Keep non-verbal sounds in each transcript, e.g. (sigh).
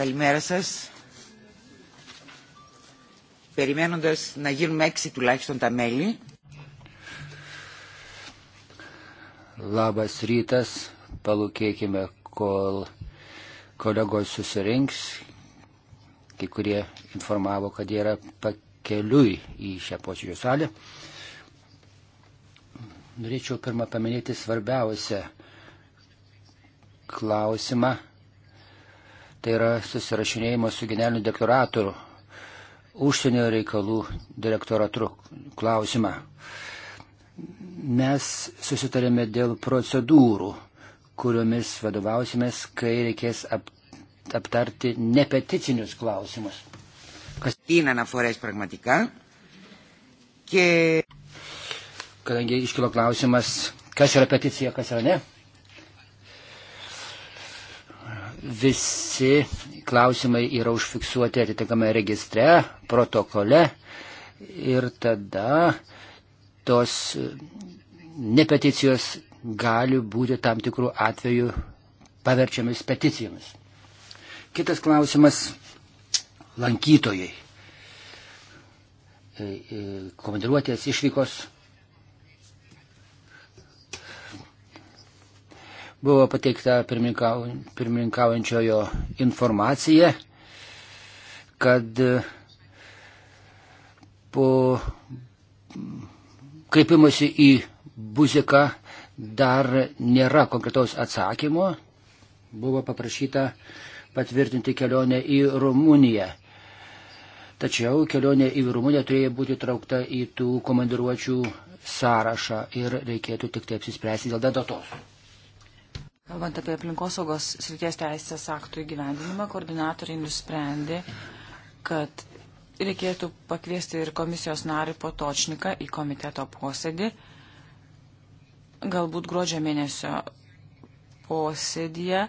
Καλημέρα σας. Περιμένοντας να γίνουμε έξι τουλάχιστον τα μέλη. Labas rytas, palūkėkime, kol kolegos susirinks, kai kurie informavo, kad jie yra pakeliui į šią posėdžių salę. Norėčiau pirmą paminėti svarbiausią klausimą tai yra susirašinėjimas su generaliniu deklaratoru, užsienio reikalų direktoratu klausimą. Mes susitarėme dėl procedūrų, kuriomis vadovausimės, kai reikės ap, aptarti nepeticinius klausimus. Kas... Kadangi iškilo klausimas, kas yra peticija, kas yra ne. Visi klausimai yra užfiksuoti atitinkamai registre, protokole ir tada tos mm, nepeticijos gali būti tam tikrų atvejų paverčiamis peticijomis. Kitas klausimas - lankytojai. E, e, komandiruotės išvykos Buvo pateikta pirmininkaujančiojo informacija, kad e, po kreipimusi į buziką dar nėra konkretaus atsakymo. Buvo paprašyta patvirtinti kelionę į Rumuniją. Tačiau kelionė į Rumuniją turėjo būti traukta į tų komandiruočių sąrašą ir reikėtų tik tai apsispręsti dėl datos. Kalbant apie aplinkosaugos srities teisės aktų įgyvendinimą, koordinatoriai nusprendė, kad reikėtų pakviesti ir komisijos narį Potočniką į komiteto posėdį. Galbūt gruodžio mėnesio posėdėje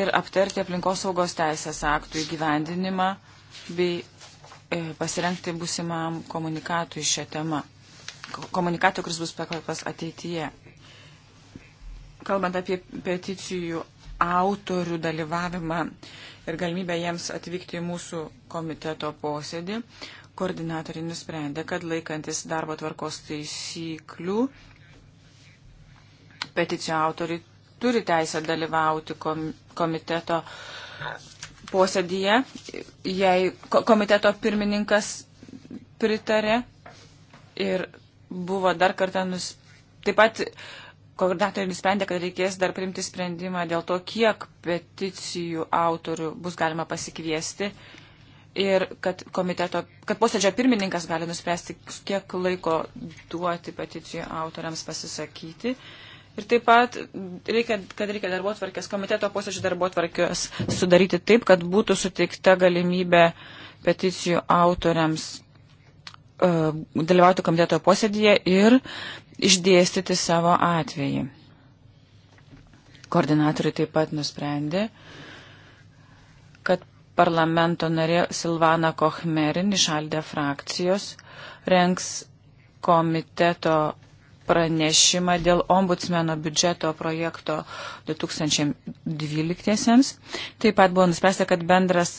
ir aptarti aplinkosaugos teisės aktų įgyvendinimą bei e, pasirengti būsimam komunikatui šią temą. Komunikatui, kuris bus pakalbas ateityje kalbant apie peticijų autorių dalyvavimą ir galimybę jiems atvykti į mūsų komiteto posėdį, koordinatoriai nusprendė, kad laikantis darbo tvarkos taisyklių, peticijų autoriai turi teisę dalyvauti komiteto posėdyje, jei komiteto pirmininkas pritarė ir buvo dar kartą nus... Taip pat koordinatoriai nusprendė, kad reikės dar priimti sprendimą dėl to, kiek peticijų autorių bus galima pasikviesti ir kad komiteto, kad posėdžio pirmininkas gali nuspręsti, kiek laiko duoti peticijų autoriams pasisakyti. Ir taip pat, reikia, kad reikia darbo tvarkės, komiteto posėdžio darbo tvarkės sudaryti taip, kad būtų suteikta galimybė peticijų autoriams uh, dalyvauti komiteto posėdėje ir išdėstyti savo atvejį. Koordinatoriai taip pat nusprendė, kad parlamento narė Silvana Kochmerin išaldė frakcijos renks komiteto pranešimą dėl ombudsmeno biudžeto projekto 2012. Taip pat buvo nuspręsta, kad, bendras,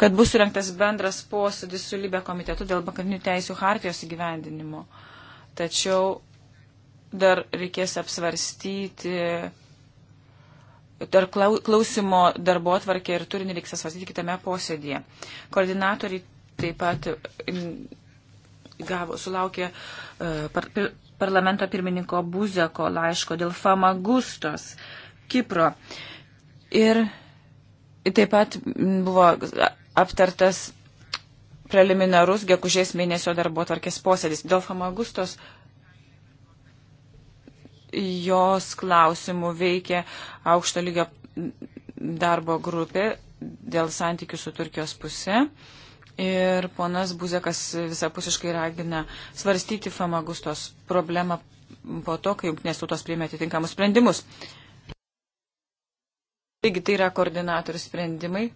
kad bus surinktas bendras posėdis su Libė komitetu dėl bakarinių teisų hartijos įgyvendinimo. Tačiau dar reikės apsvarstyti, dar klausimo darbo atvarkė ir turinį reiks apsvarstyti kitame posėdėje. Koordinatoriai taip pat mm, gavo, sulaukė e, par, parlamento pirmininko Buzeko laiško dėl Famagustos Kipro. Ir taip pat mm, buvo aptartas preliminarus gegužės mėnesio darbo tvarkės posėdis. Dėl Famagustos jos klausimų veikia aukšto lygio darbo grupė dėl santykių su Turkijos pusė. Ir ponas Buzekas visapusiškai ragina svarstyti Famagustos problemą po to, kai jungtinės tautos priėmė atitinkamus sprendimus. Taigi tai yra koordinatorių sprendimai.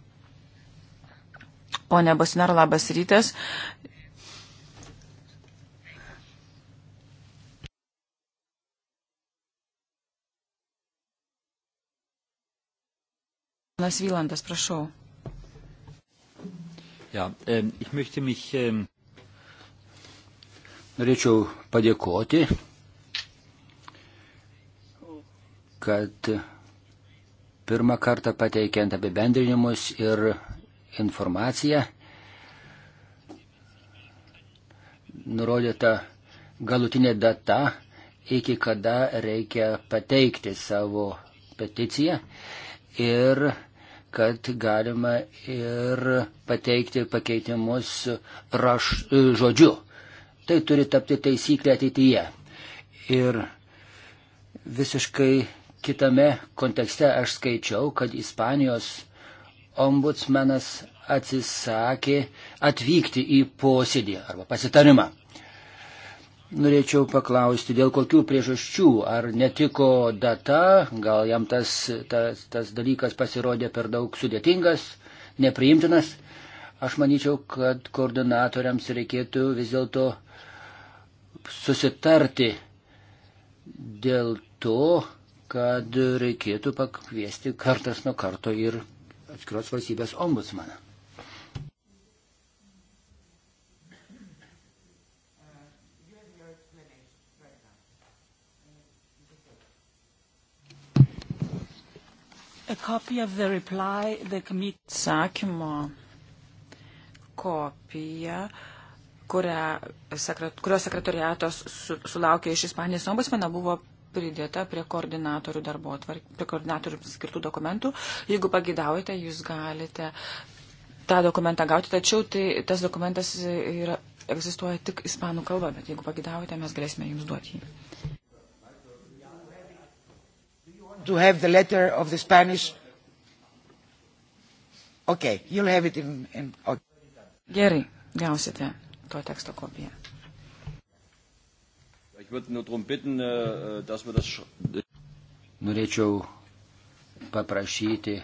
Pone Bosinar, labas rytas. Panas Vylandas, prašau. Ja, ich möchte mich, norėčiau padėkoti, kad pirmą kartą pateikiant apibendrinimus ir informaciją nurodyta galutinė data, iki kada reikia pateikti savo peticiją ir kad galima ir pateikti pakeitimus raš, e, žodžiu. Tai turi tapti taisyklė ateityje. Ir visiškai kitame kontekste aš skaičiau, kad Ispanijos ombudsmenas atsisakė atvykti į posėdį arba pasitarimą. Norėčiau paklausti, dėl kokių priežasčių, ar netiko data, gal jam tas, tas, tas dalykas pasirodė per daug sudėtingas, nepriimtinas. Aš manyčiau, kad koordinatoriams reikėtų vis dėlto susitarti dėl to, kad reikėtų pakviesti kartas nuo karto ir atskiros valstybės ombudsmaną. Atsakymo kopija, sekret, kurios sekretoriatas su, sulaukė iš Ispanijos ombudsmeno, buvo pridėta prie koordinatorių darbo atvark, prie koordinatorių skirtų dokumentų. Jeigu pagidaujate, jūs galite tą dokumentą gauti, tačiau tai, tas dokumentas yra, egzistuoja tik ispanų kalba, bet jeigu pagidaujate, mes galėsime jums duoti jį. to have the letter of the Spanish. Okay, you'll have it in. in okay. Gerai, gausite to teksto kopiją. Äh, äh, Norėčiau paprašyti,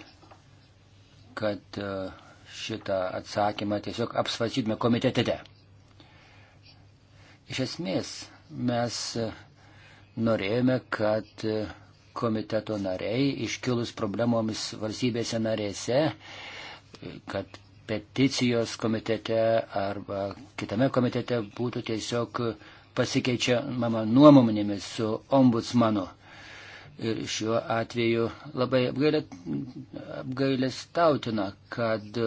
kad äh, šitą atsakymą tiesiog apsvarstytume komitete. Iš esmės mes norėjome, kad komiteto nariai, iškilus problemomis valstybėse narėse, kad peticijos komitete arba kitame komitete būtų tiesiog pasikeičia mama nuomonėmis su ombudsmanu. Ir šiuo atveju labai apgailestautina, kad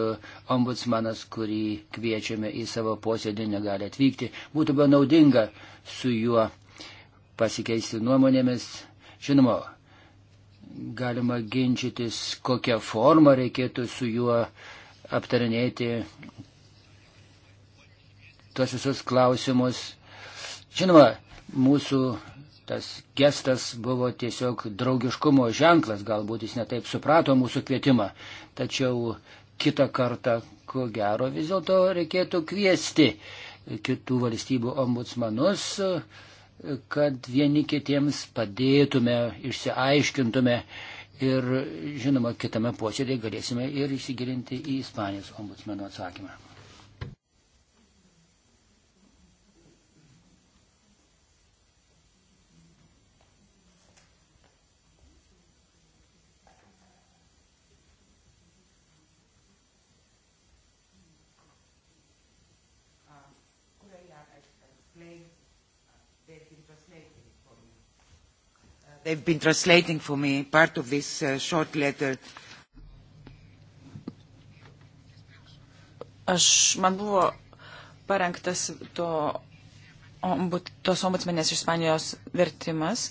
ombudsmanas, kurį kviečiame į savo posėdį, negali atvykti. Būtų be naudinga su juo pasikeisti nuomonėmis. Žinoma, galima ginčytis, kokią formą reikėtų su juo aptarinėti tuos visus klausimus. Žinoma, mūsų tas gestas buvo tiesiog draugiškumo ženklas, galbūt jis netaip suprato mūsų kvietimą, tačiau kitą kartą, ko gero, vis dėlto reikėtų kviesti kitų valstybių ombudsmanus, uh, kad vieni kitiems padėtume, išsiaiškintume ir, žinoma, kitame posėdėje galėsime ir įsigilinti į Ispanijos ombudsmeno atsakymą. They've been translating for me part of this uh, short letter. Aš, man buvo parengtas to, ombud, tos ombudsmenės iš Ispanijos vertimas,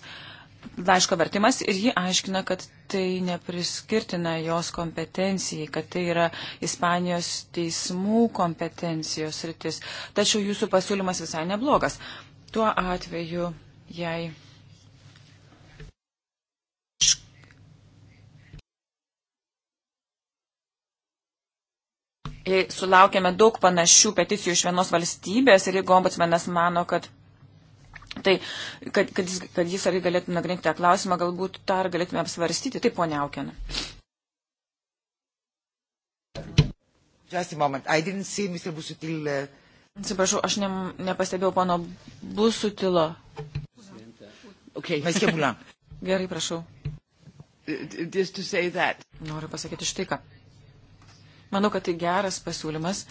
laiško vertimas ir ji aiškina, kad tai nepriskirtina jos kompetencijai, kad tai yra Ispanijos teismų kompetencijos rytis. Tačiau jūsų pasiūlymas visai neblogas. Tuo atveju, jei Sulaukėme daug panašių peticijų iš vienos valstybės ir jeigu ombudsmenas mano, kad Tai, kad, kad, jis, kad jis ar jį galėtų nagrinti tą klausimą, galbūt tą ar galėtume apsvarstyti. Taip, ponia Aukena. Uh, Atsiprašau, aš ne, nepastebėjau pono Busutilo. Okay. Gerai, prašau. Uh, Noriu pasakyti štai ką. Manau, kad tai geras pasiūlymas,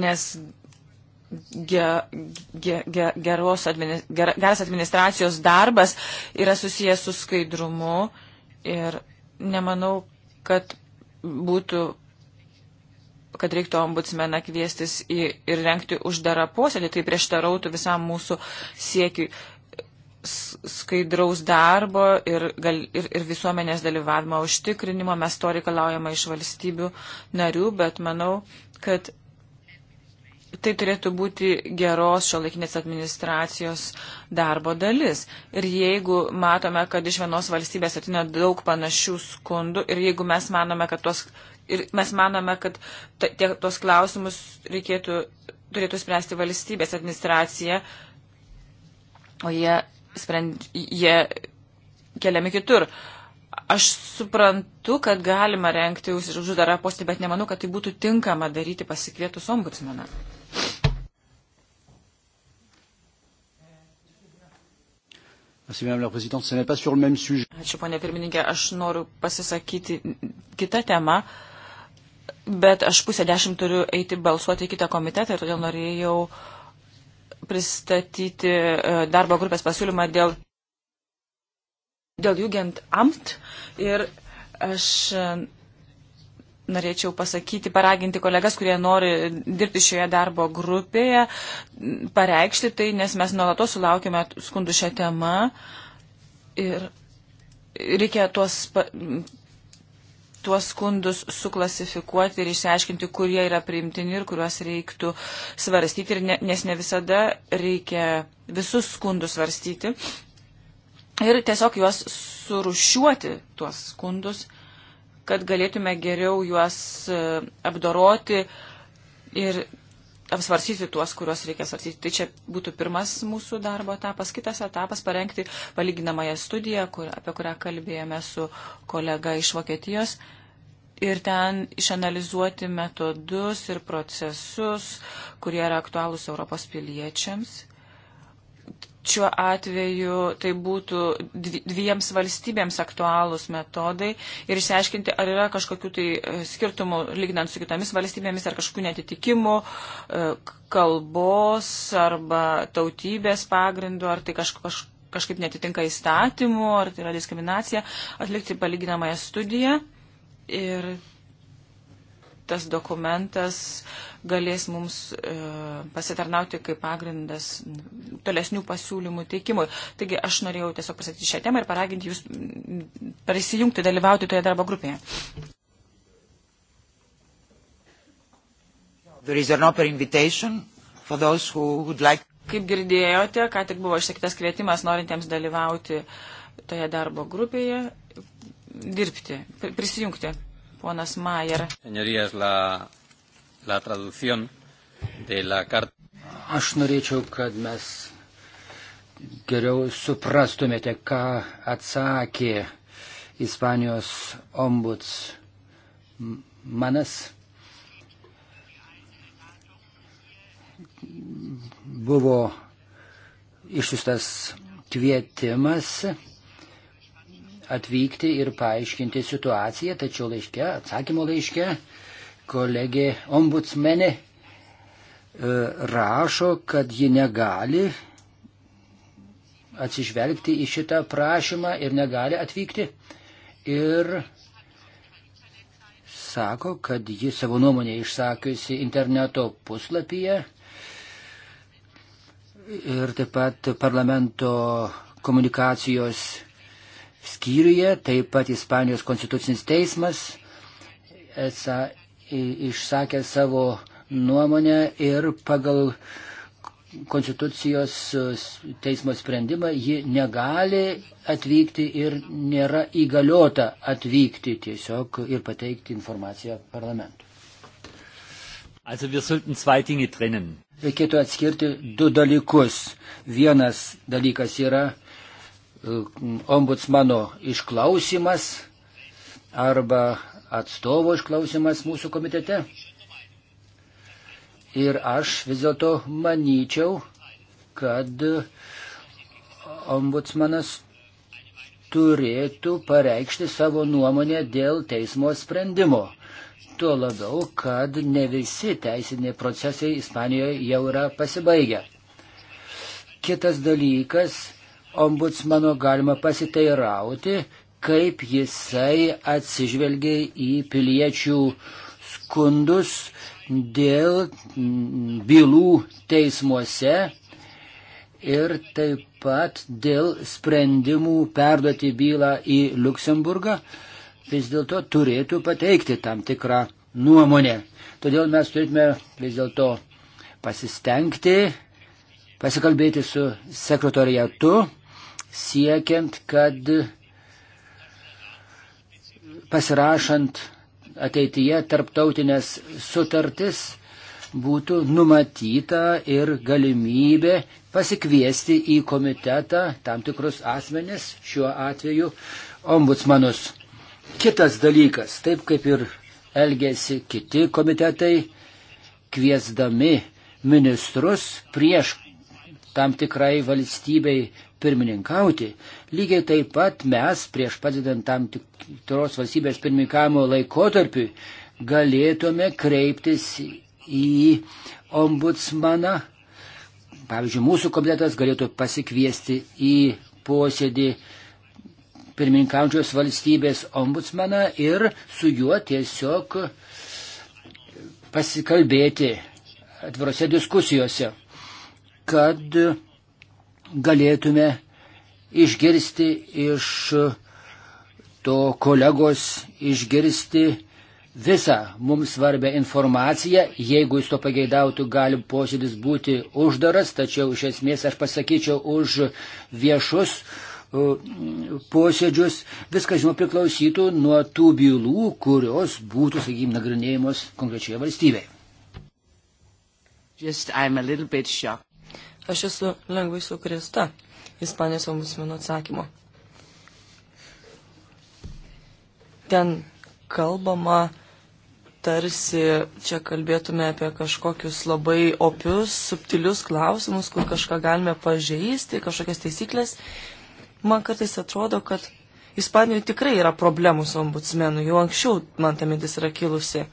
nes ge, ge, ge, geros administ, ger, geras administracijos darbas yra susijęs su skaidrumu ir nemanau, kad būtų kad reiktų ombudsmeną kviestis į, ir renkti uždarą posėdį, tai prieštarautų visam mūsų siekiui skaidraus darbo ir, gal, ir, ir visuomenės dalyvavimo užtikrinimo. Mes to reikalaujame iš valstybių narių, bet manau, kad tai turėtų būti geros šio laikinės administracijos darbo dalis. Ir jeigu matome, kad iš vienos valstybės atina daug panašių skundų ir jeigu mes manome, kad tos, ir mes manome, kad tie, tos klausimus reikėtų, turėtų spręsti valstybės administracija, o jie sprend, jie keliami kitur. Aš suprantu, kad galima renkti uždarą postį, bet nemanau, kad tai būtų tinkama daryti pasikvietus ombudsmeną. Ačiū, ponė pirmininkė, aš noriu pasisakyti kitą temą, bet aš pusę dešimt turiu eiti balsuoti į kitą komitetą ir todėl norėjau uh, pristatyti e, darbo grupės pasiūlymą dėl, dėl Jugend Amt ir aš e, norėčiau pasakyti, paraginti kolegas, kurie nori dirbti šioje darbo grupėje, pareikšti tai, nes mes nuolatos sulaukime skundų šią temą ir reikia tuos tuos skundus suklasifikuoti ir išsiaiškinti, kurie yra priimtini ir kuriuos reiktų svarstyti, ne, nes ne visada reikia visus skundus svarstyti. Ir tiesiog juos surušiuoti, tuos skundus, kad galėtume geriau juos e, apdoroti ir apsvarsyti tuos, kuriuos reikia svarstyti. Tai čia būtų pirmas mūsų darbo etapas. Kitas etapas - parengti palyginamąją studiją, kur, apie kurią kalbėjome su kolega iš Vokietijos. Ir ten išanalizuoti metodus ir procesus, kurie yra aktualūs Europos piliečiams šiuo atveju tai būtų dviems valstybėms aktualūs metodai ir išsiaiškinti, ar yra kažkokių tai e, skirtumų lygnant su kitomis valstybėmis, ar kažkokių netitikimų e, kalbos arba tautybės pagrindu, ar tai kažkokiu kažkaip netitinka įstatymų, ar tai yra diskriminacija, atlikti palyginamąją studiją ir tas dokumentas galės mums e, pasitarnauti kaip pagrindas tolesnių pasiūlymų teikimui. Taigi aš norėjau tiesiog pasakyti šią temą ir paraginti jūs prisijungti, dalyvauti toje darbo grupėje. Like... Kaip girdėjote, ką tik buvo išsakytas kvietimas norintiems dalyvauti toje darbo grupėje, dirbti, prisijungti. Ponas Majer. Aš norėčiau, kad mes geriau suprastumėte, ką atsakė Ispanijos ombuds manas. Buvo išsiustas kvietimas atvykti ir paaiškinti situaciją, tačiau laiške, atsakymo laiške, kolegė ombudsmenė e, rašo, kad ji negali atsižvelgti į šitą prašymą ir negali atvykti. Ir sako, kad ji savo nuomonę išsakiusi interneto puslapyje ir taip pat parlamento komunikacijos skyriuje, taip pat Ispanijos konstitucinis teismas esą išsakė savo nuomonę ir pagal konstitucijos e, teismo sprendimą ji negali atvykti ir nėra įgaliota atvykti tiesiog ir pateikti informaciją parlamentui. Also wir sollten zwei Dinge trennen. Reikėtų atskirti du dalykus. Vienas dalykas yra ombudsmano išklausimas arba atstovo išklausimas mūsų komitete. Ir aš vis dėlto manyčiau, kad ombudsmanas turėtų pareikšti savo nuomonę dėl teismo sprendimo. Tuo labiau, kad ne visi teisiniai procesai Ispanijoje jau yra pasibaigę. Kitas dalykas ombudsmano galima pasiteirauti, kaip jisai atsižvelgia į piliečių skundus dėl bylų teismuose ir taip pat dėl sprendimų perduoti bylą į Luksemburgą, vis dėlto turėtų pateikti tam tikrą nuomonę. Todėl mes turėtume vis dėlto pasistengti, pasikalbėti su sekretorijatu siekiant, kad pasirašant ateityje tarptautinės sutartis būtų numatyta ir galimybė pasikviesti į komitetą tam tikrus asmenis, šiuo atveju ombudsmanus. Kitas dalykas, taip kaip ir elgėsi kiti komitetai, kviesdami ministrus prieš tam tikrai valstybei pirmininkauti, lygiai taip pat mes prieš padedant tam tikros valstybės pirmininkavimo laikotarpiui galėtume kreiptis į ombudsmaną. Pavyzdžiui, mūsų komitetas galėtų pasikviesti į posėdį pirmininkaujančios valstybės ombudsmaną ir su juo tiesiog pasikalbėti atvirose diskusijose, kad galėtume išgirsti iš to kolegos, išgirsti visą mums svarbę informaciją. Jeigu jis to pageidautų, gali posėdis būti uždaras, tačiau iš esmės aš pasakyčiau už viešus posėdžius. Viskas, žinoma, priklausytų nuo tų bylų, kurios būtų, sakykime, nagrinėjimos konkrečioje valstybėje. Just, Aš esu lengvai sukrėsta Ispanijos ombudsmeno atsakymo. Ten kalbama, tarsi čia kalbėtume apie kažkokius labai opius, subtilius klausimus, kur kažką galime pažeisti, kažkokias taisyklės. Man kartais atrodo, kad Ispanijoje tikrai yra problemų su ombudsmenu, jau anksčiau man ta mintis yra kilusi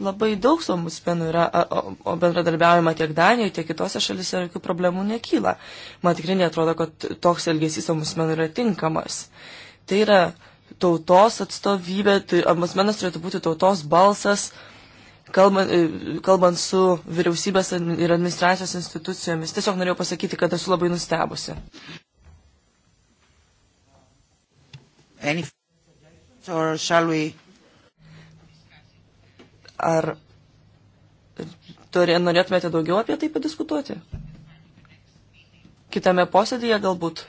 labai daug somuspenų yra, o, o bendradarbiaujama tiek Danijoje, tiek kitose šalise ir jokių problemų nekyla. Man tikrai netrodo, kad toks elgesys somusmenų yra tinkamas. Tai yra tautos atstovybė, tai ambasmenas turėtų būti tautos balsas, kalbant, e, kalbant su vyriausybės ir administracijos institucijomis. Tiesiog norėjau pasakyti, kad esu labai nustebusi. Any or shall we Ar turė, norėtumėte daugiau apie tai padiskutuoti? Kitame posėdėje galbūt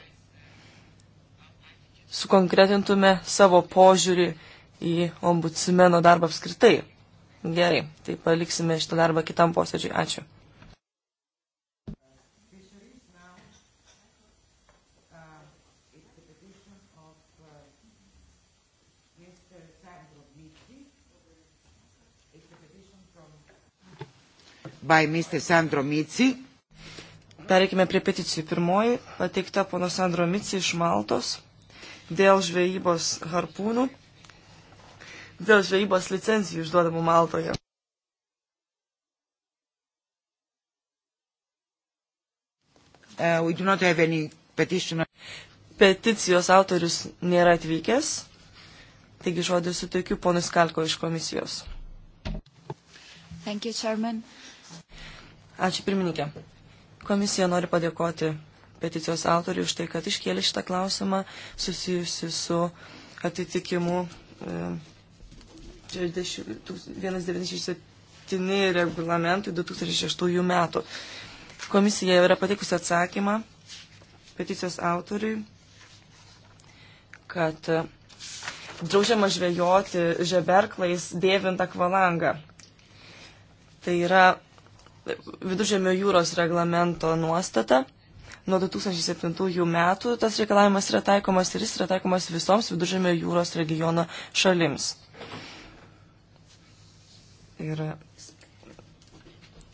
sukonkretintume savo požiūrį į ombudsmeno darbą apskritai. Gerai, tai paliksime šitą darbą kitam posėdžiui. Ačiū. by Mr. Sandro Mici. Pereikime prie peticijų. Pirmoji pateikta pono Sandro Mici iš Maltos dėl žvejybos harpūnų, dėl žvejybos licencijų išduodamų Maltoje. Uh, Peticijos autorius nėra atvykęs, taigi žodį suteikiu ponui Skalko iš komisijos. Thank you, Chairman. Uh, Ačiū pirmininkė. Komisija nori padėkoti peticijos autoriui už tai, kad iškėlė šitą klausimą susijusi su atitikimu 197 e, reglamentui 2006 metų. Komisija yra patikusi atsakymą peticijos autoriui, kad e, draudžiama žvejoti žeberklais dėvint akvalangą. Tai yra viduržėmio jūros reglamento nuostata. Nuo 2007 metų tas reikalavimas yra taikomas ir jis yra taikomas visoms viduržėmio jūros regiono šalims. Ir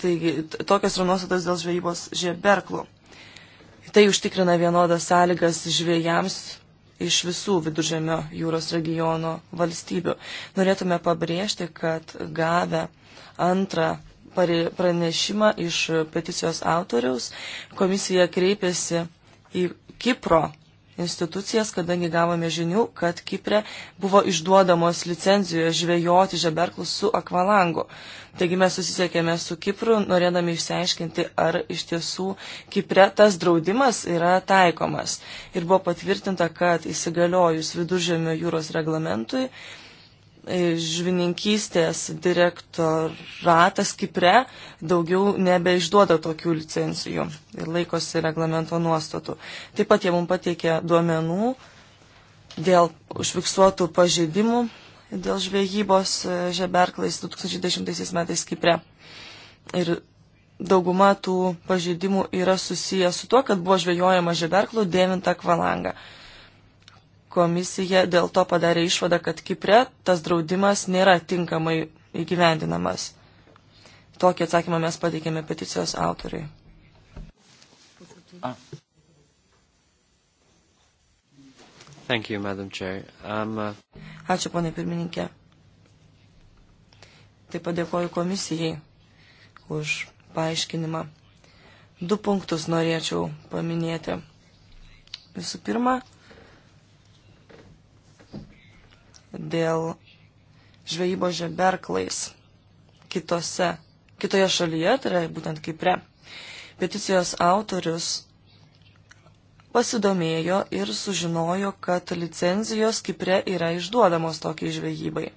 taigi tokios yra nuostatos dėl žvejybos žieberklų. Tai užtikrina vienodas sąlygas žvėjams iš visų viduržėmio jūros regiono valstybių. Norėtume pabrėžti, kad gavę antrą pranešimą iš peticijos autoriaus. Komisija kreipėsi į Kipro institucijas, kadangi gavome žinių, kad Kiprė buvo išduodamos licencijos žvejoti žeberklus su akvalangu. Taigi mes susisiekėme su Kipru, norėdami išsiaiškinti, ar iš tiesų Kiprė tas draudimas yra taikomas. Ir buvo patvirtinta, kad įsigaliojus viduržėmio jūros reglamentui, žvininkystės direktoratas Kipre daugiau nebeišduoda tokių licencijų ir laikosi reglamento nuostatų. Taip pat jie mums pateikė duomenų dėl užfiksuotų pažeidimų dėl žvejybos e, žeberklais 2010 metais Kipre. Ir dauguma tų pažeidimų yra susiję su tuo, kad buvo žvejojama žeberklų dėvintą kvalangą komisija dėl to padarė išvadą, kad Kipre tas draudimas nėra tinkamai įgyvendinamas. Tokį atsakymą mes pateikėme peticijos autoriai. Ah. Thank you, Madam Chair. Um, uh... Ačiū, ponė pirmininkė. Taip pat dėkoju komisijai už paaiškinimą. Du punktus norėčiau paminėti. Visų pirma, dėl žvejybo žeberklais kitose, kitoje šalyje, tai yra būtent Kipre. Peticijos autorius pasidomėjo ir sužinojo, kad licenzijos Kipre yra išduodamos tokiai žvejybai.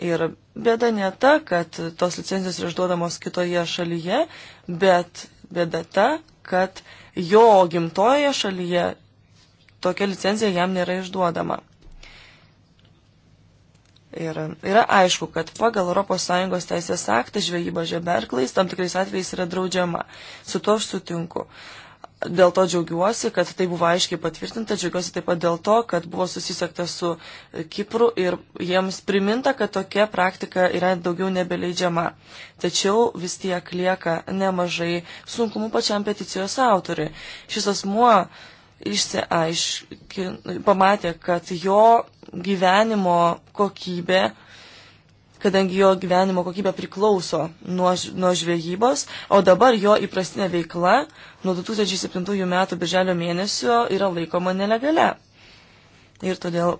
Ir bėda ne ta, kad tos licenzijos yra išduodamos kitoje šalyje, bet bėda ta, kad jo gimtojoje šalyje tokia licenzija jam nėra išduodama. Ir yra aišku, kad pagal ES teisės aktą žvejyba žeberklais tam tikrais atvejais yra draudžiama. Su to aš sutinku. Dėl to džiaugiuosi, kad tai buvo aiškiai patvirtinta, džiaugiuosi taip pat dėl to, kad buvo susisiekta su Kipru ir jiems priminta, kad tokia praktika yra daugiau nebeleidžiama. Tačiau vis tiek lieka nemažai sunkumų pačiam peticijos autoriui. Šis asmuo išsiaiškino, pamatė, kad jo gyvenimo kokybė, kadangi jo gyvenimo kokybė priklauso nuo, nuo žvejybos, o dabar jo įprastinė veikla nuo 2007 metų birželio mėnesio yra laikoma nelegalia. Ir todėl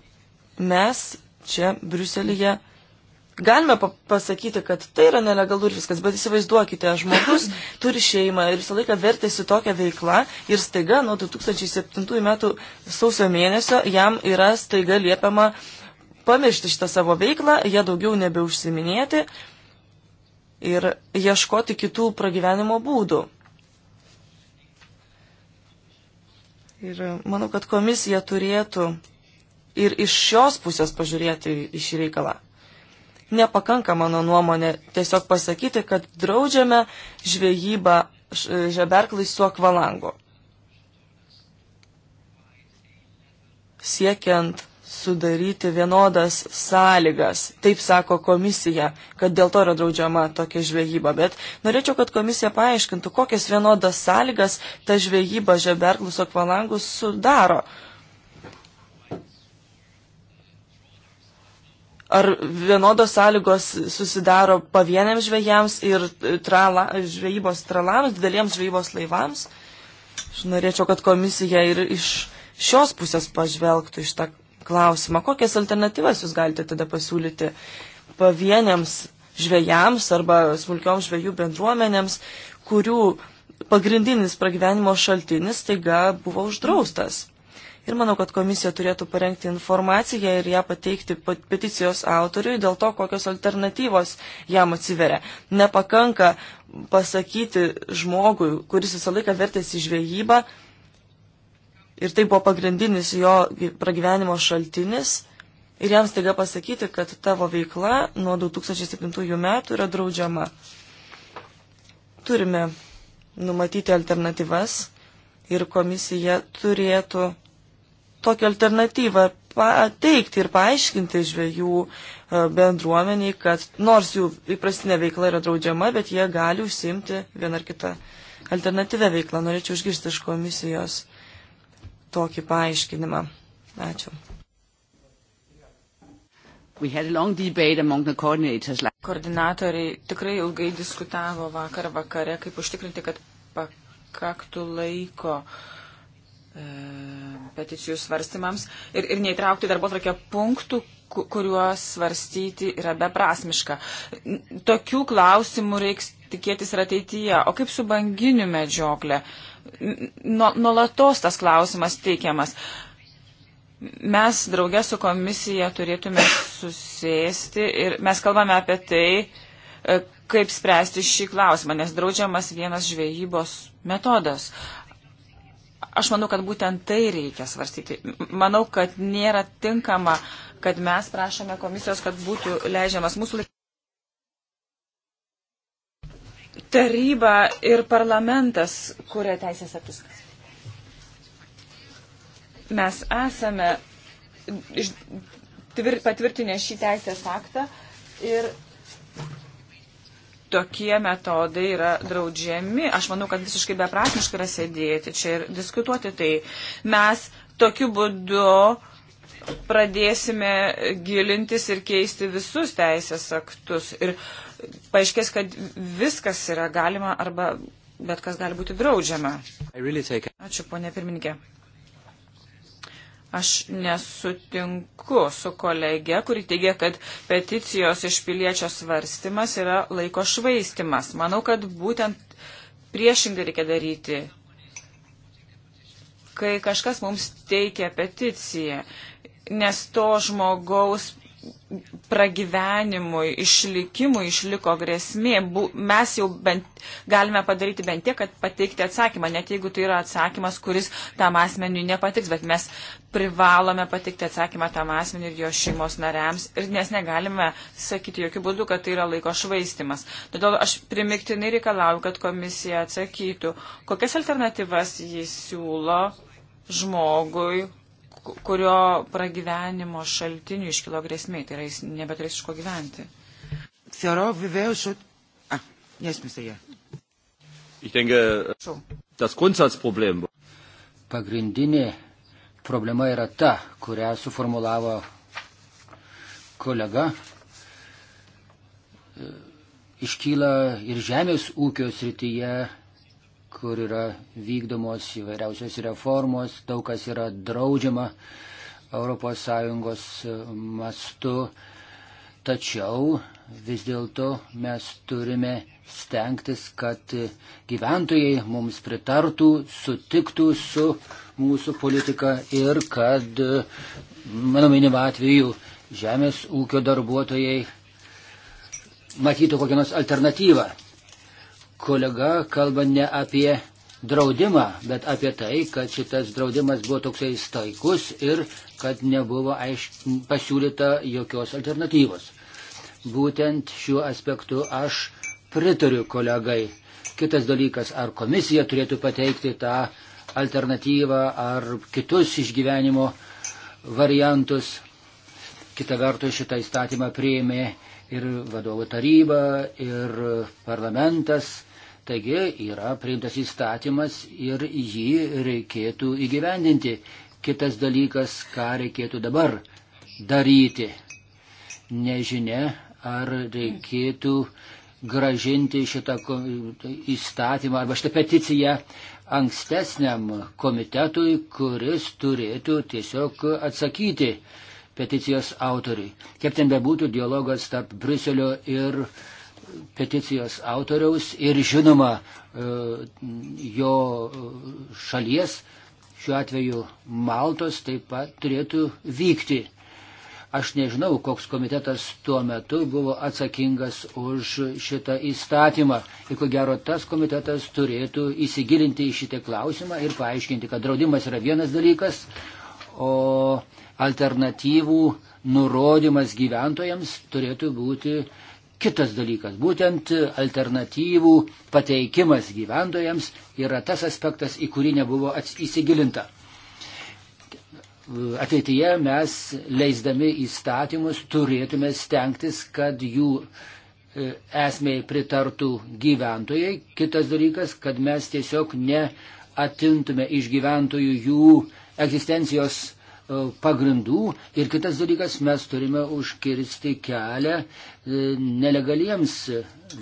mes čia Briuselėje galime pasakyti, kad tai yra nelegalu ir viskas, bet įsivaizduokite, žmogus (coughs) turi šeimą ir visą laiką vertėsi tokią veiklą ir staiga nuo 2007 metų sausio mėnesio jam yra staiga liepiama pamiršti šitą savo veiklą, ją daugiau nebeužsiminėti ir ieškoti kitų pragyvenimo būdų. Ir manau, kad komisija turėtų ir iš šios pusės pažiūrėti į šį reikalą. Nepakanka, mano nuomonė, tiesiog pasakyti, kad draudžiame žvejybą žeberklai su akvalangu. Siekiant sudaryti vienodas sąlygas. Taip sako komisija, kad dėl to yra draudžiama tokia žvejyba, bet norėčiau, kad komisija paaiškintų, kokias vienodas sąlygas ta žvejyba žeberklus akvalangus sudaro. Uh, ar vienodos sąlygos susidaro pavieniams žvėjams ir trala, žvejybos tralams, dideliems žvejybos laivams. Aš norėčiau, kad komisija ir iš šios pusės pažvelgtų iš tą klausimą, kokias alternatyvas jūs galite tada pasiūlyti pavieniams žvėjams arba smulkioms žvėjų bendruomenėms, kurių pagrindinis pragyvenimo šaltinis taiga buvo uždraustas. Ir manau, kad komisija turėtų parengti informaciją ir ją pateikti peticijos autoriui dėl to, kokios alternatyvos jam atsiveria. Nepakanka pasakyti žmogui, kuris visą laiką vertėsi žvejybą ir tai buvo pagrindinis jo pragyvenimo šaltinis. Ir jam staiga pasakyti, kad tavo veikla nuo 2007 metų yra draudžiama. Turime numatyti alternatyvas ir komisija turėtų tokią alternatyvą pateikti ir paaiškinti žvėjų e, bendruomeniai, kad nors jų įprastinė veikla yra draudžiama, bet jie gali užsimti vieną ar kitą alternatyvę veiklą. Norėčiau išgirsti iš komisijos tokį paaiškinimą. Ačiū. Koordinatoriai tikrai ilgai diskutavo vakar vakare, kaip užtikrinti, kad pakaktų laiko uh, E, peticijų svarstymams ir, ir neįtraukti darbo tvarkę punktų, kuriuos svarstyti yra beprasmiška. Tokių klausimų reiks tikėtis ir ateityje. O kaip su banginiu medžioklė? Nolatos tas klausimas teikiamas. Mes draugė su komisija turėtume susėsti ir mes kalbame apie tai, e, kaip spręsti šį klausimą, nes draudžiamas vienas žvejybos metodas. Aš manau, kad būtent tai reikia svarstyti. Manau, kad nėra tinkama, kad mes prašome komisijos, kad būtų leidžiamas mūsų laikas. Taryba ir parlamentas kuria teisės aktus. Mes esame patvirtinę šį teisės aktą ir tokie metodai yra draudžiami. Aš manau, kad visiškai beprasmiškai yra sėdėti čia ir diskutuoti tai. Mes tokiu būdu pradėsime gilintis ir keisti visus teisės aktus. Ir paaiškės, kad viskas yra galima arba bet kas gali būti draudžiama. Ačiū, ponė pirmininkė. Aš nesutinku su kolege, kuri teigia, kad peticijos iš piliečio svarstymas yra laiko švaistimas. Manau, kad būtent priešingai reikia daryti. Kai kažkas mums teikia peticiją, nes to žmogaus pragyvenimui, išlikimui išliko grėsmė. Mes jau bent, galime padaryti bent tiek, kad pateikti atsakymą, net jeigu tai yra atsakymas, kuris tam asmeniui nepatiks, bet mes privalome pateikti atsakymą tam asmeniui ir jo šeimos nariams, ir nes negalime sakyti jokių būdų, kad tai yra laiko švaistimas. Todėl aš primiktinai reikalauju, kad komisija atsakytų, kokias alternatyvas jis siūlo žmogui, kurio pragyvenimo šaltinių iškilo grėsmė, tai yra jis nebeturės iš ko gyventi. Θεωρώ βεβαίω ότι. Α, yes, Mr. Yeah. Ich denke, das Grundsatzproblem. Pagrindinė problema yra ta, kurią suformulavo kolega. Iškyla ir žemės ūkio srityje, kur yra vykdomos įvairiausios reformos, daug kas yra draudžiama ES mastu, tačiau vis dėlto mes turime stengtis, kad gyventojai mums pritartų, sutiktų su mūsų politika ir kad, mano minimo atveju, žemės ūkio darbuotojai matytų kokią nors alternatyvą kolega kalba ne apie draudimą, bet apie tai, kad šitas draudimas buvo toksai staikus ir kad nebuvo aišk... pasiūlyta jokios alternatyvos. Būtent šiuo aspektu aš pritariu kolegai. Kitas dalykas, ar komisija turėtų pateikti tą alternatyvą ar kitus išgyvenimo variantus. Kita vertus šitą įstatymą prieimė ir vadovų taryba, ir parlamentas. Taigi yra priimtas įstatymas ir jį reikėtų įgyvendinti. Kitas dalykas, ką reikėtų dabar daryti. Nežinia, ar reikėtų gražinti šitą įstatymą arba šitą peticiją ankstesniam komitetui, kuris turėtų tiesiog atsakyti peticijos autoriui. Kaip ten bebūtų, dialogas tarp Briuselio ir uh, peticijos autoriaus ir žinoma e, jo šalies, šiuo atveju Maltos, taip pat turėtų vykti. Aš nežinau, koks komitetas tuo metu buvo atsakingas už šitą įstatymą. Ir ko gero, tas komitetas turėtų įsigilinti į šitą klausimą ir paaiškinti, kad draudimas yra vienas dalykas, o alternatyvų nurodymas gyventojams turėtų būti uh, Kitas dalykas, būtent alternatyvų pateikimas gyventojams yra tas aspektas, į kurį nebuvo įsigilinta. Ateityje mes, leisdami įstatymus, turėtume stengtis, kad jų e, esmei pritartų gyventojai. Kitas dalykas, kad mes tiesiog neatimtume iš gyventojų jų egzistencijos E, pagrindų ir kitas dalykas, mes turime užkirsti kelią e, nelegaliems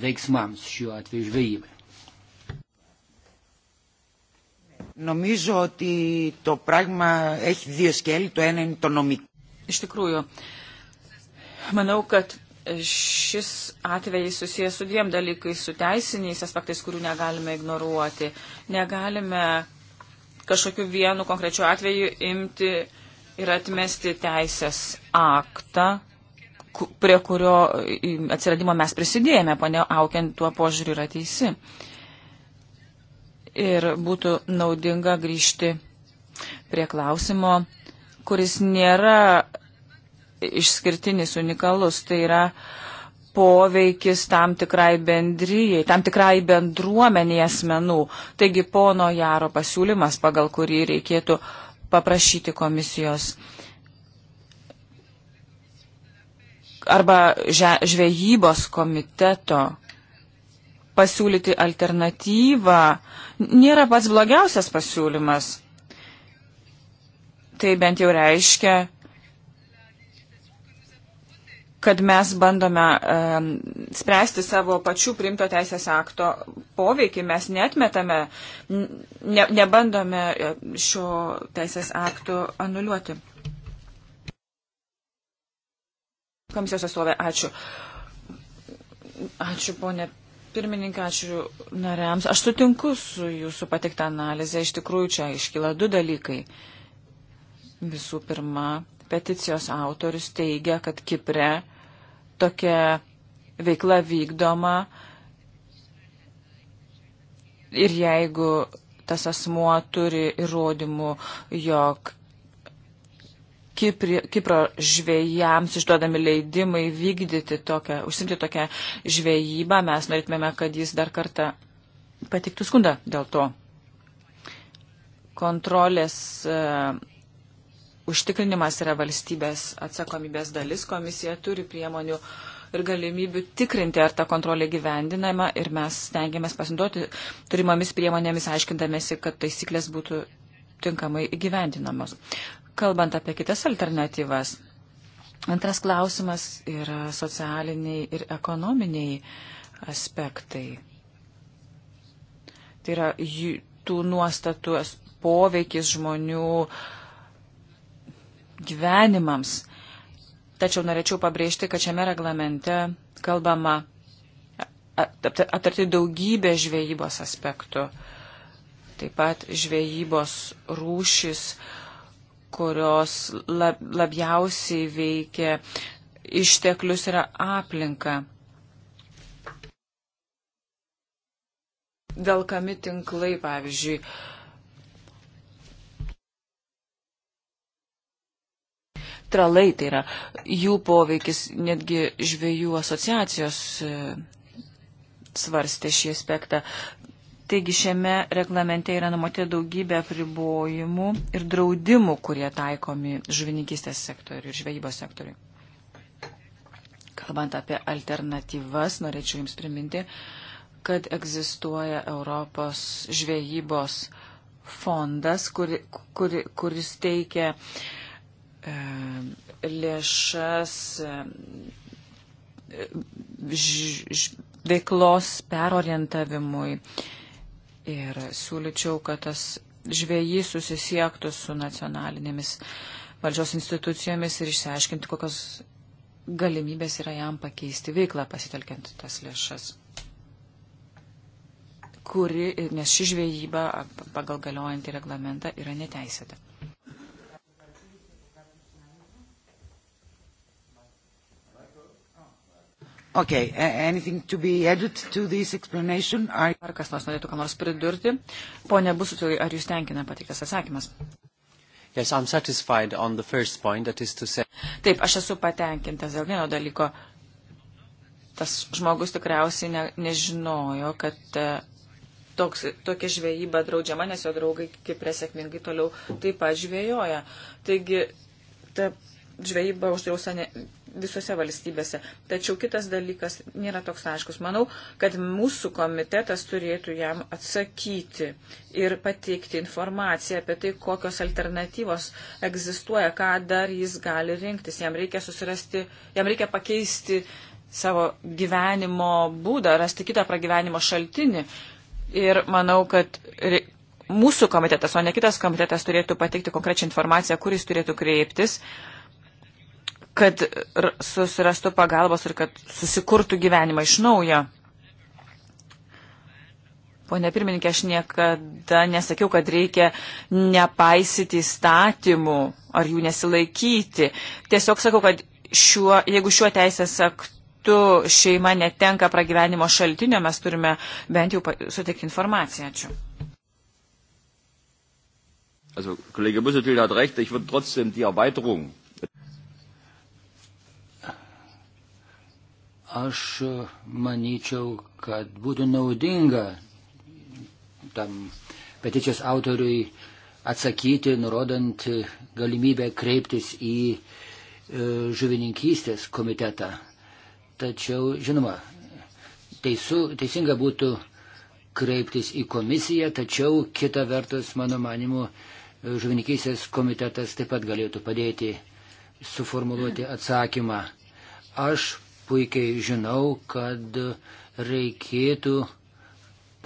veiksmams šiuo atveju žvejybai. Νομίζω ότι το πράγμα έχει δύο σκέλη. Το ένα είναι το νομικό. Iš tikrųjų, manau, kad šis atvejis susijęs su dviem dalykais, su teisiniais aspektais, kurių negalime ignoruoti. Negalime kažkokiu vienu konkrečiu atveju imti uh, ir atmesti teisės aktą, prie kurio atsiradimo mes prisidėjome, ponė Aukiant tuo požiūriu yra teisi. Ir būtų naudinga grįžti prie klausimo, kuris nėra išskirtinis, unikalus, tai yra poveikis tam tikrai bendryjai, tam tikrai bendruomenėje asmenų. Taigi pono Jaro pasiūlymas, pagal kurį reikėtų uh, paprašyti komisijos arba žvejybos komiteto pasiūlyti alternatyvą nėra pats blogiausias pasiūlymas. Tai bent jau reiškia, kad mes bandome um, spręsti savo pačių primto teisės akto poveikį, mes netmetame, ne, nebandome e, šio teisės akto anuliuoti. Komisijos atstovė, ačiū. Ačiū, ponė pirmininkė, ačiū nariams. Aš sutinku su jūsų patikta analizė. Iš tikrųjų, čia iškyla du dalykai. Visų pirma, peticijos autorius teigia, kad Kipre tokia veikla vykdoma ir jeigu tas asmuo turi įrodymų, jog Kipri, Kipro žvėjams išduodami leidimai vykdyti tokią, užsimti tokią žvėjybą, mes norėtume, kad jis dar kartą patiktų skundą dėl to. Kontrolės uh, užtikrinimas yra valstybės atsakomybės dalis, komisija turi priemonių ir galimybių tikrinti, ar ta kontrolė gyvendinama ir mes stengiamės pasinduoti turimomis priemonėmis, aiškindamėsi, kad taisyklės būtų tinkamai įgyvendinamos. Kalbant apie kitas alternatyvas, antras klausimas yra socialiniai ir ekonominiai aspektai. Tai yra tų nuostatų poveikis žmonių uh, gyvenimams. Tačiau norėčiau pabrėžti, kad šiame reglamente kalbama aptarti daugybę žvejybos aspektų. Taip pat žvejybos rūšis, kurios lab, labiausiai veikia išteklius ir aplinką. Velkami tinklai, pavyzdžiui, tralai, tai yra jų poveikis, netgi žvėjų asociacijos e, svarstė šį aspektą. Taigi šiame reglamente yra numatė daugybė apribojimų ir draudimų, kurie taikomi žuvininkystės sektoriui ir žvejybos sektoriui. Kalbant apie alternatyvas, norėčiau Jums priminti, kad egzistuoja Europos žvejybos fondas, kur, kur, kuris teikia uh, E, lėšas e, e, veiklos perorientavimui. Ir siūlyčiau, kad tas žvėjys susisiektų su nacionalinėmis valdžios institucijomis ir išsiaiškinti, kokios galimybės yra jam pakeisti veiklą pasitelkiant tas lėšas. Kuri, nes ši žvėjyba pagal galiojantį reglamentą yra neteisėta. Okay, anything to be added to this explanation? Are... Ar kas nors norėtų ką nors pridurti? Pone Busutilai, ar jūs tenkina patiktas atsakymas? Yes, I'm satisfied on the first point, that is to say. Taip, aš esu patenkintas dėl vieno dalyko. Tas žmogus tikriausiai ne, nežinojo, kad e, toks, tokia žvejyba draudžiama, nes jo draugai Kiprė sėkmingai toliau taip pat žvejoja. Taigi, ta žvejyba uždrausta ne, visose valstybėse. Tačiau kitas dalykas nėra toks aiškus. Manau, kad mūsų komitetas turėtų jam atsakyti ir pateikti informaciją apie tai, kokios alternatyvos egzistuoja, ką dar jis gali rinktis. Jam reikia susirasti, jam reikia pakeisti savo gyvenimo būdą, rasti kitą pragyvenimo šaltinį. Ir manau, kad mūsų komitetas, o ne kitas komitetas turėtų pateikti konkrečią informaciją, kuris turėtų kreiptis. Uh, kad susirastų pagalbos ir kad susikurtų gyvenimą iš naujo. Pone pirmininkė, aš niekada nesakiau, kad reikia nepaisyti įstatymų ar jų nesilaikyti. Tiesiog sakau, kad šiuo, jeigu šiuo teisės aktu šeima netenka pragyvenimo šaltinio, mes turime bent jau suteikti informaciją. Ačiū. Also, Kollege Bussetil hat recht, ich würde trotzdem die Erweiterung Aš manyčiau, kad būtų naudinga tam peticijos autoriui atsakyti, nurodant galimybę kreiptis į e, žuvininkystės komitetą. Tačiau, žinoma, teisu, teisinga būtų kreiptis į komisiją, tačiau kita vertus, mano manimu, e, žuvininkysės komitetas taip pat galėtų padėti suformuluoti atsakymą. Aš puikiai žinau, kad reikėtų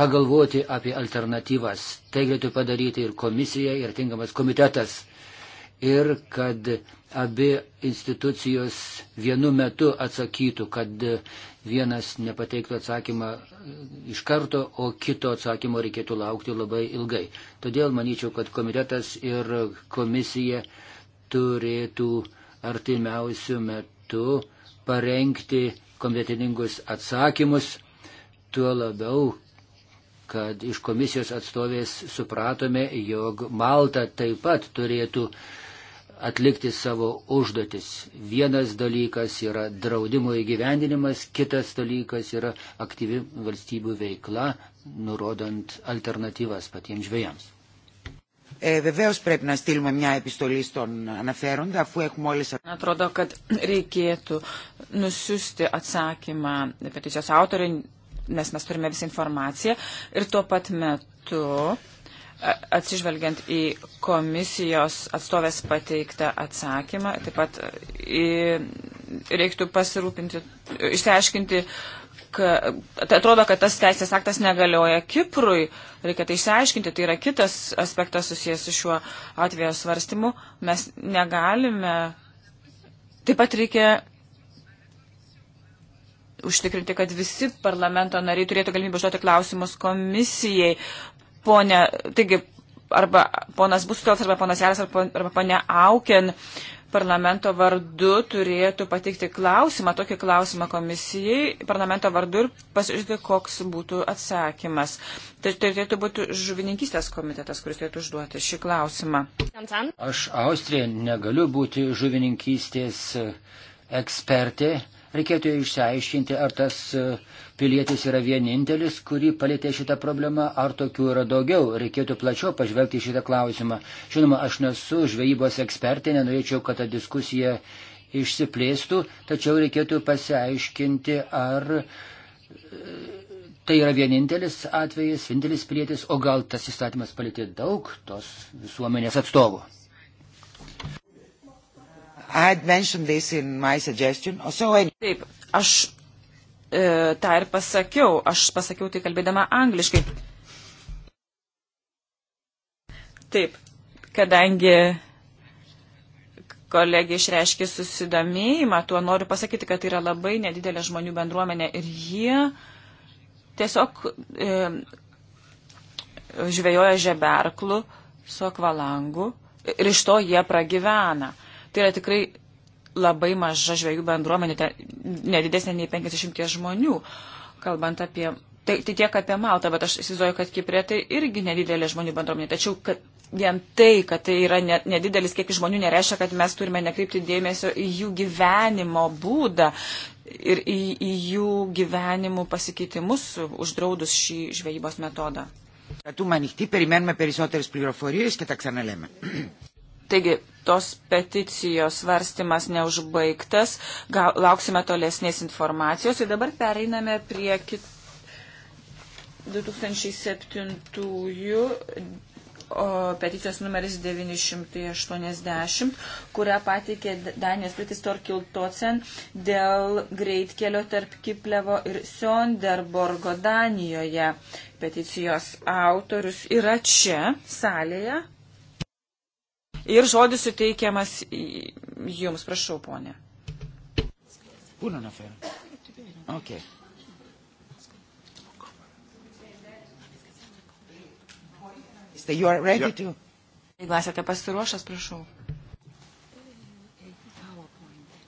pagalvoti apie alternatyvas. Tai galėtų padaryti ir komisija, ir tinkamas komitetas. Ir kad abi institucijos vienu metu atsakytų, kad vienas nepateiktų atsakymą iš karto, o kito atsakymo reikėtų laukti labai ilgai. Todėl manyčiau, kad komitetas ir komisija turėtų artimiausių metų parengti kompetitingus atsakymus, tuo labiau, kad iš komisijos atstovės supratome, jog Malta taip pat turėtų atlikti savo užduotis. Vienas dalykas yra draudimo įgyvendinimas, kitas dalykas yra aktyvi valstybių veikla, nurodant alternatyvas patiems žvėjams. Ε, βεβαίως πρέπει να στείλουμε μια επιστολή στον αναφέροντα, αφού έχουμε όλες αυτές. Atrodo, kad reikėtų nusiųsti atsakymą peticijos autoriui, nes mes turime visą informaciją ir tuo pat metu atsižvelgiant į komisijos atstovės pateiktą atsakymą, taip pat į, reiktų pasirūpinti, išsiaiškinti, kad, tai atrodo, kad tas teisės aktas negalioja Kiprui. Reikia tai išsiaiškinti, tai yra kitas aspektas susijęs su šiuo atveju svarstymu. Mes negalime. Taip pat reikia užtikrinti, kad visi parlamento nariai turėtų galimybę užduoti klausimus komisijai. Pone, taigi, arba ponas Busutels, arba ponas Jaras, arba, arba ponė Auken. Uh, parlamento vardu turėtų pateikti klausimą, tokį klausimą komisijai, parlamento vardu ir pasižiūrėti, koks būtų atsakymas. Tai, tai turėtų būti žuvininkystės komitetas, kuris turėtų užduoti šį klausimą. Aš Austrija negaliu būti žuvininkystės e, ekspertė, Reikėtų išsiaiškinti, ar tas e, pilietis yra vienintelis, kurį palėtė šitą problemą, ar tokių yra daugiau. Reikėtų plačiau pažvelgti šitą klausimą. Žinoma, aš nesu žvejybos ekspertė, nenorėčiau, kad ta diskusija išsiplėstų, tačiau reikėtų pasiaiškinti, ar e, tai yra vienintelis atvejis, vienintelis pilietis, o gal tas įstatymas palėtė daug tos visuomenės atstovų. I had mentioned this in my suggestion. Also, I... Taip, aš e, tą ir pasakiau. Aš pasakiau tai kalbėdama angliškai. Taip, kadangi kolegė išreiškė susidomėjimą, tuo noriu pasakyti, kad tai yra labai nedidelė žmonių bendruomenė ir jie tiesiog e, žvejoja žeberklų su akvalangu ir iš to jie pragyvena. E, Tai yra tikrai labai maža žvėjų bendruomenė, nedidesnė nei 50 žmonių, kalbant apie. Tai, tai tiek apie Maltą, bet aš įsivaizduoju, kad Kiprė tai irgi nedidelė žmonių bendruomenė. Tačiau kad, vien tai, kad tai yra nedidelis kiekis žmonių, nereiškia, kad mes turime nekreipti dėmesio į jų gyvenimo būdą ir į, į jų gyvenimų pasikeitimus uždraudus šį žvejybos metodą. Θα του ανοιχτή, περιμένουμε περισσότερες πληροφορίες και τα ξαναλέμε. Taigi, tos peticijos svarstymas neužbaigtas, ga, lauksime tolesnės informacijos ir dabar pereiname prie kit... 2007-ųjų peticijos numeris 980, kurią pateikė Danijos Britis Torkiltocen dėl greitkelio tarp Kiplevo ir Sonderborgo Danijoje. Peticijos autorius yra čia, salėje. Ir žodis suteikiamas jums, prašau, ponė. Una non affaire. Ok. So you are ready yeah. to... Jeigu esate pasiruošęs, prašau.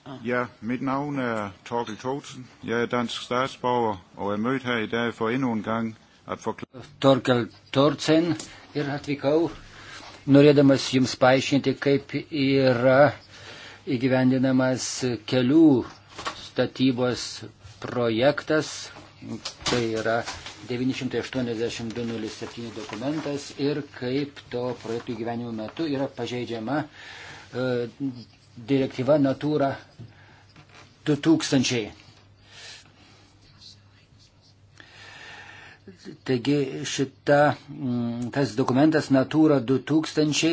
Ah. Ja, mit navn er Torkel Thorsen. Jeg er dansk statsborger og er mødt her i dag for endnu en gang at forklare... Torkel Thorsen ir er atvykau norėdamas jums paaiškinti, kaip yra įgyvendinamas kelių statybos projektas, tai yra 982.07 dokumentas ir kaip to projektų įgyvenimo metu yra pažeidžiama e, direktyva Natūra 2000. Taigi šita, mm, tas dokumentas Natūra 2000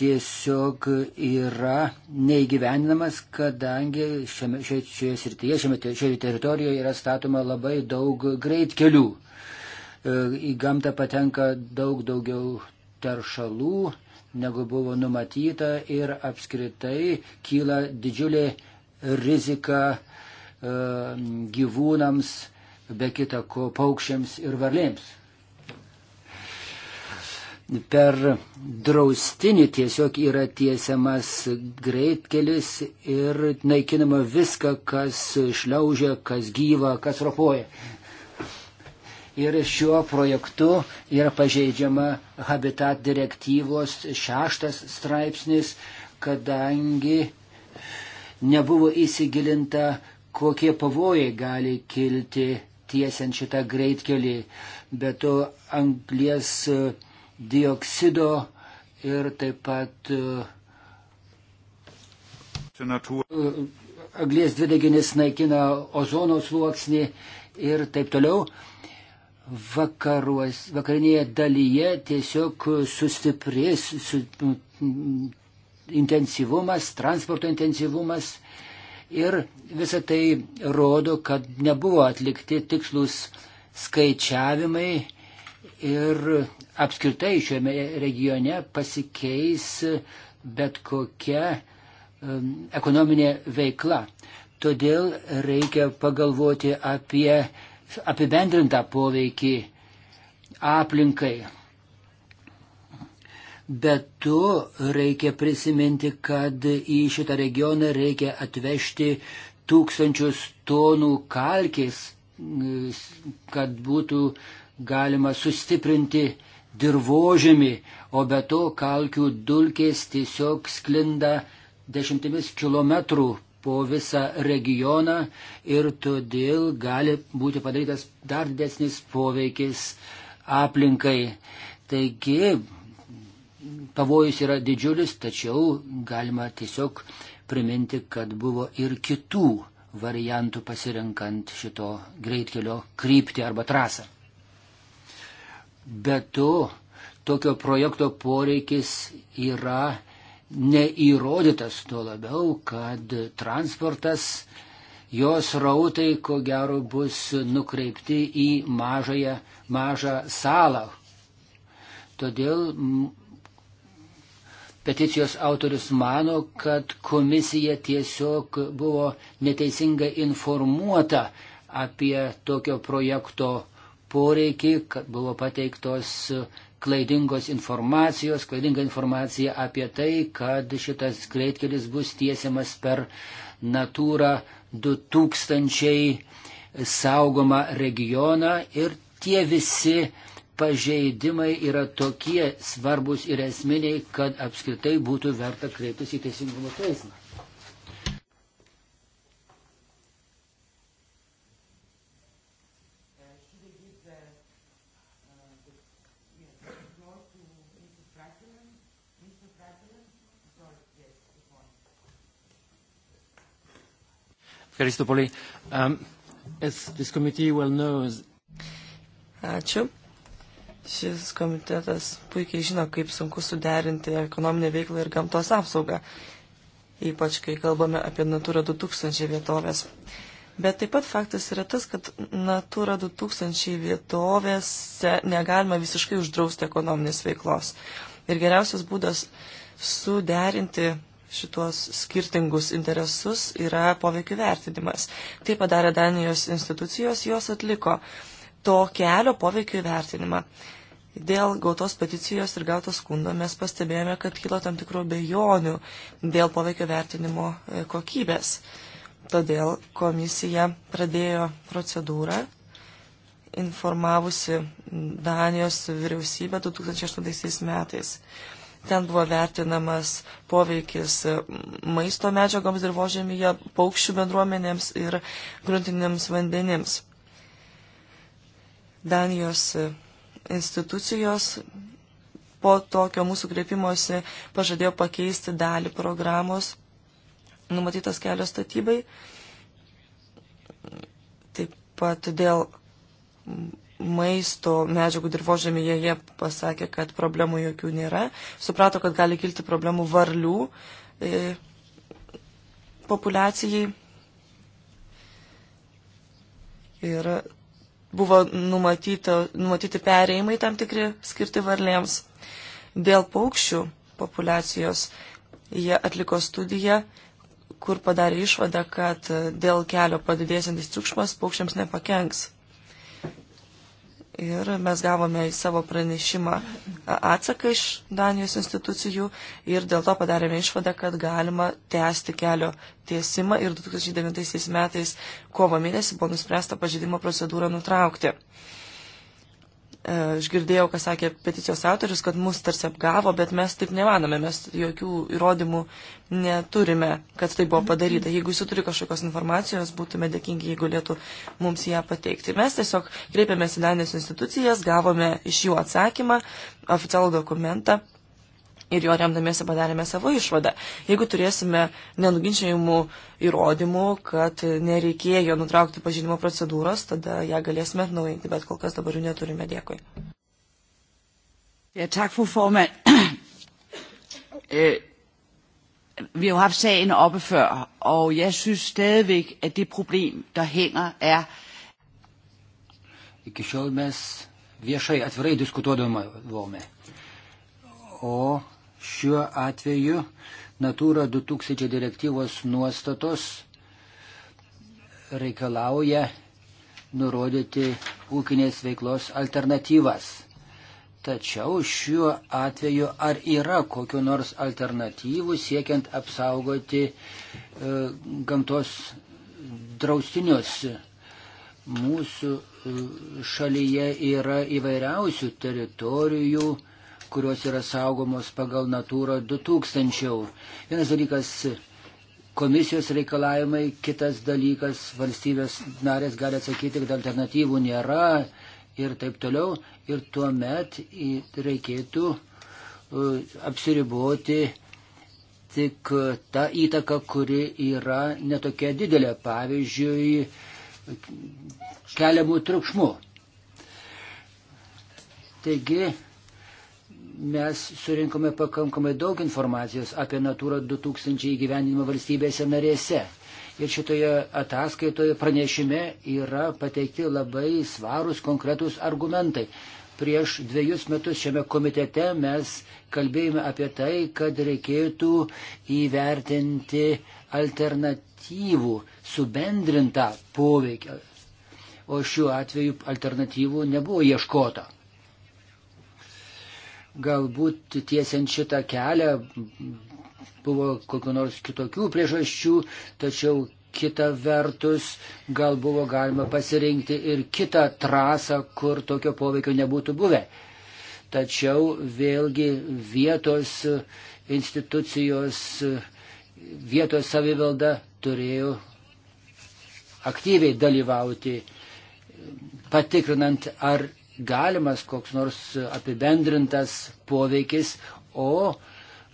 tiesiog yra neįgyvendinamas, kadangi šiame, šioje, šioje srityje, šiame, šioje teritorijoje yra statoma labai daug greitkelių. E, į gamtą patenka daug daugiau teršalų, negu buvo numatyta ir apskritai kyla didžiulė rizika e, gyvūnams, be kita ko paukščiams ir varlėms. Per draustinį tiesiog yra tiesiamas greitkelis ir naikinama viską, kas šliaužia, kas gyva, kas ropoja. Ir šiuo projektu yra pažeidžiama Habitat direktyvos šeštas straipsnis, kadangi nebuvo įsigilinta, kokie pavojai gali kilti tiesiant šitą greitkelį, bet to anglies e, dioksido ir taip pat e, e, anglies dvideginis naikina ozono sluoksnį ir taip toliau. Vakaruos, vakarinėje dalyje tiesiog sustiprės su, intensyvumas, transporto intensyvumas Ir visa tai rodo, kad nebuvo atlikti tikslus skaičiavimai ir apskritai šiame regione pasikeis bet kokia um, ekonominė veikla. Todėl reikia pagalvoti apie apibendrintą poveikį aplinkai bet tu reikia prisiminti, kad į šitą regioną reikia atvežti tūkstančius tonų kalkės, kad būtų galima sustiprinti dirbožėmį, o be to kalkių dulkės tiesiog sklinda dešimtimis kilometrų po visą regioną ir todėl gali būti padarytas dar didesnis poveikis aplinkai. Taigi pavojus yra didžiulis, tačiau galima tiesiog priminti, kad buvo ir kitų variantų pasirinkant šito greitkelio kryptį arba trasą. Be to, tokio projekto poreikis yra neįrodytas, tuo labiau, kad transportas, jos rautai, ko gero, bus nukreipti į mažąją, mažą salą. Todėl peticijos autorius mano, kad komisija tiesiog buvo neteisingai informuota apie tokio projekto poreikį, kad buvo pateiktos klaidingos informacijos, klaidinga informacija apie tai, kad šitas greitkelis bus tiesiamas per Natūra 2000 saugomą regioną ir tie visi pažeidimai yra tokie svarbus ir esminiai, kad apskritai būtų verta kreiptis į teisingumo teismą. Ευχαριστώ πολύ. Um, as this committee well knows... Ačiū. Šis komitetas puikiai žino, kaip sunku suderinti ekonominę veiklą ir gamtos apsaugą, ypač kai kalbame apie Natūra 2000 vietovės. Bet taip pat faktas yra tas, kad Natūra 2000 vietovėse negalima visiškai uždrausti ekonominės veiklos. Ir geriausias būdas suderinti šitos skirtingus interesus yra poveikių vertinimas. Tai padarė Danijos institucijos, jos atliko to kelio poveikių vertinimą. Dėl gautos peticijos ir gauto skundo mes pastebėjome, kad kilo tam tikrų bejonių dėl poveikio vertinimo e, kokybės. Todėl komisija pradėjo procedūrą informavusi Danijos vyriausybę 2008 metais. Ten buvo vertinamas poveikis e, maisto medžiagoms dirbožėmėje, paukščių bendruomenėms ir gruntiniams vandenims. Danijos e, institucijos po tokio mūsų kreipimuose pažadėjo pakeisti dalį programos numatytos kelio statybai. Taip pat dėl maisto medžiagų dirbožėmėje jie pasakė, kad problemų jokių nėra. Suprato, kad gali kilti problemų varlių e, populiacijai. Ir buvo numatyta, numatyti pereimai tam tikri skirti varlėms. Dėl paukščių populacijos jie atliko studiją, kur padarė išvadą, kad dėl kelio padidėsiantis triukšmas paukščiams nepakenks. Ir mes gavome į savo pranešimą atsaką iš Danijos institucijų ir dėl to padarėme išvadą, kad galima tęsti kelio tiesimą ir 2009 metais kovo mėnesį buvo nuspręsta pažeidimo procedūrą nutraukti. E, aš girdėjau, ką sakė peticijos autorius, kad mus tarsi apgavo, bet mes taip nemanome, mes jokių įrodymų neturime, kad tai buvo padaryta. Jeigu jis turi kažkokios informacijos, būtume dėkingi, jeigu galėtų mums ją pateikti. Mes tiesiog kreipėmės į Danijos institucijas, gavome iš jų atsakymą, oficialų dokumentą ir jo remdamėsi padarėme savo išvadą. Jeigu turėsime nenuginčiajimų įrodymų, kad nereikėjo nutraukti pažinimo procedūros, tada ją galėsime atnaujinti, bet kol kas dabar jų neturime. Dėkui. Ja, tak, fru formand. (coughs) øh, vi har jo haft sagen oppe før, og jeg synes stadigvæk, at det problem, der hænger, er... Iki šiol mes viešai atvirai diskutuodavome, o Šiuo atveju Natūra 2000 direktyvos nuostatos reikalauja nurodyti ūkinės veiklos alternatyvas. Tačiau šiuo atveju ar yra kokiu nors alternatyvų siekiant apsaugoti e, gamtos draustinius. Mūsų e, šalyje yra įvairiausių teritorijų, kurios yra saugomos pagal Natūro 2000. Vienas dalykas komisijos reikalavimai, kitas dalykas valstybės narės gali atsakyti, kad alternatyvų nėra ir taip toliau. Ir tuomet reikėtų e, apsiriboti tik ta įtaka, kuri yra netokia didelė, pavyzdžiui, keliamų triukšmų. Taigi mes surinkome pakankamai daug informacijos apie Natūra 2000 įgyvendinimą valstybėse narėse. Ir šitoje ataskaitoje pranešime yra pateikti labai svarūs konkretūs argumentai. Prieš dviejus metus šiame komitete mes kalbėjome apie tai, kad reikėtų įvertinti alternatyvų subendrintą poveikį. O šiuo atveju alternatyvų nebuvo ieškota. Galbūt tiesiant šitą kelią buvo kokiu nors kitokių priežasčių, tačiau kita vertus gal buvo galima pasirinkti ir kitą trasą, kur tokio poveikio nebūtų buvę. Tačiau vėlgi vietos institucijos, vietos savivalda turėjo aktyviai dalyvauti, patikrinant, ar galimas koks nors apibendrintas poveikis, o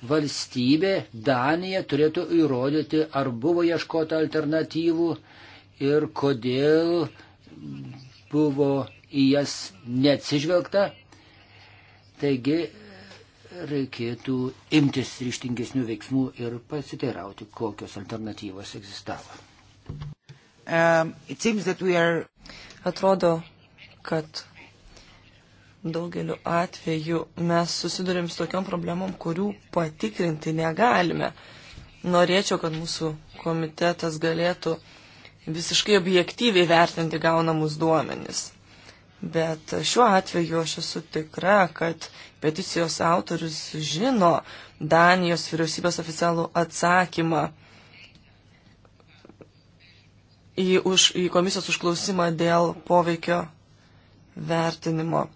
valstybė Danija turėtų įrodyti, ar buvo ieškota alternatyvų ir kodėl buvo į jas neatsižvelgta. Taigi reikėtų imtis ryštingesnių veiksmų ir pasiteirauti, kokios alternatyvos egzistavo. Um, are... Atrodo, kad daugeliu atveju mes susidurim su tokiom problemom, kurių patikrinti negalime. Norėčiau, kad mūsų komitetas galėtų visiškai objektyviai vertinti gaunamus duomenis. Bet šiuo atveju aš esu tikra, kad peticijos autorius žino Danijos vyriausybės oficialų atsakymą į, už, į komisijos užklausimą dėl poveikio vertinimo.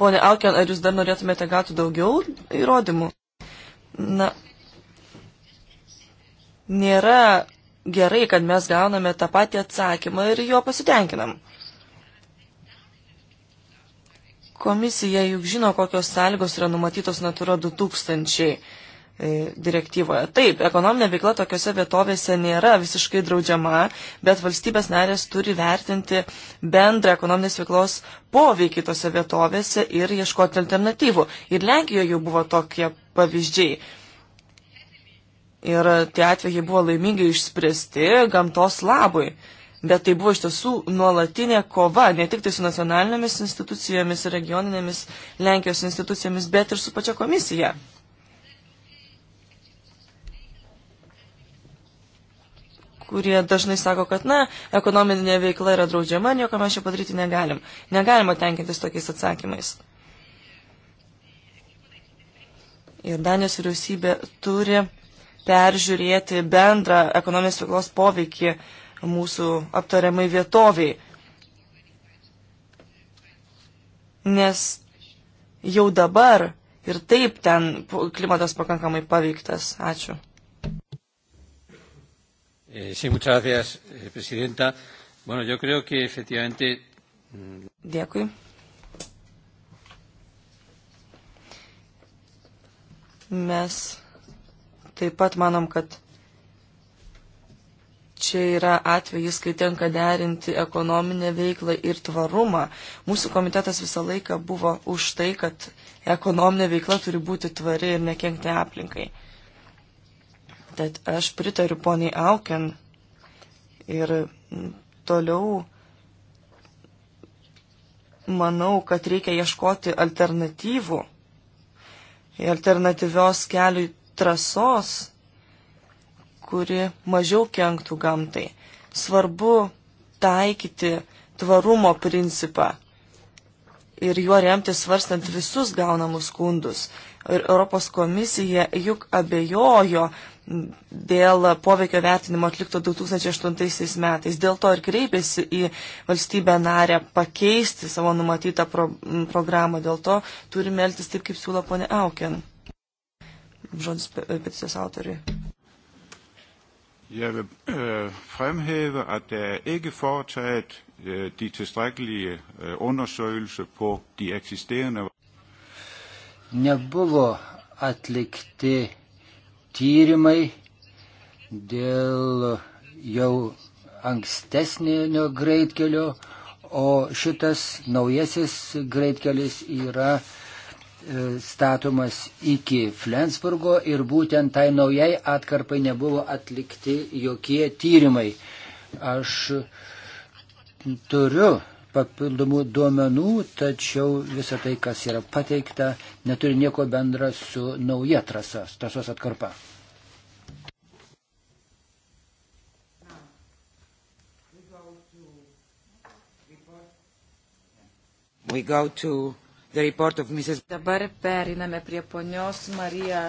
Pone Alken, ar jūs dar norėtumėte gauti daugiau įrodymų? Na, nėra gerai, kad mes gauname tą patį atsakymą ir jo pasitenkinam. Komisija juk žino, kokios sąlygos yra numatytos Natura 2000 E, direktyvoje. Taip, ekonominė veikla tokiuose vietovėse nėra visiškai draudžiama, bet valstybės narės turi vertinti bendrą ekonominės veiklos poveikį tose vietovėse ir ieškoti alternatyvų. Ir Lenkijoje jau buvo tokie pavyzdžiai. Ir tie atvejai buvo laimingai išspręsti gamtos labui. Bet tai buvo iš tiesų nuolatinė kova, ne tik tai su nacionalinėmis institucijomis ir regioninėmis Lenkijos institucijomis, bet ir su pačia komisija. kurie dažnai sako, kad, na, ekonominė veikla yra draudžiama, nieko mes čia padaryti negalim. Negalima tenkintis tokiais atsakymais. Ir Danijos vyriausybė turi peržiūrėti bendrą ekonominės veiklos poveikį mūsų aptariamai vietoviai. Nes jau dabar ir taip ten klimatas pakankamai paveiktas. Ačiū. Eh, sí, muchas gracias, eh, presidenta. Bueno, yo creo que efectivamente. Mm, Dėkui. Mes taip pat manom, kad čia yra atvejis, kai tenka derinti ekonominę veiklą ir tvarumą. Mūsų komitetas visą laiką buvo už tai, kad ekonominė veikla turi būti tvari ir nekenkti aplinkai. Tad aš pritariu poniai Auken ir toliau manau, kad reikia ieškoti alternatyvų, alternatyvios kelių trasos, kuri mažiau kenktų gamtai. Svarbu taikyti tvarumo principą ir juo remti svarstant visus gaunamus skundus ir Europos komisija juk abejojo dėl poveikio vertinimo atlikto 2008 metais. Dėl to ir kreipėsi į valstybę narę pakeisti savo numatytą pro programą. Dėl to turime elgtis taip, kaip siūlo ponė Auken. Žodis e, peticijos autoriui. Jeg vil øh, fremhæve, at der er ikke foretaget øh, de tilstrækkelige øh, undersøgelser på de eksisterende nebuvo atlikti tyrimai dėl jau ankstesnio greitkelio, o šitas naujasis greitkelis yra e, statomas iki Flensburgo ir būtent tai naujai atkarpai nebuvo atlikti jokie tyrimai. Aš turiu papildomų duomenų, tačiau visa tai, kas yra pateikta, neturi nieko bendra su nauja trasa, trasos atkarpa. Dabar periname prie ponios Marija,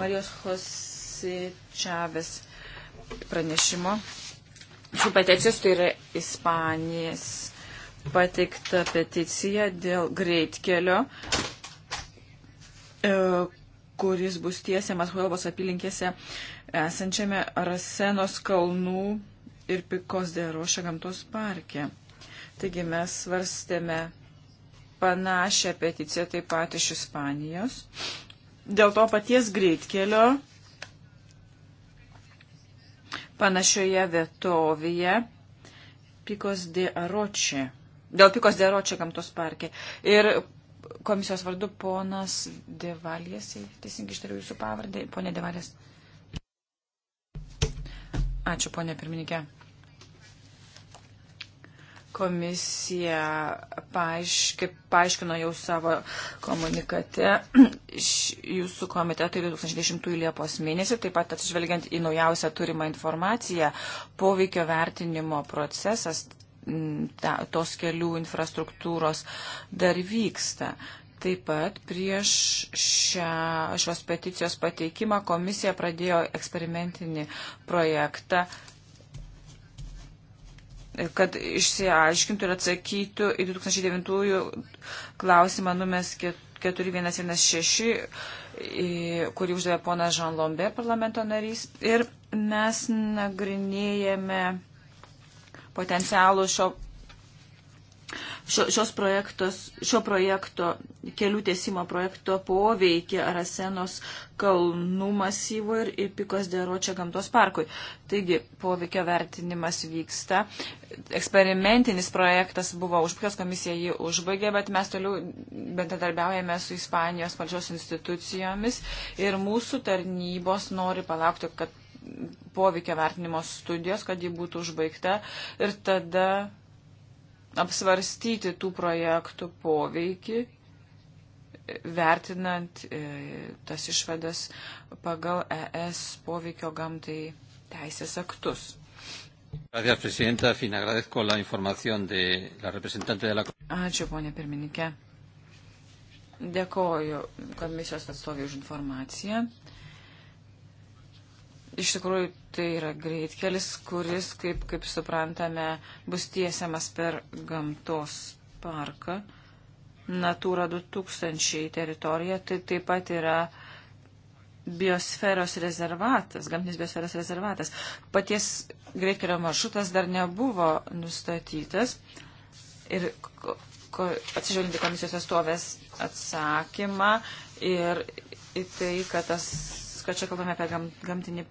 Marijos Hosi Čiavės pranešimo. Šių peticijos tai yra Ispanijos pateikta peticija dėl greitkelio, e, kuris bus tiesiamas Huelvos apylinkėse esančiame Rasenos kalnų ir Pikos dėrošia gamtos parke. Taigi mes svarstėme panašią peticiją taip pat iš Ispanijos. Dėl to paties greitkelio panašioje vietovėje Pikos de Aročė dėl pikos deročio gamtos parke. Ir komisijos vardu ponas Devalės, teisingai ištariu jūsų pavardę, ponė Devalės. Ačiū, ponė pirmininkė. Komisija paaiški, paaiškino jau savo komunikate jūsų komitetui 2010 Liepos mėnesį, taip pat atsižvelgiant į naujausią turimą informaciją, poveikio vertinimo procesas ta, tos kelių infrastruktūros dar vyksta. Taip pat prieš šią, šios peticijos pateikimą komisija pradėjo eksperimentinį projektą, kad išsiaiškintų ir atsakytų į 2009 klausimą numes 4116, kurį uždavė ponas Jean Lombe parlamento narys. Ir mes nagrinėjame potencialų šio, šio, šios projektos, šio projekto, kelių tiesimo projekto poveikį Arasenos kalnų masyvų ir Ipikos deročia gamtos parkui. Taigi, poveikio vertinimas vyksta. Eksperimentinis projektas buvo užbaigtas, komisija jį užbaigė, bet mes toliau bendradarbiaujame su Ispanijos valdžios institucijomis ir mūsų tarnybos nori palaukti, kad poveikio vertinimo studijos, kad ji būtų užbaigta ir tada apsvarstyti tų projektų poveikį, vertinant e, tas išvadas pagal ES poveikio gamtai teisės aktus. Gracias, Presidenta. Fin, agradezco la información de la representante de la Ačiū, ponė pirmininkė. Dėkoju komisijos atstovė už informaciją. Iš tikrųjų, tai yra greitkelis, kuris, kaip, kaip suprantame, bus tiesiamas per gamtos parką. Natūra 2000 teritorija, tai taip pat yra biosferos rezervatas, gamtinis biosferos rezervatas. Paties greitkelio maršrutas dar nebuvo nustatytas. Ir atsižiūrinti komisijos atstovės atsakymą ir į tai, kad tas kad čia kalbame apie gam, gamtinį,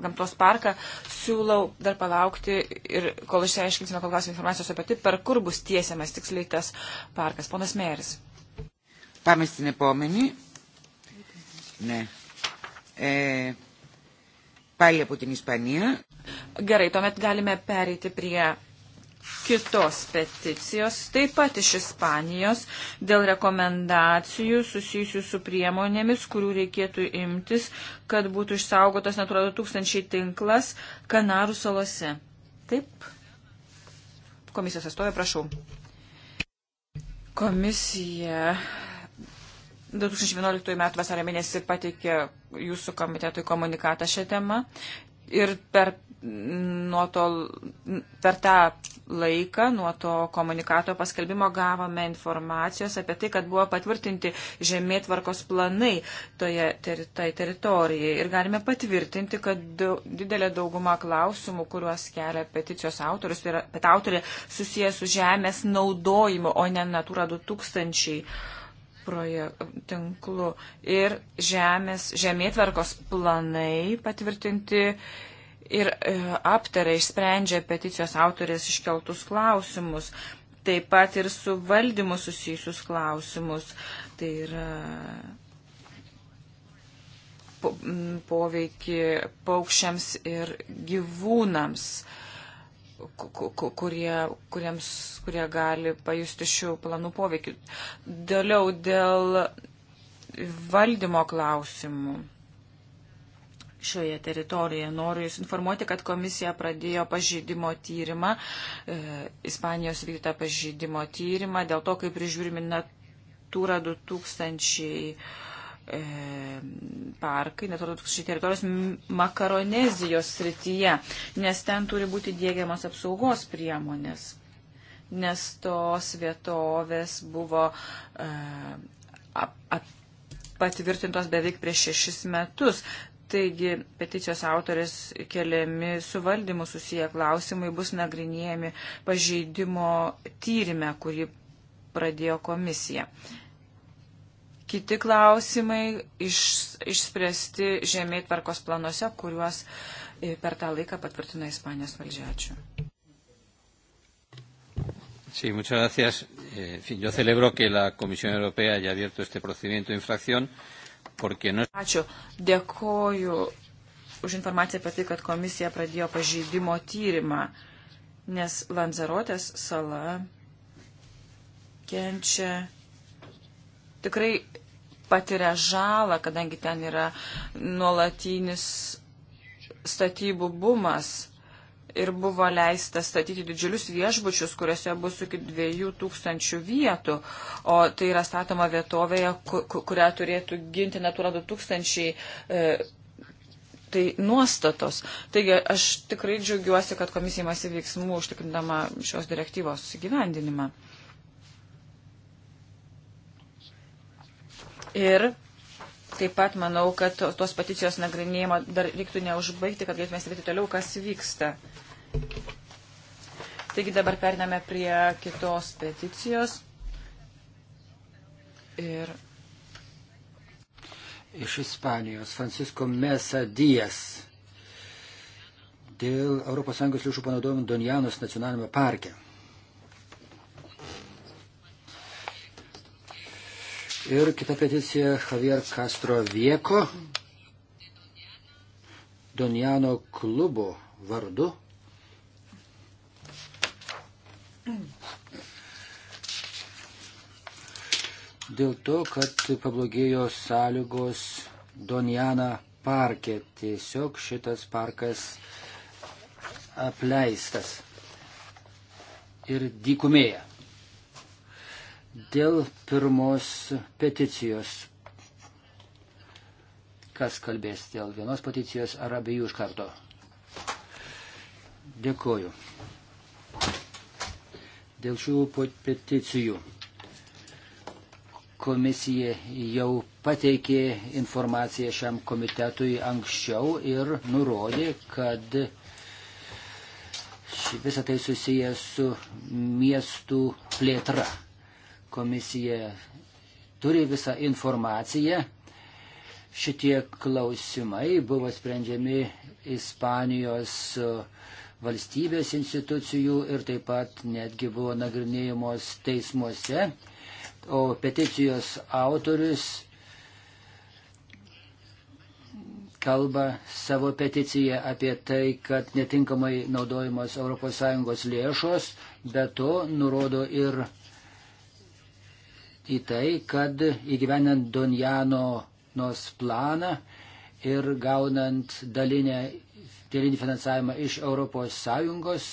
gamtos parką, siūlau dar palaukti ir kol išsiaiškinsime kol kas informacijos apie tai, per kur bus tiesiamas tiksliai tas parkas. Ponas Mėris. Πάμε στην επόμενη. Ναι. Ε, πάλι από την Ισπανία. Gerai, tuomet galime pereiti prie kitos peticijos, taip pat iš Ispanijos, dėl rekomendacijų susijusių su priemonėmis, kurių reikėtų imtis, kad būtų išsaugotas Natura 2000 tinklas Kanarų salose. Taip. Komisijos atstovė, prašau. Komisija 2011 m. vasario mėnesį pateikė jūsų komitetui komunikatą šią temą ir per, nuo to, per tą laiką, nuo to komunikato paskelbimo gavome informacijos apie tai, kad buvo patvirtinti žemėtvarkos planai toje teri, tai teritorijai. Ir galime patvirtinti, kad daug, didelė dauguma klausimų, kuriuos kelia peticijos autorius, tai yra, bet autorė susijęs su žemės naudojimu, o ne Natura 2000 tinklu ir žemės, žemėtvarkos planai patvirtinti ir e, aptaria, išsprendžia peticijos autorės iškeltus klausimus, taip pat ir su valdymu susijusius klausimus. Tai yra poveikį paukščiams ir gyvūnams. E, kurie, kuriems, kurie gali pajusti šių planų poveikį. Dėliau dėl valdymo klausimų šioje teritorijoje. Noriu Jūs informuoti, kad komisija pradėjo pažydimo tyrimą, e, Ispanijos vykdytą pažydimo tyrimą dėl to, kaip prižiūrimi Natūra 2000 e, parkai, netoli 2000 teritorijos Makaronezijos srityje, nes ten turi būti dėgiamas apsaugos priemonės, nes tos vietovės buvo e, ap, ap, patvirtintos beveik prieš šešis metus. Taigi peticijos autorės keliami su valdymu susiję klausimai bus nagrinėjami pažeidimo tyrimę, kurį pradėjo komisija. E, Kiti klausimai iš, išspręsti žemėt tvarkos planuose, kuriuos e, per tą laiką patvirtino Ispanijos valdžia. Ačiū. Sí, muchas gracias. Eh, en fin, yo celebro que la Comisión Europea haya abierto este procedimiento de infracción porque no. Ačiū. Dėkoju už informaciją apie tai, kad komisija pradėjo pažeidimo tyrimą, nes Lanzarotės sala kenčia tikrai patiria žalą, kadangi ten yra nuolatinis statybų bumas. Ir buvo leista statyti didžiulius viešbučius, kuriuose bus iki 2000 vietų, o tai yra statoma vietovėje, kurią turėtų ginti Natura 2000 e, tai nuostatos. Taigi aš tikrai džiaugiuosi, kad komisija masi veiksmų užtikrindama šios direktyvos įgyvendinimą. Ir taip pat manau, kad tos peticijos nagrinėjimo dar reiktų neužbaigti, kad galėtume stebėti toliau, kas vyksta. Taigi dabar periname prie kitos peticijos. Ir iš Ispanijos Francisco Mesa Dijas dėl ES lėšų panaudojimo Donjanos nacionalinėme parke. Ir kita peticija Javier Castro Vieko, Donjano klubo vardu. Dėl to, kad pablogėjo sąlygos Donjana parke. Tiesiog šitas parkas apleistas ir dykumėja. Dėl pirmos peticijos. Kas kalbės dėl vienos peticijos ar abiejų iš karto? Dėkoju. Dėl šių peticijų komisija jau pateikė informaciją šiam komitetui anksčiau ir nurodė, kad visą tai susijęs su miestų plėtra. Komisija turi visą informaciją. Šitie klausimai buvo sprendžiami Ispanijos e, valstybės institucijų ir taip pat netgi buvo nagrinėjimos teismuose. O peticijos autorius kalba savo peticiją apie tai, kad netinkamai naudojamos ES lėšos, bet to nurodo ir į tai, kad įgyvenant Donjano nos planą ir gaunant dalinę, dalinį finansavimą iš ES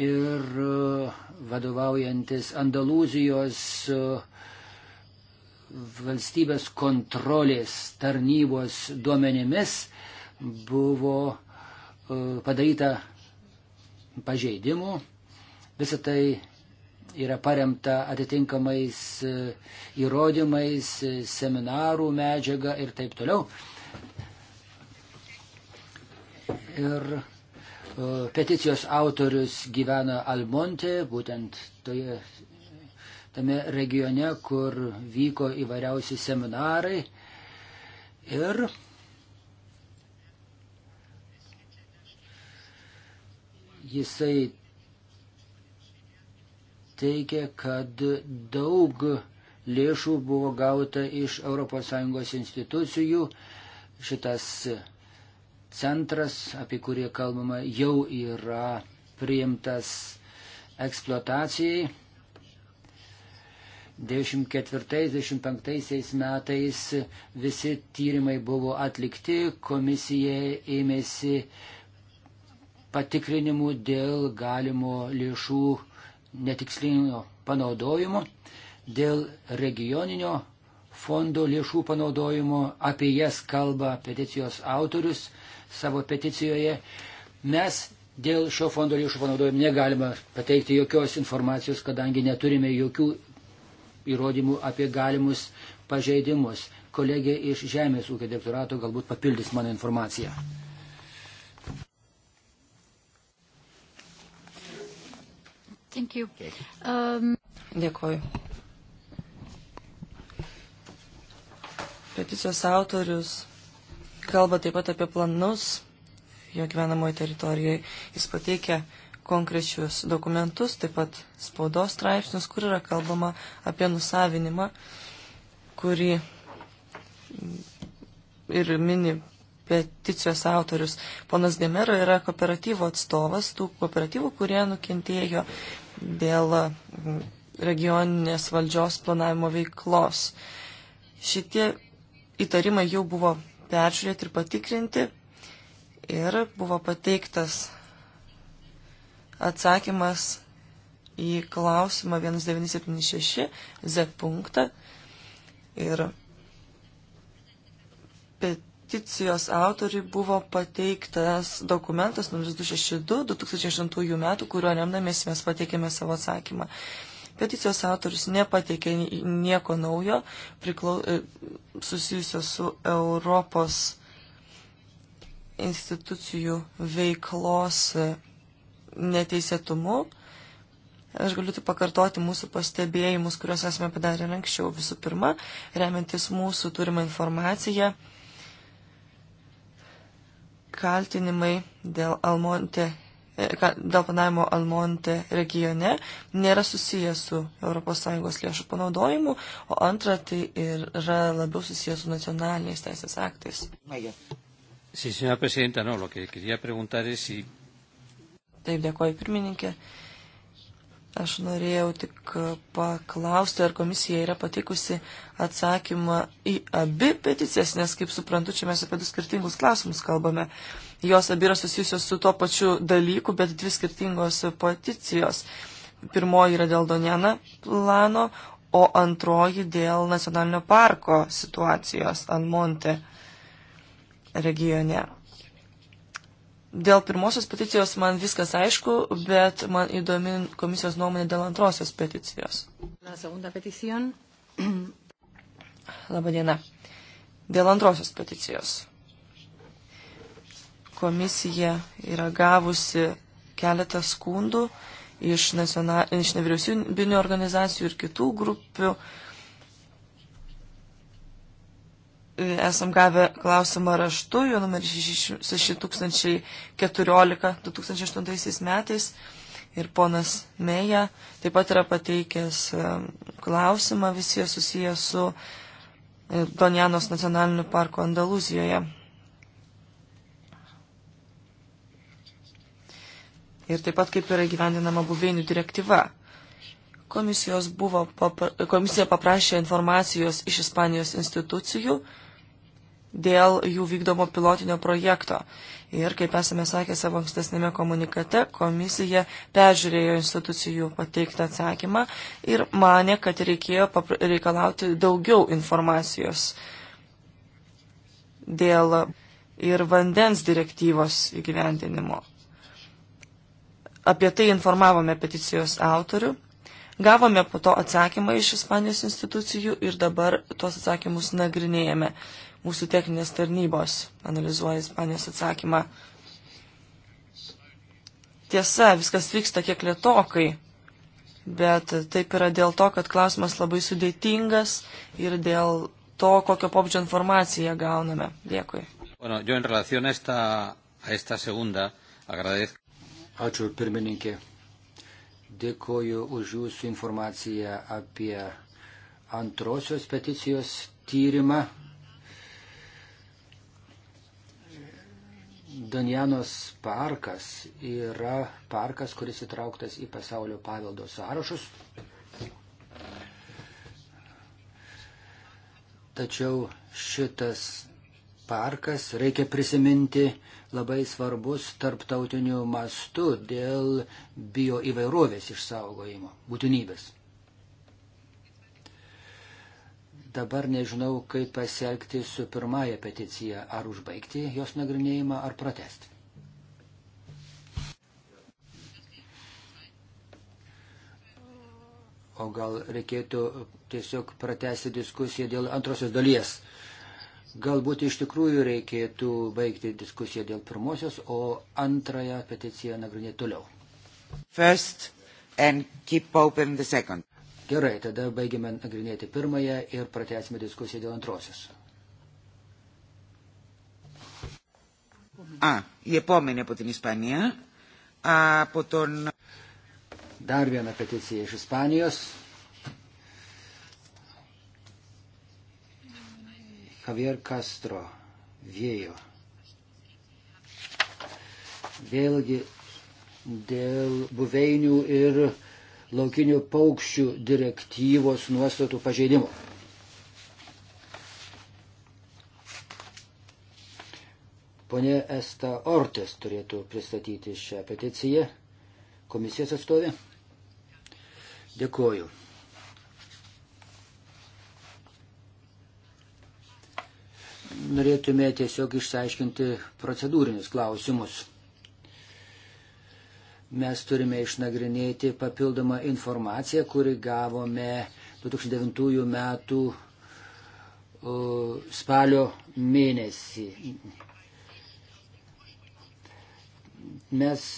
ir uh, vadovaujantis Andalūzijos uh, valstybės kontrolės tarnybos duomenimis buvo uh, padaryta pažeidimų Visą tai yra paremta atitinkamais e, įrodymais, e, seminarų medžiaga ir taip toliau. Ir e, peticijos autorius gyvena Almonte, būtent toje, tame regione, kur vyko įvairiausi seminarai. Ir jisai teigia, kad daug lėšų buvo gauta iš ES institucijų. Šitas centras, apie kurį kalbama, jau yra priimtas eksploatacijai. 94-95 metais visi tyrimai buvo atlikti, komisija ėmėsi patikrinimų dėl galimo lėšų netikslinio panaudojimo, dėl regioninio fondo lėšų panaudojimo, apie jas kalba peticijos autorius savo peticijoje. Mes dėl šio fondo lėšų panaudojimo negalime pateikti jokios informacijos, kadangi neturime jokių įrodymų apie galimus pažeidimus. Kolegė iš Žemės ūkio direktorato galbūt papildys mano informaciją. Thank you. Um... Dėkoju. Peticijos autorius kalba taip pat apie planus jo gyvenamoje teritorijoje. Jis pateikia konkrečius dokumentus, taip pat spaudos straipsnius, kur yra kalbama apie nusavinimą, kurį ir mini peticijos autorius. Ponas Demero yra kooperatyvo atstovas, tų kooperatyvų, kurie nukentėjo dėl mm, regioninės valdžios planavimo veiklos. Šitie įtarimai jau buvo peržiūrėti ir patikrinti ir buvo pateiktas atsakymas į klausimą 1976 Z punktą ir pet peticijos autoriui buvo pateiktas dokumentas 0262-2008 metų, kuriuo remdamės mes pateikėme savo atsakymą. Peticijos autorius nepateikė nieko naujo priklau, e, susijusio su Europos institucijų veiklos e, neteisėtumu. Aš galiu tik pakartoti mūsų pastebėjimus, kuriuos esame padarę anksčiau. Visų pirma, remiantis mūsų turimą informaciją, kaltinimai dėl, Almonte, e, dėl panavimo Almonte regione nėra susijęs su ES lėšų panaudojimu, o antra, tai yra labiau susijęs su nacionaliniais teisės aktais. Sí, señora presidenta, no, lo que quería preguntar es si. Taip, dėkoju pirmininkė. Uh, Aš norėjau tik paklausti, ar komisija yra patikusi atsakymą į abi peticijas, nes, kaip suprantu, čia mes apie du skirtingus klausimus kalbame. Jos abi yra susijusios su tuo pačiu dalyku, bet dvi skirtingos peticijos. Pirmoji yra dėl Donjana plano, o antroji dėl nacionalinio parko situacijos Anmonte regione. Dėl pirmosios peticijos man viskas aišku, bet man įdomi komisijos nuomonė dėl antrosios peticijos. (clears throat) Labadiena. Dėl antrosios peticijos. Komisija yra gavusi keletą skundų iš, nacional... iš nevyriausybinių organizacijų ir kitų grupių, esam gavę klausimą raštu, jo numeris 6014-2008 metais. Ir ponas Meja taip pat yra pateikęs klausimą, visi jie susiję su e, Donjanos nacionaliniu parku Andaluzijoje. Ir taip pat kaip yra gyvendinama buveinių direktyva. Komisijos buvo, papra, komisija paprašė informacijos iš Ispanijos institucijų dėl jų vykdomo pilotinio projekto. Ir, kaip esame sakę savo ankstesnėme komunikate, komisija peržiūrėjo institucijų pateiktą atsakymą ir mane, kad reikėjo reikalauti daugiau informacijos dėl ir vandens direktyvos įgyvendinimo. Apie tai informavome peticijos autorių Gavome po to atsakymą iš Ispanijos institucijų ir dabar tuos atsakymus nagrinėjame mūsų techninės tarnybos analizuoja Ispanijos atsakymą. Tiesa, viskas vyksta kiek lietokai, bet taip yra dėl to, kad klausimas labai sudėtingas ir dėl to, kokio pobūdžio informaciją gauname. Dėkui. Bueno, yo en relación a esta, a esta segunda agradezco. Ačiū pirmininkė. Dėkoju už jūsų informaciją apie antrosios peticijos tyrimą. Danjanos parkas yra parkas, kuris įtrauktas į pasaulio paveldo sąrašus. Tačiau šitas parkas, reikia prisiminti, labai svarbus tarptautiniu mastu dėl bioįvairovės išsaugojimo būtinybės. Dabar nežinau, kaip pasielgti su pirmąją peticiją, ar užbaigti jos nagrinėjimą, ar pratesti. O gal reikėtų tiesiog pratesti diskusiją dėl antrosios dalies. Galbūt iš tikrųjų reikėtų baigti diskusiją dėl pirmosios, o antrąją peticiją nagrinėti toliau. First and keep open the second. Gerai, tada baigiame nagrinėti pirmąją ir pratęsime diskusiją dėl antrosios. Α, η επόμενη από την Ισπανία, από τον... Dar viena peticija iš Ispanijos. Javier Castro, vėjo. Vėlgi dėl buveinių ir uh, laukinių paukščių direktyvos nuostatų pažeidimo. Pone Esta Ortes turėtų pristatyti šią peticiją. Komisijos atstovė. Dėkuoju. Norėtume tiesiog išsiaiškinti procedūrinius klausimus mes turime išnagrinėti papildomą informaciją, kuri gavome 2009 metų spalio mėnesį. Mes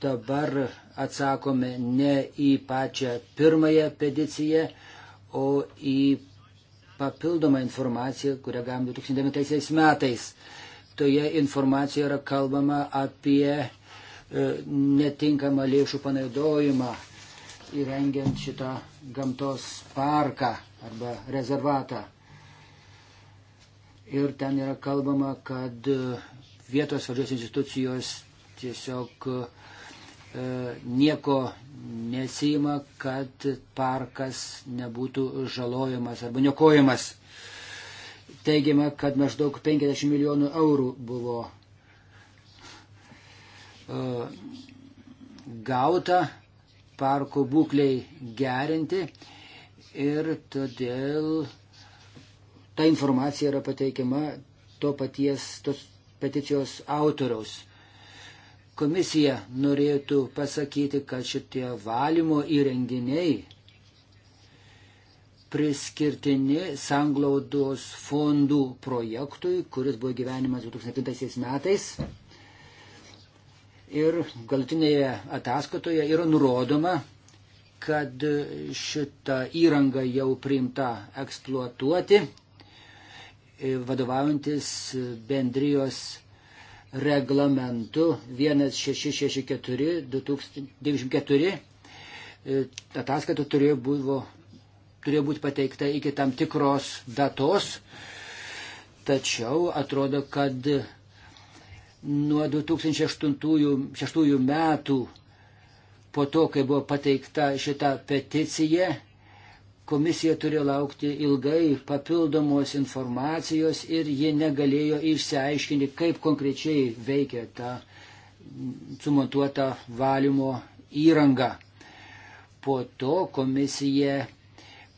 dabar atsakome ne į pačią pirmąją peticiją, o į papildomą informaciją, kurią gavome 2009 metais. Toje informacijoje yra kalbama apie E, netinkamą lėšų panaudojimą įrengiant šitą gamtos parką arba rezervatą. Ir ten yra kalbama, kad e, vietos valdžios institucijos tiesiog e, nieko nesima, kad parkas nebūtų žalojamas arba niokojamas. Teigiama, kad maždaug 50 milijonų eurų buvo E, gauta parko būklei gerinti ir todėl ta informacija yra pateikiama to paties tos peticijos autoriaus. Komisija norėtų pasakyti, kad šitie valymo įrenginiai priskirtini sanglaudos fondų projektui, kuris buvo gyvenimas 2007 metais. Ir galtinėje ataskatoje yra nurodoma, kad šitą įrangą jau priimta eksploatuoti, e, vadovaujantis bendrijos reglamentu 1664-2094. E, ataskaita turėjo, buvo, turėjo būti pateikta iki tam tikros datos, tačiau atrodo, kad Nuo 2006 metų, po to, kai buvo pateikta šita peticija, komisija turėjo laukti ilgai papildomos informacijos ir ji negalėjo išsiaiškinti, kaip konkrečiai veikia ta sumontuota valymo įranga. Po to komisija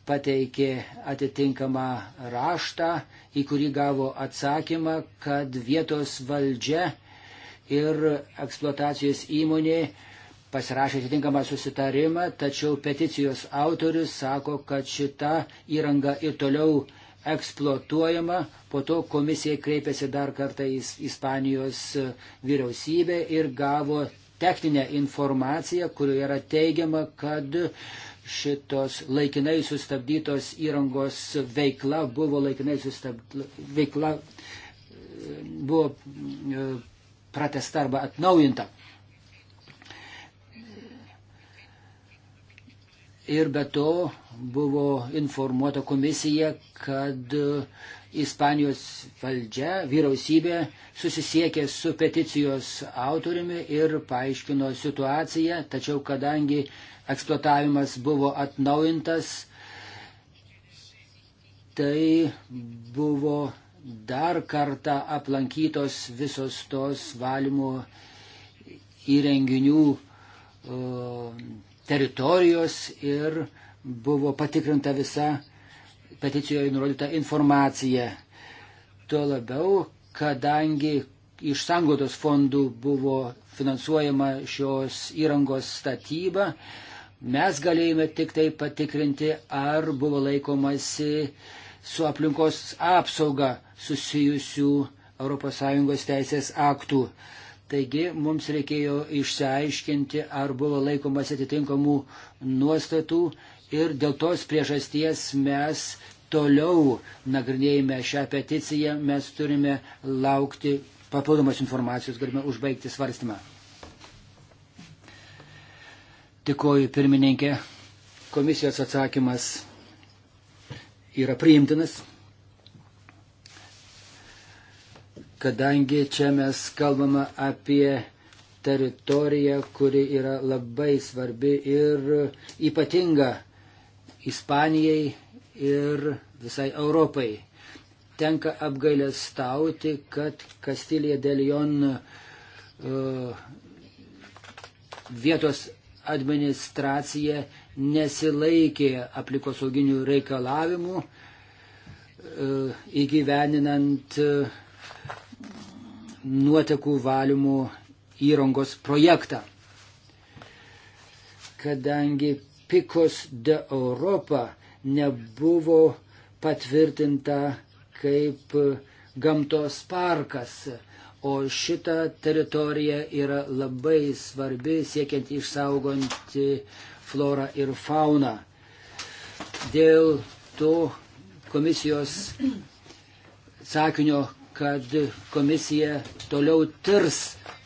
pateikė atitinkamą raštą į kurį gavo atsakymą, kad vietos valdžia ir eksploatacijos įmonė pasirašė atitinkamą susitarimą, tačiau peticijos autorius sako, kad šita įranga ir toliau eksploatuojama. Po to komisija kreipėsi dar kartą į Ispanijos vyriausybę ir gavo techninę informaciją, kurioje yra teigiama, kad šitos laikinai sustabdytos įrangos veikla buvo laikinai sustabdyta, veikla e, buvo e, pratesta arba atnaujinta. Ir be to buvo informuota komisija, kad Ispanijos valdžia, vyriausybė susisiekė su peticijos autoriumi ir paaiškino situaciją, tačiau kadangi uh, eksploatavimas buvo atnaujintas, tai buvo dar kartą aplankytos visos tos valymo įrenginių teritorijos ir buvo patikrinta visa peticijoje nurodyta informacija. Tuo labiau, kadangi iš sanglaudos fondų buvo finansuojama šios įrangos statyba, Mes galėjome tik tai patikrinti, ar buvo laikomasi su aplinkos apsauga susijusių ES teisės aktų. Taigi mums reikėjo išsiaiškinti, ar buvo laikomasi atitinkamų nuostatų ir dėl tos priežasties mes toliau nagrinėjame šią peticiją, mes turime laukti papildomos informacijos, galime užbaigti svarstymą. Tikoju pirmininkė, komisijos atsakymas yra priimtinas, kadangi čia mes kalbame apie teritoriją, kuri yra labai svarbi ir ypatinga Ispanijai ir visai Europai. Tenka apgailės stauti, kad Kastilija Delion uh, vietos administracija nesilaikė aplikosauginių reikalavimų e, įgyveninant e, nuotekų valymo įrangos projektą. Kadangi Pikos de Europa nebuvo patvirtinta kaip gamtos parkas. O šita teritorija yra labai svarbi siekiant išsaugoti florą ir fauną. Dėl to komisijos sakinio, kad komisija toliau tirs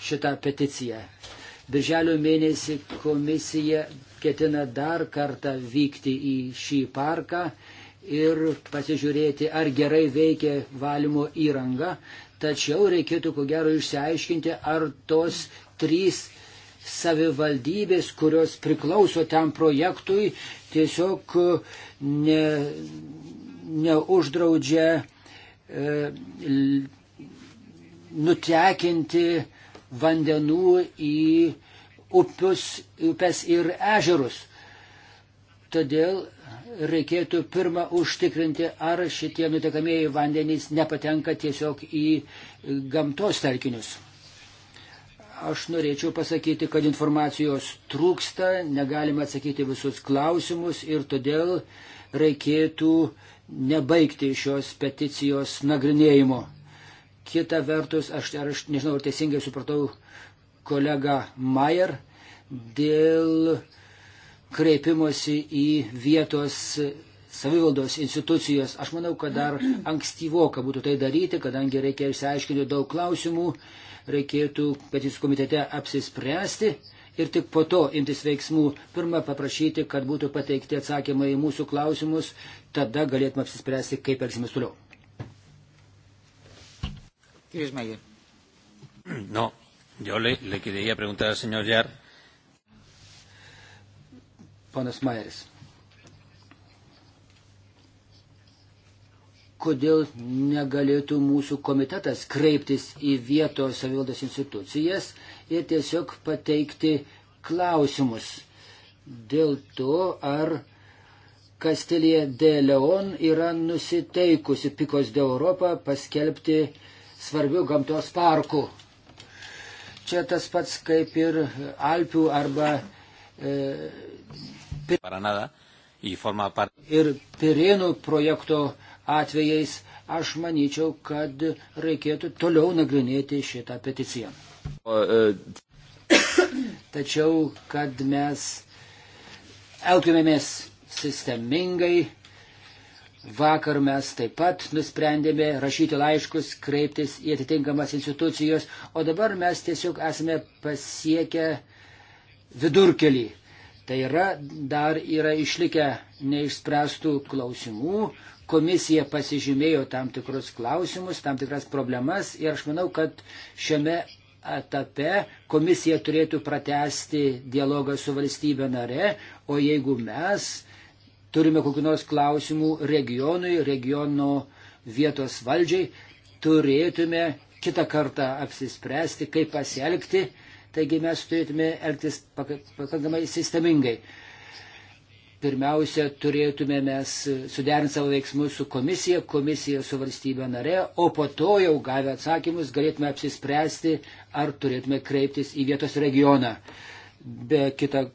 šitą peticiją. Birželio mėnesį komisija ketina dar kartą vykti į šį parką ir pasižiūrėti, ar gerai veikia valymo įranga. Tačiau reikėtų ko gero išsiaiškinti, ar tos trys savivaldybės, kurios priklauso tam projektui, tiesiog e, ne, neuždraudžia e, nutekinti vandenų į upius, upes ir ežerus. Todėl reikėtų pirmą užtikrinti, ar šitie nutekamieji vandenys nepatenka tiesiog į gamtos telkinius. Aš norėčiau pasakyti, kad informacijos trūksta, negalime atsakyti visus klausimus ir todėl reikėtų nebaigti šios peticijos nagrinėjimo. Kita vertus, aš, aš nežinau, ar teisingai supratau kolegą Mayer dėl kreipimosi į vietos savivaldos institucijos. Aš manau, kad dar ankstyvoka būtų tai daryti, kadangi reikia išsiaiškinti daug klausimų, reikėtų peticijų komitete apsispręsti ir tik po to imtis veiksmų. Pirmą paprašyti, kad būtų pateikti atsakymai į mūsų klausimus, tada galėtume apsispręsti, kaip elgsimės toliau. No, yo le, le quería preguntar al señor Yar Panas Majeris. Kodėl negalėtų mūsų komitetas kreiptis į vietos savivaldos institucijas ir tiesiog pateikti klausimus dėl to, ar Kastilija de Leon yra nusiteikusi Pikos de Europą paskelbti svarbių gamtos parkų. Čia tas pats kaip ir Alpių arba e, Ir Pirėnų projekto atvejais aš manyčiau, kad reikėtų toliau nagrinėti šitą peticiją. E, Tačiau, kad mes elgtumėmės sistemingai, Vakar mes taip pat nusprendėme rašyti laiškus, kreiptis į atitinkamas institucijos, o dabar mes tiesiog esame pasiekę vidurkelį. Tai yra, dar yra išlikę neišspręstų klausimų, komisija pasižymėjo tam tikrus klausimus, tam tikras problemas ir aš manau, kad šiame etape komisija turėtų pratesti dialogą su valstybė nare, o jeigu mes turime kokiu nors klausimų regionui, regiono vietos valdžiai, turėtume kitą kartą apsispręsti, kaip pasielgti Taigi mes turėtume elgtis pakankamai sistemingai. Pirmiausia, turėtume mes suderinti savo veiksmus su komisija, komisija su valstybė narė, o po to jau gavę atsakymus galėtume apsispręsti, ar turėtume kreiptis į vietos regioną. Be kita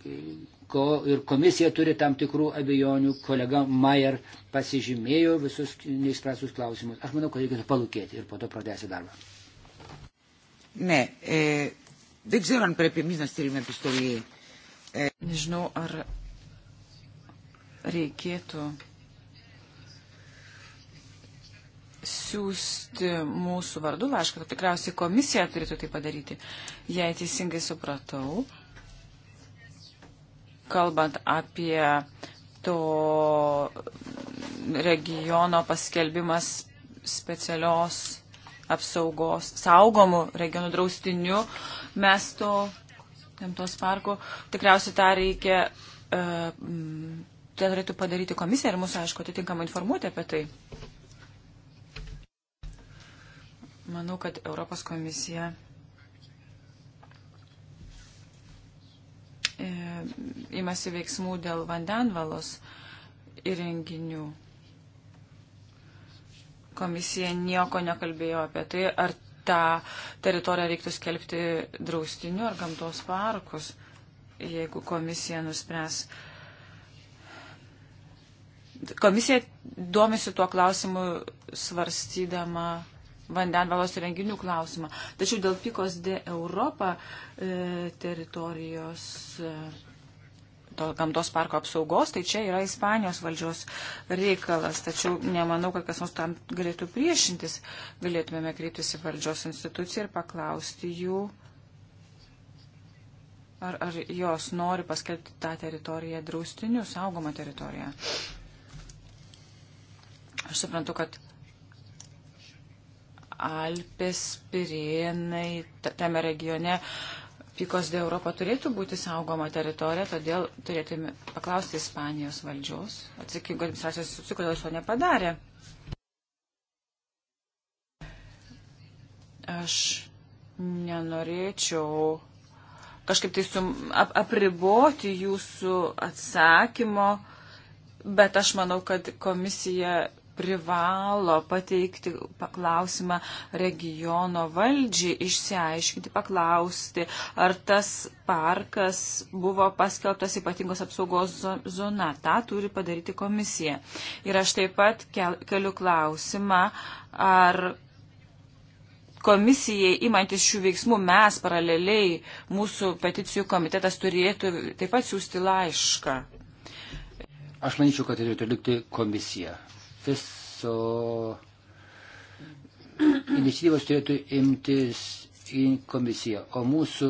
ko ir komisija turi tam tikrų abejonių, kolega Mayer pasižymėjo visus neįspręstus klausimus. Aš manau, kad reikėtų palūkėti ir po to pradėsi darbą. Ne, e, Δεν ξέρω αν πρέπει εμείς να στείλουμε επιστολή. Nežinau, ar reikėtų siūsti mūsų vardu laišką, tikriausiai komisija turėtų tai padaryti. Jei teisingai supratau, kalbant apie to regiono paskelbimas specialios apsaugos saugomų regionų draustinių. Mes to gamtos parkų tikriausiai tą reikia, tai e, turėtų padaryti komisija ir mūsų, aišku, atitinkamai informuoti apie tai. Manau, kad Europos komisija e, imasi veiksmų dėl vandenvalos įrenginių komisija nieko nekalbėjo apie tai, ar tą teritoriją reiktų skelbti draustiniu ar gamtos parkus, jeigu komisija nuspręs. Komisija duomisi tuo klausimu svarstydama vandenvalos renginių klausimą. Tačiau dėl pikos de Europą e, teritorijos e, to gamtos parko apsaugos, tai čia yra Ispanijos valdžios reikalas. Tačiau nemanau, kad kas nors tam galėtų priešintis. Galėtumėme kreiptis į valdžios instituciją ir paklausti jų, ar, ar jos nori paskelbti tą teritoriją draustiniu, saugomą teritoriją. Aš suprantu, kad Alpės, Pirėnai, tame regione uh, Pikos de Europa turėtų būti saugoma teritorija, todėl turėtume paklausti Ispanijos valdžios, atsakingo administracijos institucijų, kodėl to nepadarė. Aš nenorėčiau kažkaip tai sum, ap, apriboti jūsų atsakymo, bet aš manau, kad komisija privalo pateikti paklausimą regiono valdžiai, išsiaiškinti, paklausti, ar tas parkas buvo paskelbtas ypatingos apsaugos zona. Ta turi padaryti komisija. Ir aš taip pat keliu klausimą, ar komisijai imantis šių veiksmų mes paraleliai, mūsų peticijų komitetas turėtų taip pat siūsti laišką. Aš manyčiau, kad turėtų likti komisija viso iniciatyvos turėtų imtis į komisiją, o mūsų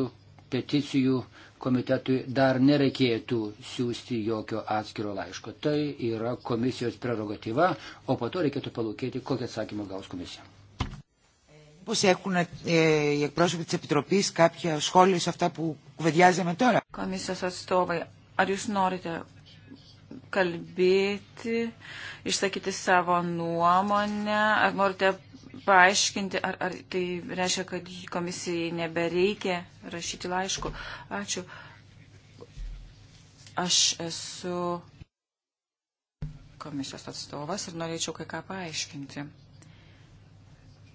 peticijų komitetui dar nereikėtų siūsti jokio atskiro laiško. Tai yra komisijos prerogatyva, o po to reikėtų palūkėti, kokią atsakymą gaus komisija. Πώς έχουν ε, οι εκπρόσωποι της Επιτροπής κάποια σχόλια σε αυτά που κουβεντιάζαμε τώρα. Κομίσιος Αστόβα, αν jūs norite kalbėti, išsakyti savo nuomonę, ar norite paaiškinti, ar, ar tai reiškia, kad komisijai nebereikia rašyti laiškų. Ačiū. Aš esu komisijos atstovas ir norėčiau kai ką paaiškinti.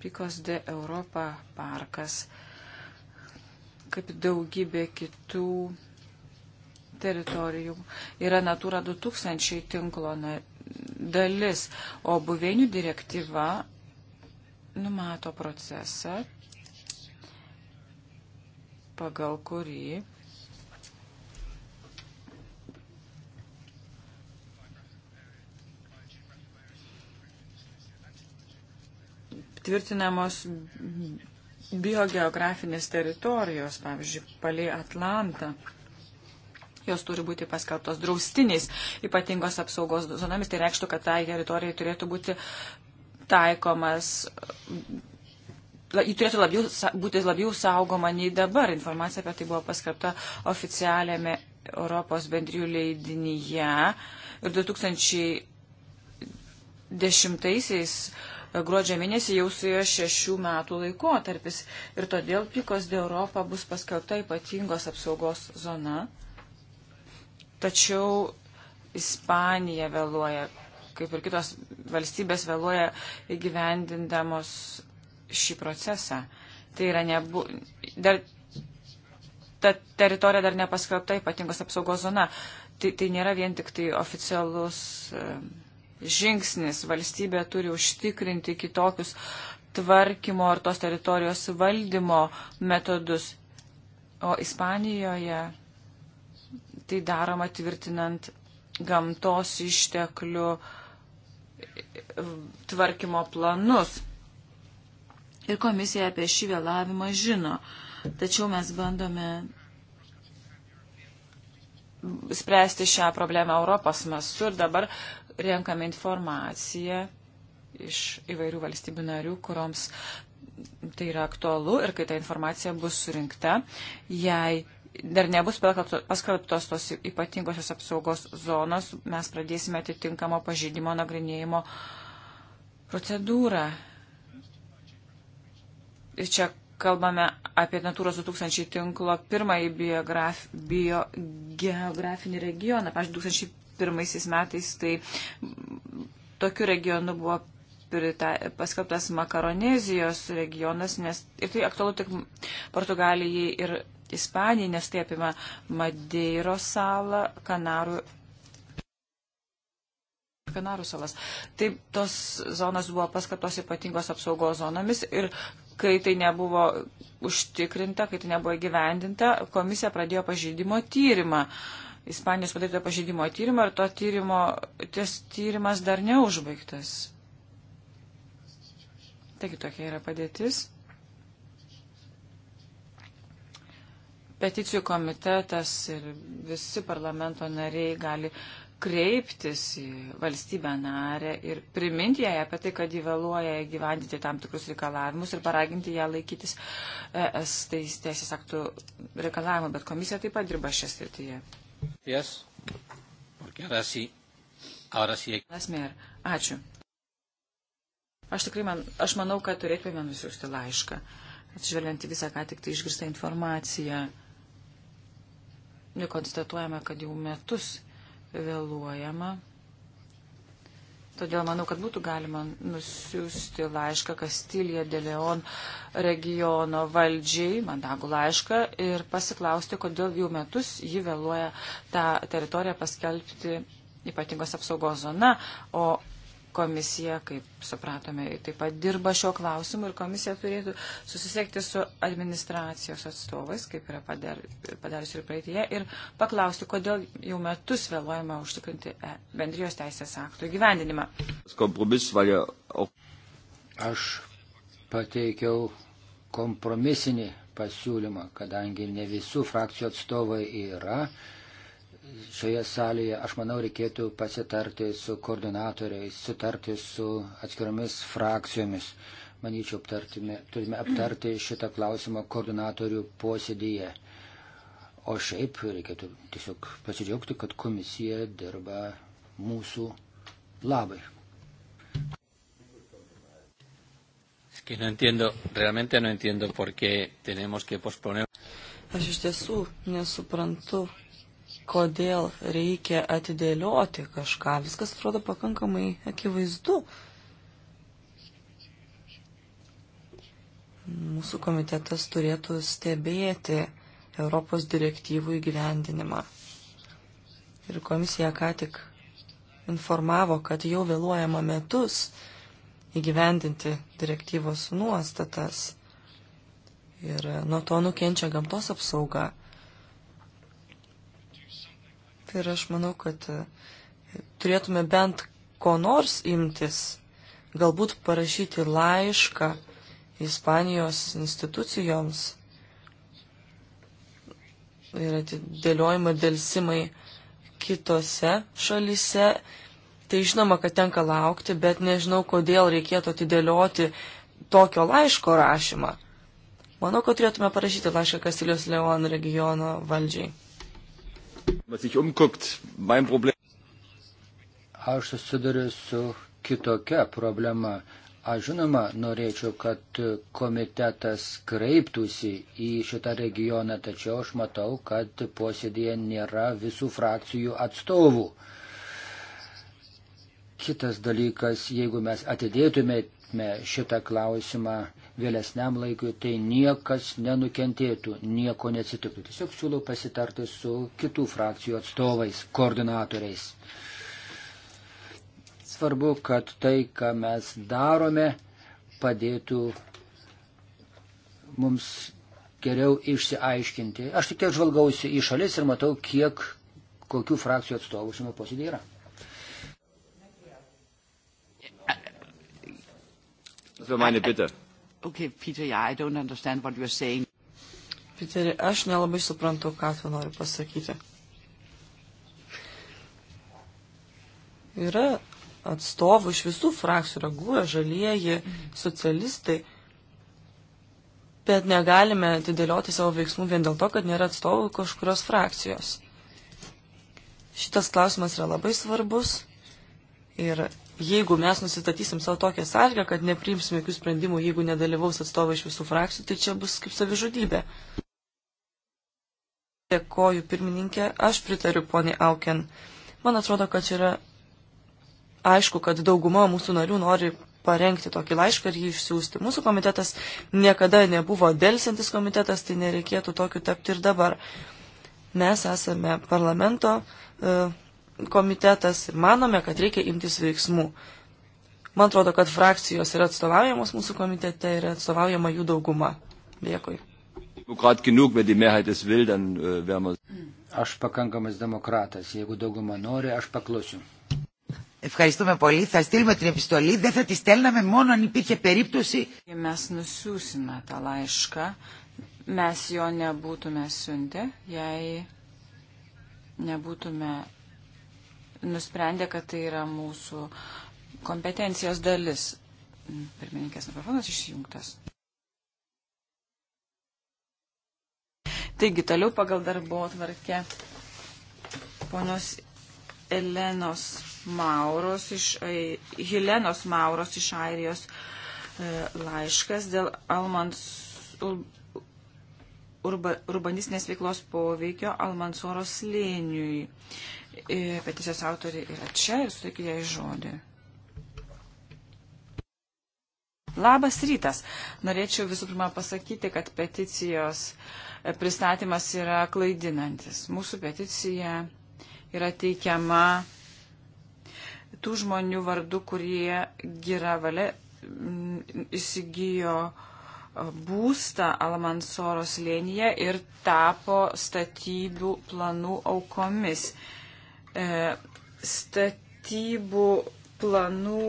Pikos de Europa parkas, kaip daugybė kitų teritorijų yra Natura 2000 tinklo dalis, o buveinių direktyva numato procesą, pagal kurį tvirtinamos biogeografinės teritorijos, pavyzdžiui, palei Atlantą jos turi būti paskelbtos draustiniais ypatingos apsaugos zonomis. Tai reikštų, kad tai teritorijai turėtų būti taikomas. Ji turėtų labiau, būti labiau saugoma nei dabar. Informacija apie tai buvo paskelbta oficialiame Europos bendrių leidinyje. Ir 2010-aisiais e, gruodžio mėnesį jau su jo šešių metų laikotarpis. Ir todėl Pikos de Europa bus paskelbta ypatingos apsaugos zona tačiau Ispanija vėluoja, kaip ir kitos valstybės vėluoja įgyvendindamos šį procesą. Tai yra nebu, dar, ta teritorija dar nepaskelbta ypatingos apsaugos zona. Tai, tai nėra vien tik tai oficialus e, žingsnis. Valstybė turi užtikrinti kitokius tvarkymo ar tos teritorijos valdymo metodus. O Ispanijoje tai daroma tvirtinant gamtos išteklių e, tvarkymo planus. Ir komisija apie šį vėlavimą žino. Tačiau mes bandome spręsti šią problemą Europos mastu ir dabar renkame informaciją iš įvairių valstybių narių, kuriuoms tai yra aktualu ir kai ta informacija bus surinkta, jei dar nebus paskelbtos tos ypatingosios apsaugos zonos, mes pradėsime atitinkamo pažydimo nagrinėjimo procedūrą. Ir čia kalbame apie Natūros 2000 tinklo pirmąjį biograf, bio, geografinį regioną. Pavyzdžiui, 2001 metais tai tokiu regionu buvo paskelbtas Makaronezijos regionas, nes ir tai aktualu tik Portugalijai ir Ispanijai, nes tai apima Madeiro salą, Kanarų. Kanarų salas. Taip, tos zonos buvo paskatos ypatingos apsaugos zonomis ir kai tai nebuvo užtikrinta, kai tai nebuvo įgyvendinta, komisija pradėjo pažydimo tyrimą. Ispanijos padaryto pažydimo tyrimą ir to tyrimo, ties tyrimas dar neužbaigtas. Taigi tokia yra padėtis. peticijų komitetas ir visi parlamento nariai gali kreiptis į valstybę narę ir priminti jai apie tai, kad įvėluoja gyvendyti tam tikrus reikalavimus ir paraginti ją laikytis ES teisės aktų reikalavimų, bet komisija taip pat dirba šią srityje. Yes. Ačiū. Aš tikrai man, aš manau, kad turėtume nusiųsti laišką, atsižvelgiant į visą ką tik tai išgirstą informaciją nekonstatuojame, kad jau metus vėluojama. Todėl manau, kad būtų galima nusiųsti laišką Kastilija de Leon regiono valdžiai, mandagų laišką, ir pasiklausti, kodėl jau metus ji vėluoja tą teritoriją paskelbti ypatingos apsaugos zona, o Komisija, kaip supratome, taip pat dirba šio klausimu ir komisija turėtų susisiekti su administracijos atstovais, kaip yra padar, padarius ir praeitie, ir paklausti, kodėl jau metus vėluojama užtikrinti e, bendrijos teisės aktų įgyvendinimą. Aš pateikiau kompromisinį pasiūlymą, kadangi ne visų frakcijų atstovai yra šioje salėje, aš manau, reikėtų pasitarti su koordinatoriais, sutarti su atskiromis frakcijomis. Manyčiau, aptartime, turime aptarti šitą klausimą koordinatorių posėdėje. O šiaip reikėtų tiesiog pasidžiaugti, kad komisija dirba mūsų labai. Es que no entiendo, realmente no entiendo por qué tenemos que posponer. Aš iš tiesų nesuprantu, kodėl reikia atidėlioti kažką. Viskas atrodo pakankamai akivaizdu. Mūsų komitetas turėtų stebėti Europos direktyvų įgyvendinimą. Ir komisija ką tik informavo, kad jau vėluojama metus įgyvendinti direktyvos nuostatas. Ir nuo to nukenčia gamtos apsauga. Ir aš manau, kad e, turėtume bent ko nors imtis, galbūt parašyti laišką Ispanijos institucijoms ir atidėliojimą dėlsimai kitose šalise. Tai žinoma, kad tenka laukti, bet nežinau, kodėl reikėtų atidėlioti tokio laiško rašymą. Manau, kad turėtume parašyti laišką Kastilios Leon regiono valdžiai. Aš susiduriu su kitokia problema. Aš žinoma norėčiau, kad komitetas kreiptųsi į šitą regioną, tačiau aš matau, kad posėdėje nėra visų frakcijų atstovų. Kitas dalykas, jeigu mes atidėtumėme šitą klausimą vėlesniam laikui, tai niekas nenukentėtų, nieko neatsitiktų. Tiesiog siūlau pasitarti su kitų frakcijų atstovais, koordinatoriais. Svarbu, kad tai, ką mes darome, padėtų mums geriau išsiaiškinti. Aš tik tiek žvalgausi į šalis ir matau, kiek kokių frakcijų atstovų šiame posėdėje yra. Das wäre meine Bitte. Okay, Peter, yeah, I don't understand what you're saying. Piteri, aš nelabai suprantu, ką tu nori pasakyti. Yra atstovų iš visų frakcijų, yra gūra, žalieji, socialistai, bet negalime atidėlioti savo veiksmų vien dėl to, kad nėra atstovų kažkurios frakcijos. Šitas klausimas yra labai svarbus ir jeigu mes nusistatysim savo tokią sąlygą, kad nepriimsim jokių sprendimų, jeigu nedalyvaus atstovai iš visų frakcijų, tai čia bus kaip savižudybė. Dėkoju, pirmininkė, aš pritariu poniai Auken. Man atrodo, kad čia yra aišku, kad dauguma mūsų narių nori parengti tokį laišką ir jį išsiųsti. Mūsų komitetas niekada nebuvo dėlsintis komitetas, tai nereikėtų tokiu tapti ir dabar. Mes esame parlamento uh, komitetas ir manome, kad reikia imtis veiksmų. Man atrodo, kad frakcijos yra atstovaujamos mūsų komitete ir atstovaujama jų dauguma. Dėkui. Äh, aš pakankamas demokratas. Jeigu dauguma nori, aš paklusiu. Ευχαριστούμε πολύ. Θα στείλουμε την επιστολή. Δεν θα τη στέλναμε μόνο αν υπήρχε περίπτωση. Mes nusiūsime tą laišką. Mes jo nebūtume siuntę, jei nebūtume nusprendė, kad tai yra mūsų kompetencijos dalis. Pirmininkės mikrofonas išjungtas. Taigi, toliau pagal darbo atvarkę ponos Elenos Mauros iš, e, Helenos Mauros iš Airijos e, laiškas dėl Almans urba, urbanistinės veiklos poveikio Almansoros slėniui. E, peticijos autoriai yra čia ir suteikite jai žodį. Labas rytas. Norėčiau visų pirma pasakyti, kad peticijos e, pristatymas yra klaidinantis. Mūsų peticija yra teikiama tų žmonių vardu, kurie gera valia įsigijo e, būstą Almansoros lėnyje ir tapo statybių planų aukomis. E, statybų planų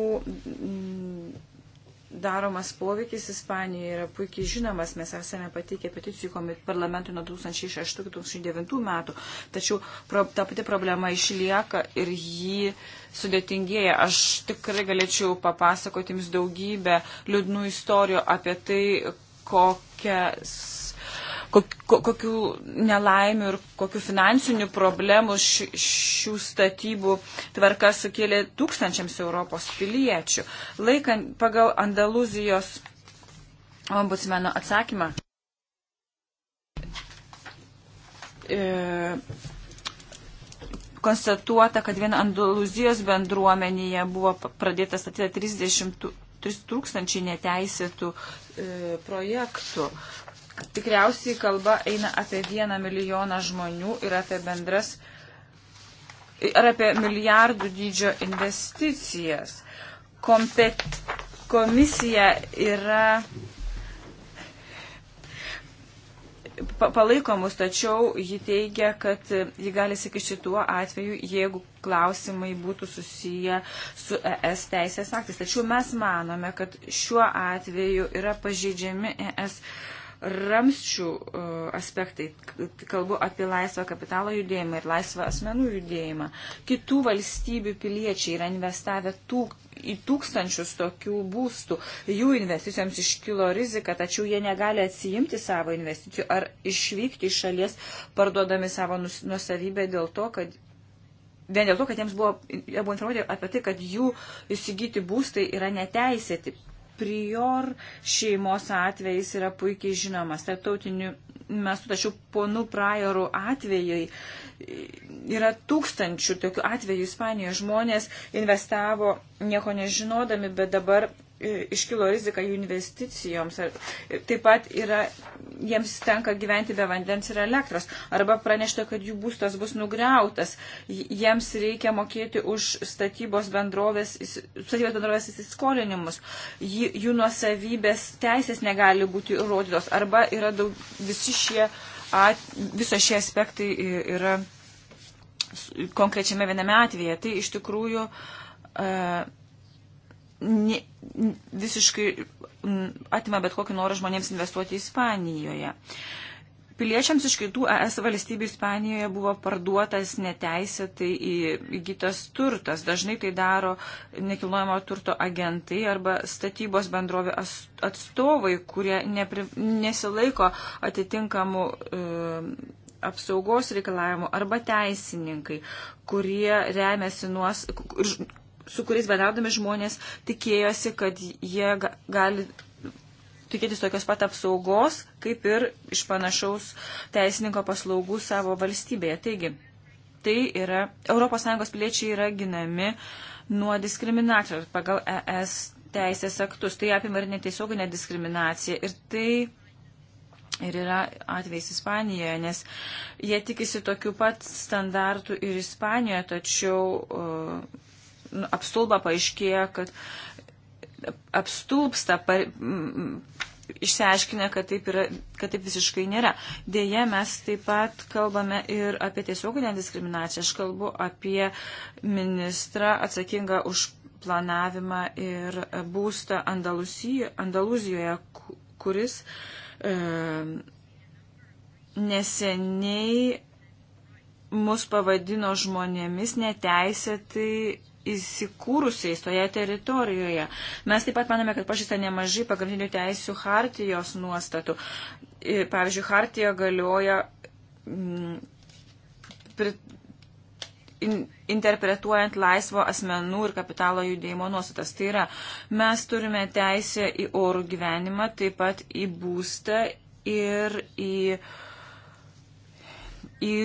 daromas poveikis Ispanijoje yra puikiai žinomas. Mes esame pateikę peticijų parlamentui nuo 2006-2009 metų, tačiau pro, ta pati problema išlieka ir jį sudėtingėja. Aš tikrai galėčiau papasakoti jums daugybę liūdnų istorijų apie tai, kokias kokių nelaimių ir kokių finansinių problemų šių statybų tvarka sukėlė tūkstančiams Europos piliečių. Laikant pagal Andaluzijos ombudsmeno atsakymą. E, konstatuota, kad vien Andaluzijos bendruomenėje buvo pradėta statyti 30 tūkstančiai neteisėtų e, projektų. E, Tikriausiai kalba eina apie vieną milijoną žmonių ir apie bendras, ar apie milijardų dydžio investicijas. Kompet, komisija yra palaikomus, tačiau ji teigia, kad ji gali sikišti tuo atveju, jeigu klausimai būtų susiję su ES teisės aktais. Tačiau mes manome, kad šiuo atveju yra pažydžiami ES ramščių e, aspektai. Kalbu apie laisvą kapitalo judėjimą ir laisvą asmenų judėjimą. Kitų valstybių piliečiai yra investavę tūk, į tūkstančius tokių būstų. Jų investicijoms iškilo rizika, tačiau jie negali atsijimti savo investicijų ar išvykti iš šalies, parduodami savo nusavybę dėl to, kad vien dėl to, kad jiems buvo, jie buvo informuoti apie tai, kad jų įsigyti būstai yra neteisėti prior šeimos atvejais yra puikiai žinomas tarptautiniu mestu, tačiau ponų prajorų atvejai e, yra tūkstančių tokių atvejų Ispanijoje. Žmonės investavo nieko nežinodami, bet dabar E, iškilo rizika jų investicijoms. Ar, e, taip pat yra, jiems tenka gyventi be vandens ir elektros. Arba pranešta, kad jų būstas bus nugriautas. Jiems reikia mokėti už statybos bendrovės, statybos bendrovės įsiskolinimus. Jų nuosavybės teisės negali būti įrodytos. Arba yra daug, visi šie, at, viso šie aspektai yra konkrečiame viename atveju. Tai iš tikrųjų. Uh, ne, visiškai atima bet kokį norą žmonėms investuoti Ispanijoje. Piliečiams iš kitų ES valstybių Ispanijoje buvo parduotas neteisėtai įgytas turtas. Dažnai tai daro nekilnojamo turto agentai arba statybos bendrovė atstovai, kurie nepri, nesilaiko atitinkamų e, apsaugos reikalavimų arba teisininkai, kurie remiasi nuos, su kuriais bendraudami žmonės tikėjosi, kad jie gali tikėtis tokios pat apsaugos, kaip ir iš panašaus teisininko paslaugų savo valstybėje. Taigi, tai yra, ES piliečiai yra ginami nuo diskriminacijos pagal ES teisės aktus. Tai apima ir netiesioginę diskriminaciją. Ir tai ir yra atvejs Ispanijoje, nes jie tikisi tokių pat standartų ir Ispanijoje, tačiau. Uh, Nu, apstulba paaiškėja, kad apstulpsta, par, m, išsiaiškinę, kad taip, yra, kad taip visiškai nėra. Deja, mes taip pat kalbame ir apie tiesioginę diskriminaciją. Aš kalbu apie ministrą atsakingą už planavimą ir būstą Andaluzijoje, kuris e, neseniai mus pavadino žmonėmis neteisėtai įsikūrusiais toje teritorijoje. Mes taip pat manome, kad pažįsta nemažai pagrindinių teisių hartijos nuostatų. Pavyzdžiui, hartija galioja mm, pri, in, interpretuojant laisvo asmenų ir kapitalo judėjimo nuostatas. Tai yra, mes turime teisę į orų gyvenimą, taip pat į būstą ir į, į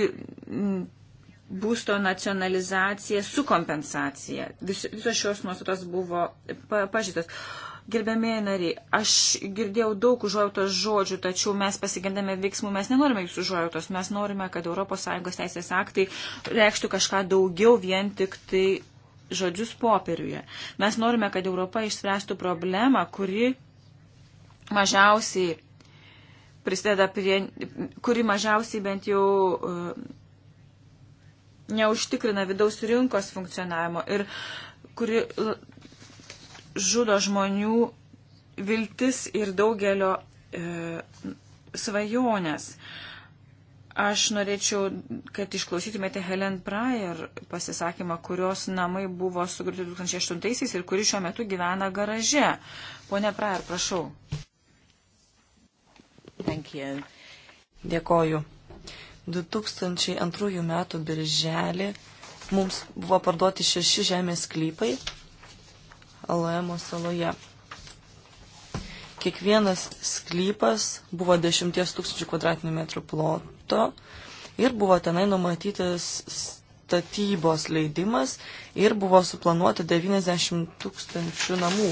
būsto nacionalizacija su kompensacija. Vis, visos šios nuostatos buvo pa, pažytos. Gerbėmėjai nariai, aš girdėjau daug užuojautos žodžių, tačiau mes pasigendame veiksmų, mes nenorime jūsų užuojautos, mes norime, kad ES teisės aktai reikštų kažką daugiau vien tik tai žodžius popieriuje. Mes norime, kad Europa išspręstų problemą, kuri mažiausiai prisideda prie, kuri mažiausiai bent jau uh, neužtikrina vidaus rinkos funkcionavimo ir kuri žudo žmonių viltis ir daugelio e, svajonės. Aš norėčiau, kad išklausytumėte Helen Pryor pasisakymą, kurios namai buvo sugriauti 2008-aisiais ir kuri šiuo metu gyvena garaže. Pone Pryor, prašau. Dėkoju. 2002 m. birželį mums buvo parduoti šeši žemės sklypai Alaemo saloje. Kiekvienas sklypas buvo 10 tūkstančių kvadratinių metrų ploto ir buvo tenai numatytas statybos leidimas ir buvo suplanuota 90 tūkstančių namų,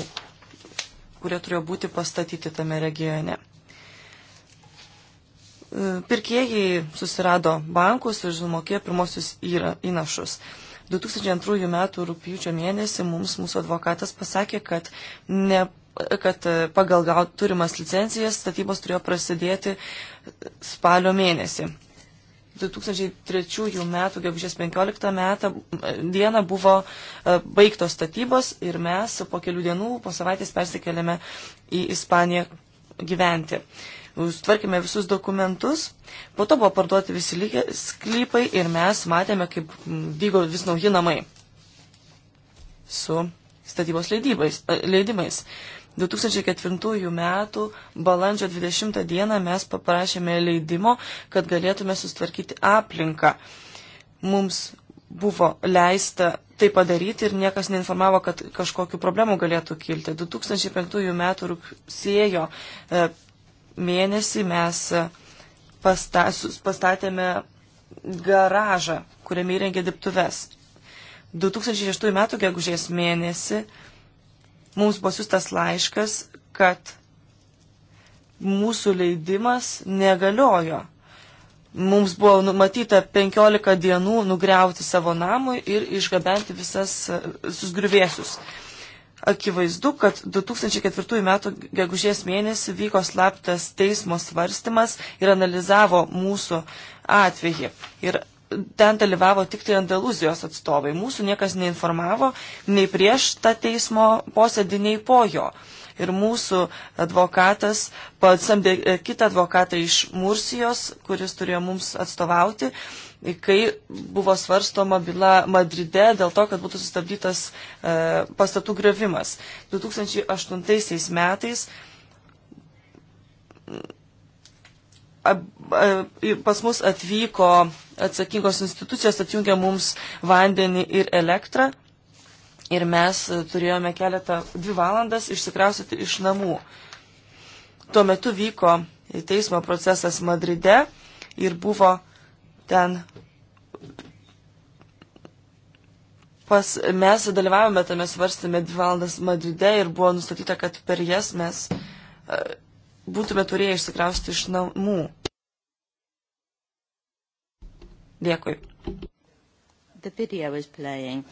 kurie turėjo būti pastatyti tame regione. Pirkėjai susirado bankus ir sumokėjo pirmosius įnašus. 2002 m. rūpjūčio mėnesį mums mūsų advokatas pasakė, kad, ne, kad pagal gaut, turimas licencijas statybos turėjo prasidėti spalio mėnesį. 2003 m. gegužės 15 m. dieną buvo e, baigtos statybos ir mes po kelių dienų, po savaitės persikėlėme į Ispaniją gyventi. Uh, sutvarkėme visus dokumentus, po to buvo parduoti visi lygiai sklypai ir mes matėme, kaip vyko vis nauji namai su statybos leidimais. 2004 metų balandžio 20 dieną mes paprašėme leidimo, kad galėtume sustvarkyti aplinką. Mums buvo leista tai padaryti ir niekas neinformavo, kad kažkokiu problemu galėtų kilti. 2005 metų rugsėjo e, mėnesį mes pastatėme garažą, kuriame įrengė dirbtuves. 2006 m. gegužės mėnesį mums buvo siūstas laiškas, kad mūsų leidimas negaliojo. Mums buvo numatyta 15 dienų nugriauti savo namui ir išgabenti visas susgriuvėsius. Uh, akivaizdu, kad 2004 m. gegužės mėnesį vyko slaptas teismo svarstymas ir analizavo mūsų atvejį. Ir ten dalyvavo tik tai Andaluzijos atstovai. Mūsų niekas neinformavo nei prieš tą teismo posėdį, nei po jo. Ir mūsų advokatas pats samdė e, kitą advokatą iš Mursijos, kuris turėjo mums atstovauti kai buvo svarstoma byla Madride dėl to, kad būtų sustabdytas e, pastatų grevimas. 2008 metais a, a, e, pas mus atvyko atsakingos institucijos, atjungė mums vandenį ir elektrą ir mes turėjome keletą, dvi valandas išsikrausyti iš namų. Tuo metu vyko teismo procesas Madride ir buvo ten pas, mes dalyvavome tame svarstame dvi valandas Madride ir buvo nustatyta, kad per jas mes e, būtume turėję išsikrausti iš namų. Dėkui. In...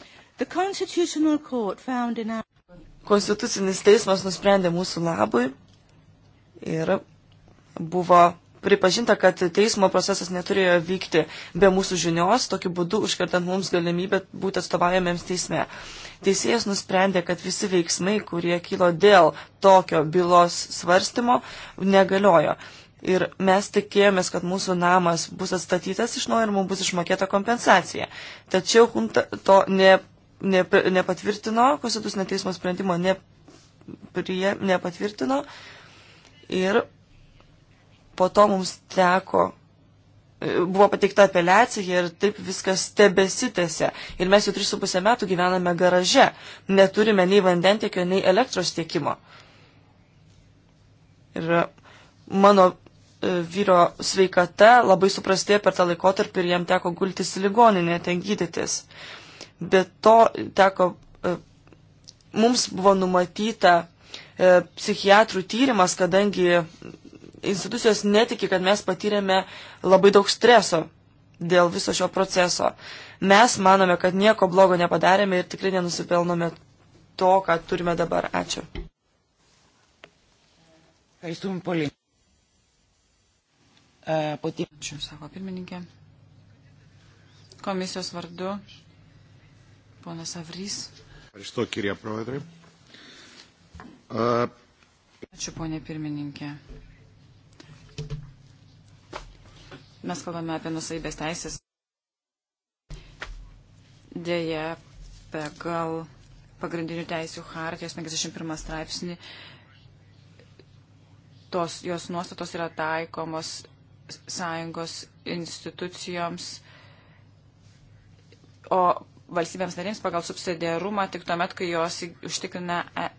Konstitucinis teismas nusprendė mūsų labui ir buvo pripažinta, kad teismo procesas neturėjo vykti be mūsų žinios, tokiu būdu užkertant mums galimybę būti atstovaujamiems teisme. Teisėjas nusprendė, kad visi veiksmai, kurie kilo dėl tokio bylos svarstymo, negaliojo. Ir mes tikėjomės, kad mūsų namas bus atstatytas iš naujo ir mums bus išmokėta kompensacija. Tačiau hunta to ne, ne, nepatvirtino, konstitucinio teismo sprendimo ne, prie, nepatvirtino. Ir po to mums teko, e, buvo pateikta apeliacija ir taip viskas tebesitėse. Ir mes jau 3,5 metų gyvename garaže, neturime nei vandentiekio, nei elektros tiekimo. Ir mano e, vyro sveikata labai suprastė per tą laikotarpį ir jam teko gultis į ligoninę, ten gydytis. Bet to teko, e, mums buvo numatyta psichiatrų tyrimas, kadangi institucijos netiki, kad mes patyrėme labai daug streso dėl viso šio proceso. Mes manome, kad nieko blogo nepadarėme ir tikrai nenusipelnome to, ką turime dabar. Ačiū. Ačiū, sako pirmininkė. Komisijos vardu, ponas Avrys. Ačiū, kirie provedrai. Ačiū, ponė pirmininkė. Mes kalbame apie nusaibės teisės. Dėja, pagal pagrindinių teisių hartijos 51 straipsnį, tos, jos nuostatos yra taikomos sąjungos institucijoms, o valstybėms narėms pagal subsidiarumą tik tuomet, kai jos užtikrina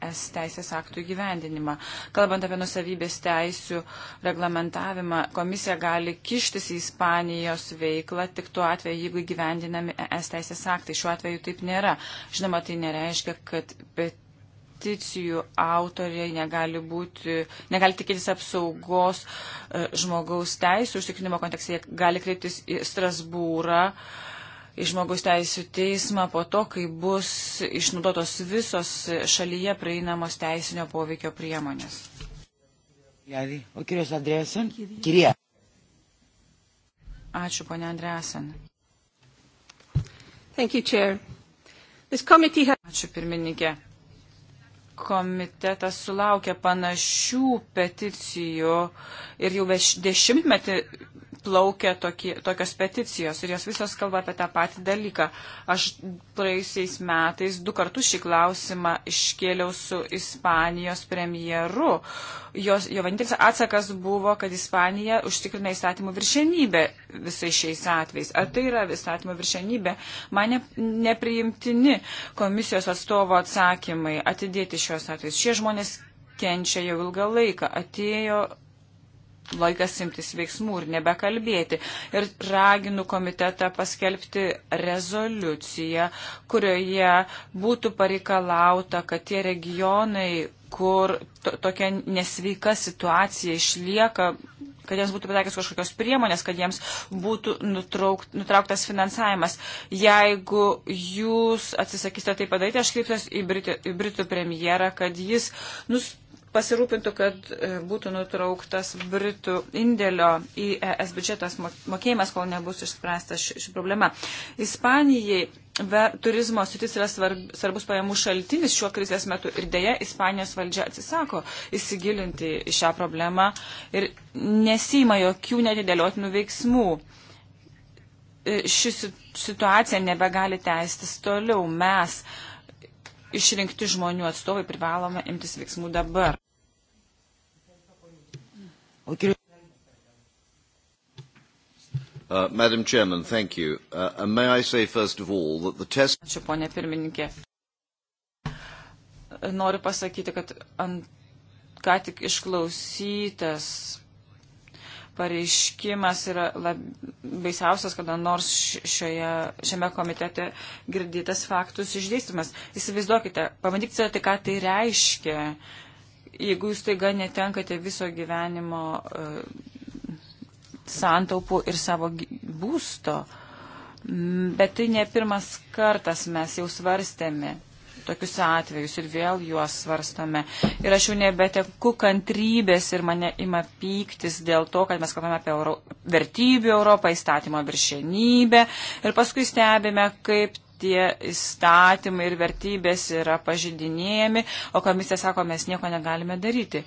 ES teisės aktų įgyvendinimą. Kalbant apie nusavybės teisių reglamentavimą, komisija gali kištis į Ispanijos veiklą tik tuo atveju, jeigu įgyvendinami ES teisės aktai. Šiuo atveju taip nėra. Žinoma, tai nereiškia, kad peticijų autoriai negali, būti, negali tikėtis apsaugos e, žmogaus teisų užtikrinimo kontekste. Jie gali kreiptis į Strasbūrą. Uh, į žmogus teisų teismą po to, kai bus išnaudotos visos šalyje prieinamos teisinio poveikio priemonės. Ačiū, ponė Andresen. Ačiū, pirmininkė. Komitetas sulaukė panašių peticijų ir jau dešimtmetį plaukia tokie, tokios peticijos ir jos visos kalba apie tą patį dalyką. Aš praėjusiais metais du kartus šį klausimą iškėliau su Ispanijos premjeru. Jos, jo vienintelis atsakas buvo, kad Ispanija užtikrina įstatymų viršenybę visais šiais atvejais. Ar tai yra įstatymų viršenybė? Mane nepriimtini komisijos atstovo atsakymai atidėti šios atvejus. Šie žmonės kenčia jau ilgą laiką. Atėjo laikas imtis veiksmų ir nebekalbėti. Ir raginu komitetą paskelbti rezoliuciją, kurioje būtų pareikalauta, kad tie regionai, kur to, tokia nesveika situacija išlieka, kad jiems būtų pataikęs kažkokios priemonės, kad jiems būtų nutraukt, nutrauktas finansavimas. Jeigu jūs atsisakysite tai padaryti, aš kreipsiuosi į, Briti, į Britų premjerą, kad jis nus, pasirūpintų, kad e, būtų nutrauktas Britų indėlio į ES biudžetas mokėjimas, kol nebus išspręsta ši, ši problema. Ispanijai ver, turizmo sritis yra svarb, svarbus pajamų šaltinis šiuo krizės metu ir dėja Ispanijos valdžia atsisako įsigilinti į šią problemą ir nesima jokių netidėliotinų veiksmų. E, ši situacija nebegali teistis toliau. Mes išrinkti žmonių atstovai privalome imtis veiksmų dabar. Ο κύριος... Uh, Madam Chairman, thank you. Uh, and may I say first of all that the test... Ačiū, ponė pirmininkė. Noriu pasakyti, kad ant, ką tik išklausytas pareiškimas yra lab, baisiausias, kada nors šioje, šiame komitete girdytas faktus išdėstymas. Įsivaizduokite, pabandykite, tai ką tai reiškia. Uh, jeigu jūs taiga netenkate viso gyvenimo e, santaupų ir savo būsto, bet tai ne pirmas kartas mes jau svarstėme tokius atvejus ir vėl juos svarstome. Ir aš jau nebeteku kantrybės ir mane ima pyktis dėl to, kad mes kalbame apie euro, vertybių Europą, įstatymo viršienybę ir paskui stebime, kaip tie įstatymai ir vertybės yra pažydinėjami, o komisija sako, mes nieko negalime daryti.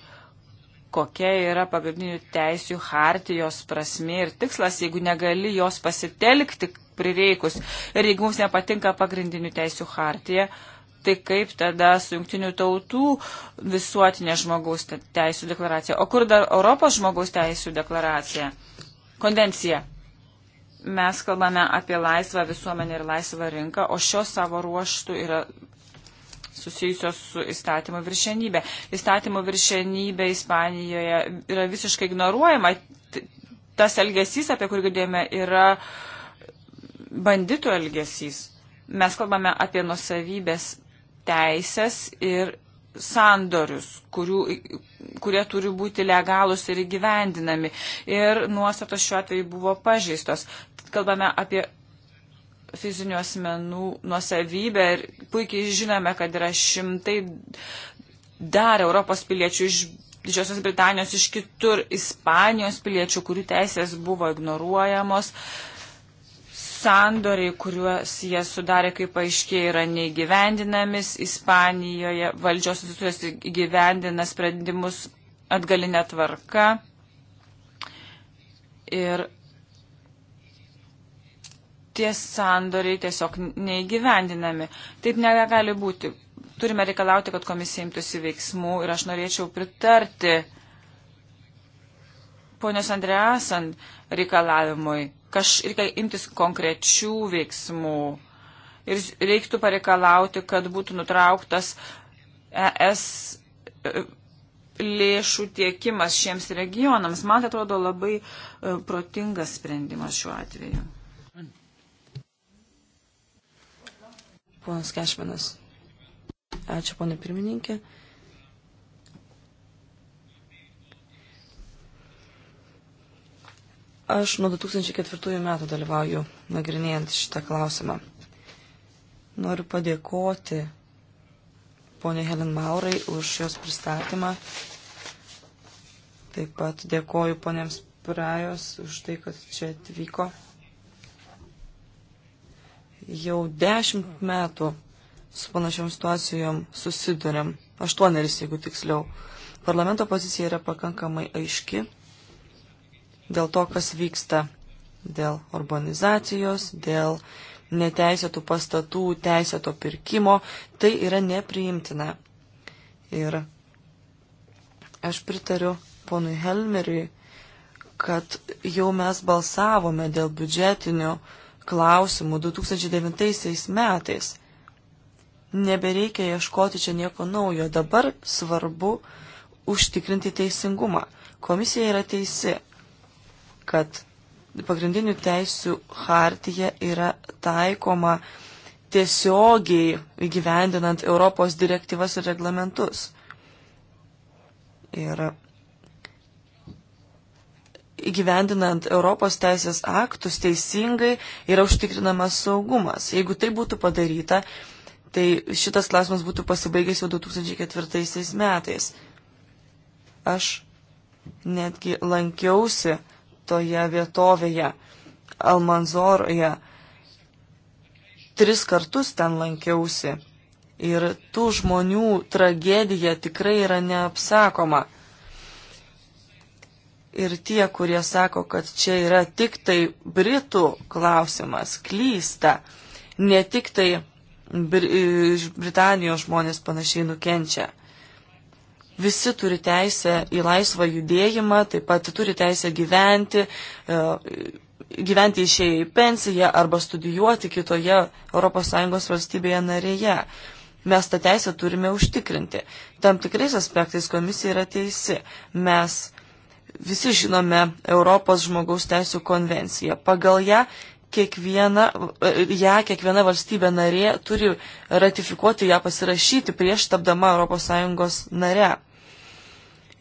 Kokia yra pagrindinių teisių hartijos prasme ir tikslas, jeigu negali jos pasitelkti prireikus ir jeigu mums nepatinka pagrindinių teisių hartija, tai kaip tada su jungtinių tautų visuotinė žmogaus teisų deklaracija, o kur dar Europos žmogaus teisų deklaracija, konvencija mes kalbame apie laisvą visuomenę ir laisvą rinką, o šios savo ruoštų yra susijusios su įstatymo viršenybė. Įstatymo viršenybė Ispanijoje yra visiškai ignoruojama. Tas elgesys, apie kurį girdėjome, yra banditų elgesys. Mes kalbame apie nusavybės teisės ir sandorius, kurių, kurie turi būti legalūs ir įgyvendinami. Ir nuostatos šiuo atveju buvo pažeistos kalbame apie fizinių asmenų nuosavybę ir puikiai žinome, kad yra šimtai dar Europos piliečių iš Didžiosios Britanijos, iš kitur Ispanijos piliečių, kurių teisės buvo ignoruojamos. Sandoriai, kuriuos jie sudarė, kaip aiškiai, yra neįgyvendinamis. Ispanijoje valdžios institucijos įgyvendina sprendimus atgalinę tvarką. Ir tie sandoriai tiesiog neįgyvendinami. Taip negali būti. Turime reikalauti, kad komisija imtųsi veiksmų ir aš norėčiau pritarti ponios Andreasan reikalavimui. Kaž reikia imtis konkrečių veiksmų ir reiktų pareikalauti, kad būtų nutrauktas ES e, lėšų tiekimas šiems regionams. Man atrodo labai e, protingas sprendimas šiuo atveju. Ponas Kešmenas. Ačiū, ponė pirmininkė. Aš nuo 2004 metų dalyvauju nagrinėjant šitą klausimą. Noriu padėkoti ponė Helen Maurai už jos pristatymą. Taip pat dėkoju ponėms Prajos už tai, kad čia atvyko. Jau dešimt metų su panašiom situacijom susidurėm, aštuoneris jeigu tiksliau. Parlamento pozicija yra pakankamai aiški dėl to, kas vyksta, dėl urbanizacijos, dėl neteisėtų pastatų, teisėto pirkimo, tai yra nepriimtina. Ir aš pritariu ponui Helmeriui, kad jau mes balsavome dėl biudžetinių uh, klausimų 2009 metais. Nebereikia ieškoti čia nieko naujo. Dabar svarbu užtikrinti teisingumą. Komisija yra teisi, kad pagrindinių teisių hartija yra taikoma tiesiogiai įgyvendinant Europos direktyvas ir reglamentus. Ir įgyvendinant Europos teisės aktus teisingai yra užtikrinamas saugumas. Jeigu tai būtų padaryta, tai šitas klausimas būtų pasibaigęs jau 2004 metais. Aš netgi lankiausi toje vietovėje, Almanzoroje. Tris kartus ten lankiausi. Ir tų žmonių tragedija tikrai yra neapsakoma. Ir tie, kurie sako, kad čia yra tik tai Britų klausimas, klysta. Ne tik tai iš Britanijos žmonės panašiai nukenčia. Visi turi teisę į laisvą judėjimą, taip pat turi teisę gyventi, e, gyventi išėję į pensiją arba studijuoti kitoje ES valstybėje narėje. Mes tą teisę turime užtikrinti. Tam tikrais aspektais komisija yra teisi. Mes visi žinome Europos žmogaus teisų konvenciją. Pagal ją kiekviena, e, ją kiekviena valstybė narė turi ratifikuoti ją pasirašyti prieš tapdama ES nare.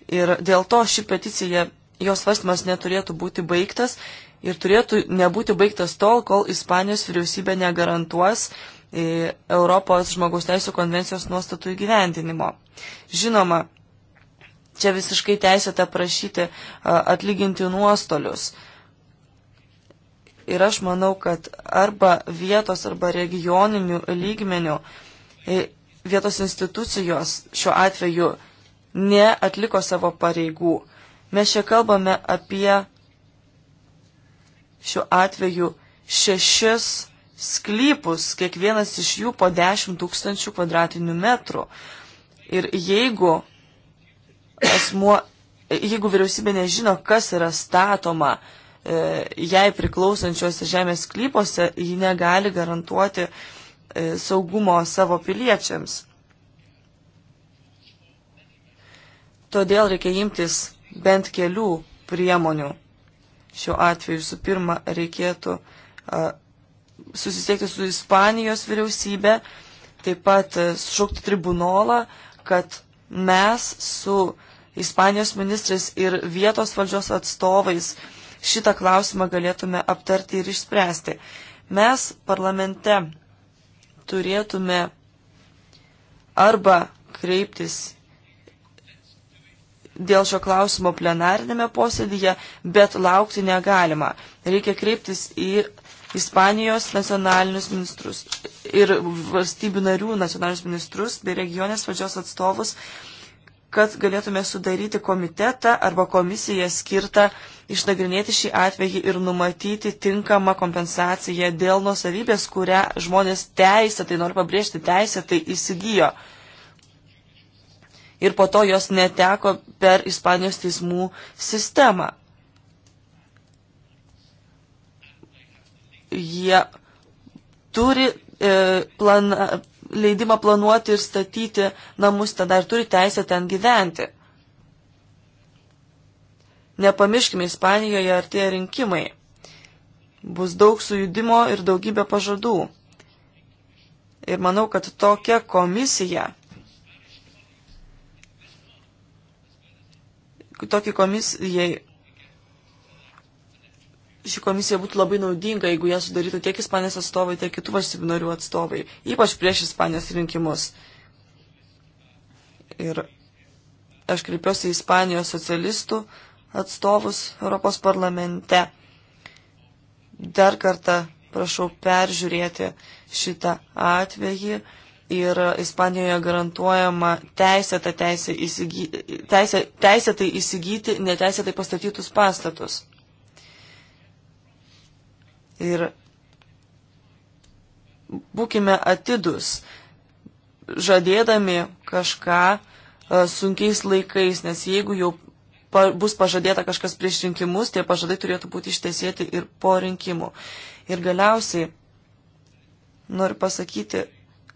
Ir dėl to ši peticija, jos svarstymas neturėtų būti baigtas ir turėtų nebūti baigtas tol, kol Ispanijos vyriausybė negarantuos e, Europos žmogaus teisų konvencijos nuostatų įgyvendinimo. Žinoma, čia visiškai teisėta prašyti atlyginti nuostolius. Ir aš manau, kad arba vietos, arba regioninių lygmenių vietos institucijos šiuo atveju neatliko savo pareigų. Mes čia kalbame apie šiuo atveju šešis sklypus, kiekvienas iš jų po 10 tūkstančių kvadratinių metrų. Ir jeigu asmuo, jeigu vyriausybė nežino, kas yra statoma e, jai priklausančiuose žemės klypose, ji negali garantuoti e, saugumo savo piliečiams. Todėl reikia imtis bent kelių priemonių. Šiuo atveju visų pirma reikėtų a, susisiekti su Ispanijos vyriausybė, taip pat sušaukti tribunolą, kad Mes su Ispanijos ministrais ir vietos valdžios atstovais šitą klausimą galėtume aptarti ir išspręsti. Mes parlamente turėtume arba kreiptis dėl šio klausimo plenarinėme posėdėje, bet laukti negalima. Reikia kreiptis į Ispanijos nacionalinius ministrus ir valstybių narių nacionalinius ministrus bei regionės valdžios atstovus, kad galėtume sudaryti komitetą arba komisiją skirtą išnagrinėti šį atvejį ir numatyti tinkamą kompensaciją dėl nusavybės, kurią žmonės teisė, tai noriu pabrėžti, teisė tai įsigijo. Ir po to jos neteko per Ispanijos teismų sistemą. jie turi e, plan, leidimą planuoti ir statyti namus tada ir turi teisę ten gyventi. Nepamirškime, Ispanijoje artėja rinkimai. Bus daug sujudimo ir daugybė pažadų. Ir manau, kad tokia komisija, tokį komisijai ši komisija būtų labai naudinga, jeigu ją sudarytų tiek Ispanijos atstovai, tiek kitų valstybių narių atstovai, ypač prieš Ispanijos rinkimus. Ir aš kreipiuosi į Ispanijos socialistų atstovus Europos parlamente. Dar kartą prašau peržiūrėti šitą atvejį ir Ispanijoje garantuojama teisėta teisė, įsigy, teisė, teisėtai įsigyti neteisėtai pastatytus pastatus. Ir būkime atidus, žadėdami kažką e, sunkiais laikais, nes jeigu jau pa, bus pažadėta kažkas prieš rinkimus, tie pažadai turėtų būti ištesėti ir po rinkimų. Ir galiausiai noriu pasakyti,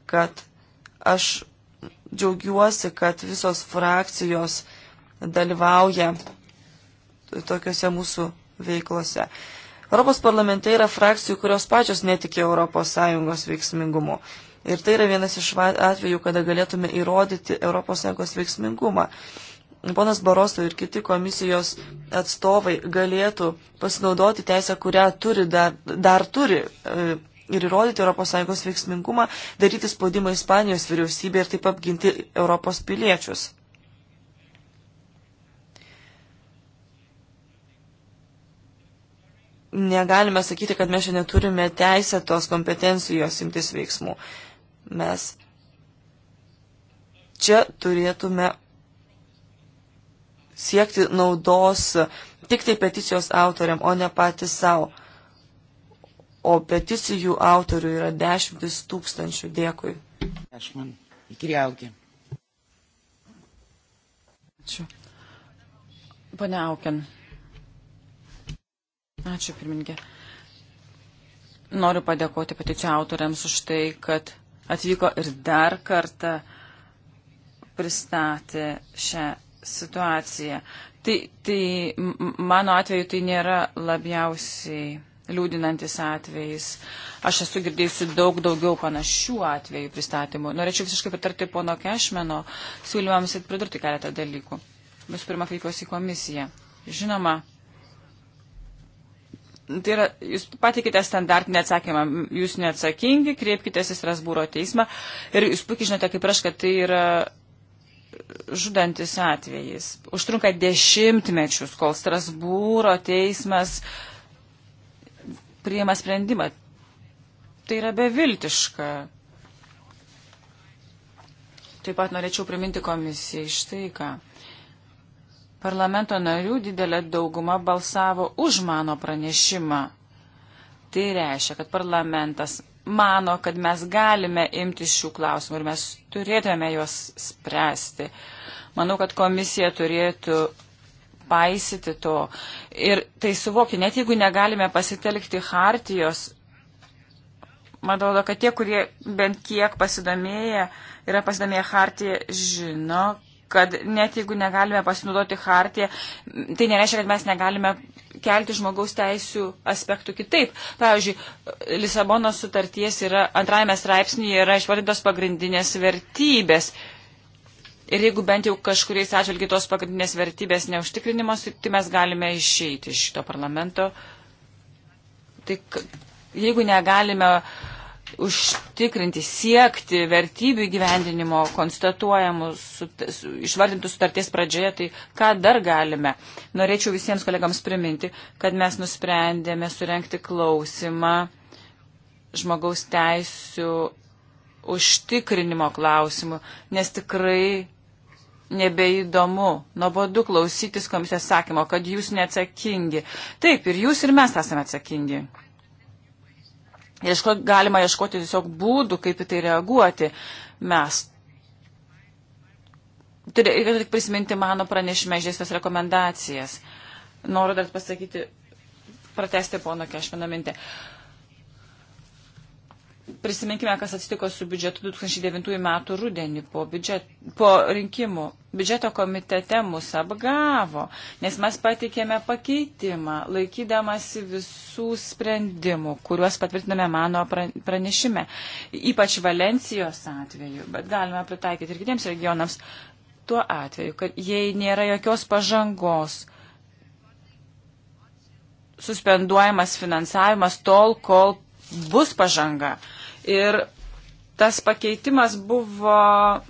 kad aš džiaugiuosi, kad visos frakcijos dalyvauja tokiuose mūsų veiklose. Uh, Europos parlamente yra frakcijų, kurios pačios netikė ES veiksmingumu. Ir tai yra vienas iš atvejų, kada galėtume įrodyti ES veiksmingumą. Ponas Barosto ir kiti komisijos atstovai galėtų pasinaudoti teisę, kurią turi dar, dar turi e, ir įrodyti ES veiksmingumą, daryti spaudimą Ispanijos vyriausybė ir taip apginti Europos piliečius. negalime sakyti, kad mes šiandien turime teisę tos kompetencijos imtis veiksmų. Mes čia turėtume siekti naudos tik tai peticijos autoriam, o ne patys savo. O peticijų autorių yra dešimtis tūkstančių. Dėkui. Aš man įkriaukė. Ačiū. Pane Aukin. Ačiū, pirmininkė. Noriu padėkoti peticijų autoriams už tai, kad atvyko ir dar kartą pristatė šią situaciją. Tai, tai mano atveju tai nėra labiausiai liūdinantis atvejais. Aš esu girdėjusi daug daugiau panašių atvejų pristatymų. Norėčiau visiškai pritarti pono Kešmeno siūlymams ir pridurti keletą dalykų. Visų pirma, kreipiuosi į komisiją. Žinoma, Tai yra, jūs patikite standartinį atsakymą, jūs neatsakingi, kreipkite į Strasbūro teismą ir jūs puikiai žinote, kaip aš, kad tai yra žudantis atvejis. Užtrunka dešimtmečius, kol Strasbūro teismas priima sprendimą. Tai yra beviltiška. Taip pat norėčiau priminti komisijai štai ką. Parlamento narių didelė dauguma balsavo už mano pranešimą. Tai reiškia, kad parlamentas mano, kad mes galime imti šių klausimų ir mes turėtume juos spręsti. Manau, kad komisija turėtų paisyti to ir tai suvokti, net jeigu negalime pasitelkti hartijos. Man atrodo, kad tie, kurie bent kiek pasidomėję, yra pasidomėję hartiją, žino, kad net jeigu negalime pasinaudoti hartiją, tai nereiškia, kad mes negalime kelti žmogaus teisų aspektų kitaip. Pavyzdžiui, Lisabono sutarties yra, antrajame straipsnėje yra išvardintos pagrindinės vertybės. Ir jeigu bent jau kažkuriais atžvilgiai tos pagrindinės vertybės neužtikrinimos, tai mes galime išeiti iš šito parlamento. Tai jeigu negalime uh, užtikrinti, siekti vertybių gyvendinimo konstatuojamų su, su, išvardintų sutarties pradžioje, tai ką dar galime? Norėčiau visiems kolegams priminti, kad mes nusprendėme surenkti klausimą žmogaus teisų užtikrinimo klausimų, nes tikrai nebeįdomu, nuobodu klausytis komisijos sakymo, kad jūs neatsakingi. Taip, ir jūs ir mes esame atsakingi. Ieško, galima ieškoti tiesiog būdų, kaip į tai reaguoti. Mes tai reikia tik prisiminti mano pranešime išdėstas rekomendacijas. Noriu dar pasakyti, pratesti pono Kešmino mintį. Uh, Prisiminkime, kas atsitiko su biudžetu 2009 metų rudenį po, biudžet, po rinkimų. Biudžeto komitete mus apgavo, nes mes patikėme pakeitimą, laikydamasi visų sprendimų, kuriuos patvirtiname mano pranešime. Ypač Valencijos atveju, bet galime pritaikyti ir kitiems regionams. Tuo atveju, kad jei nėra jokios pažangos, suspenduojamas finansavimas tol, kol bus pažanga. Ir tas pakeitimas buvo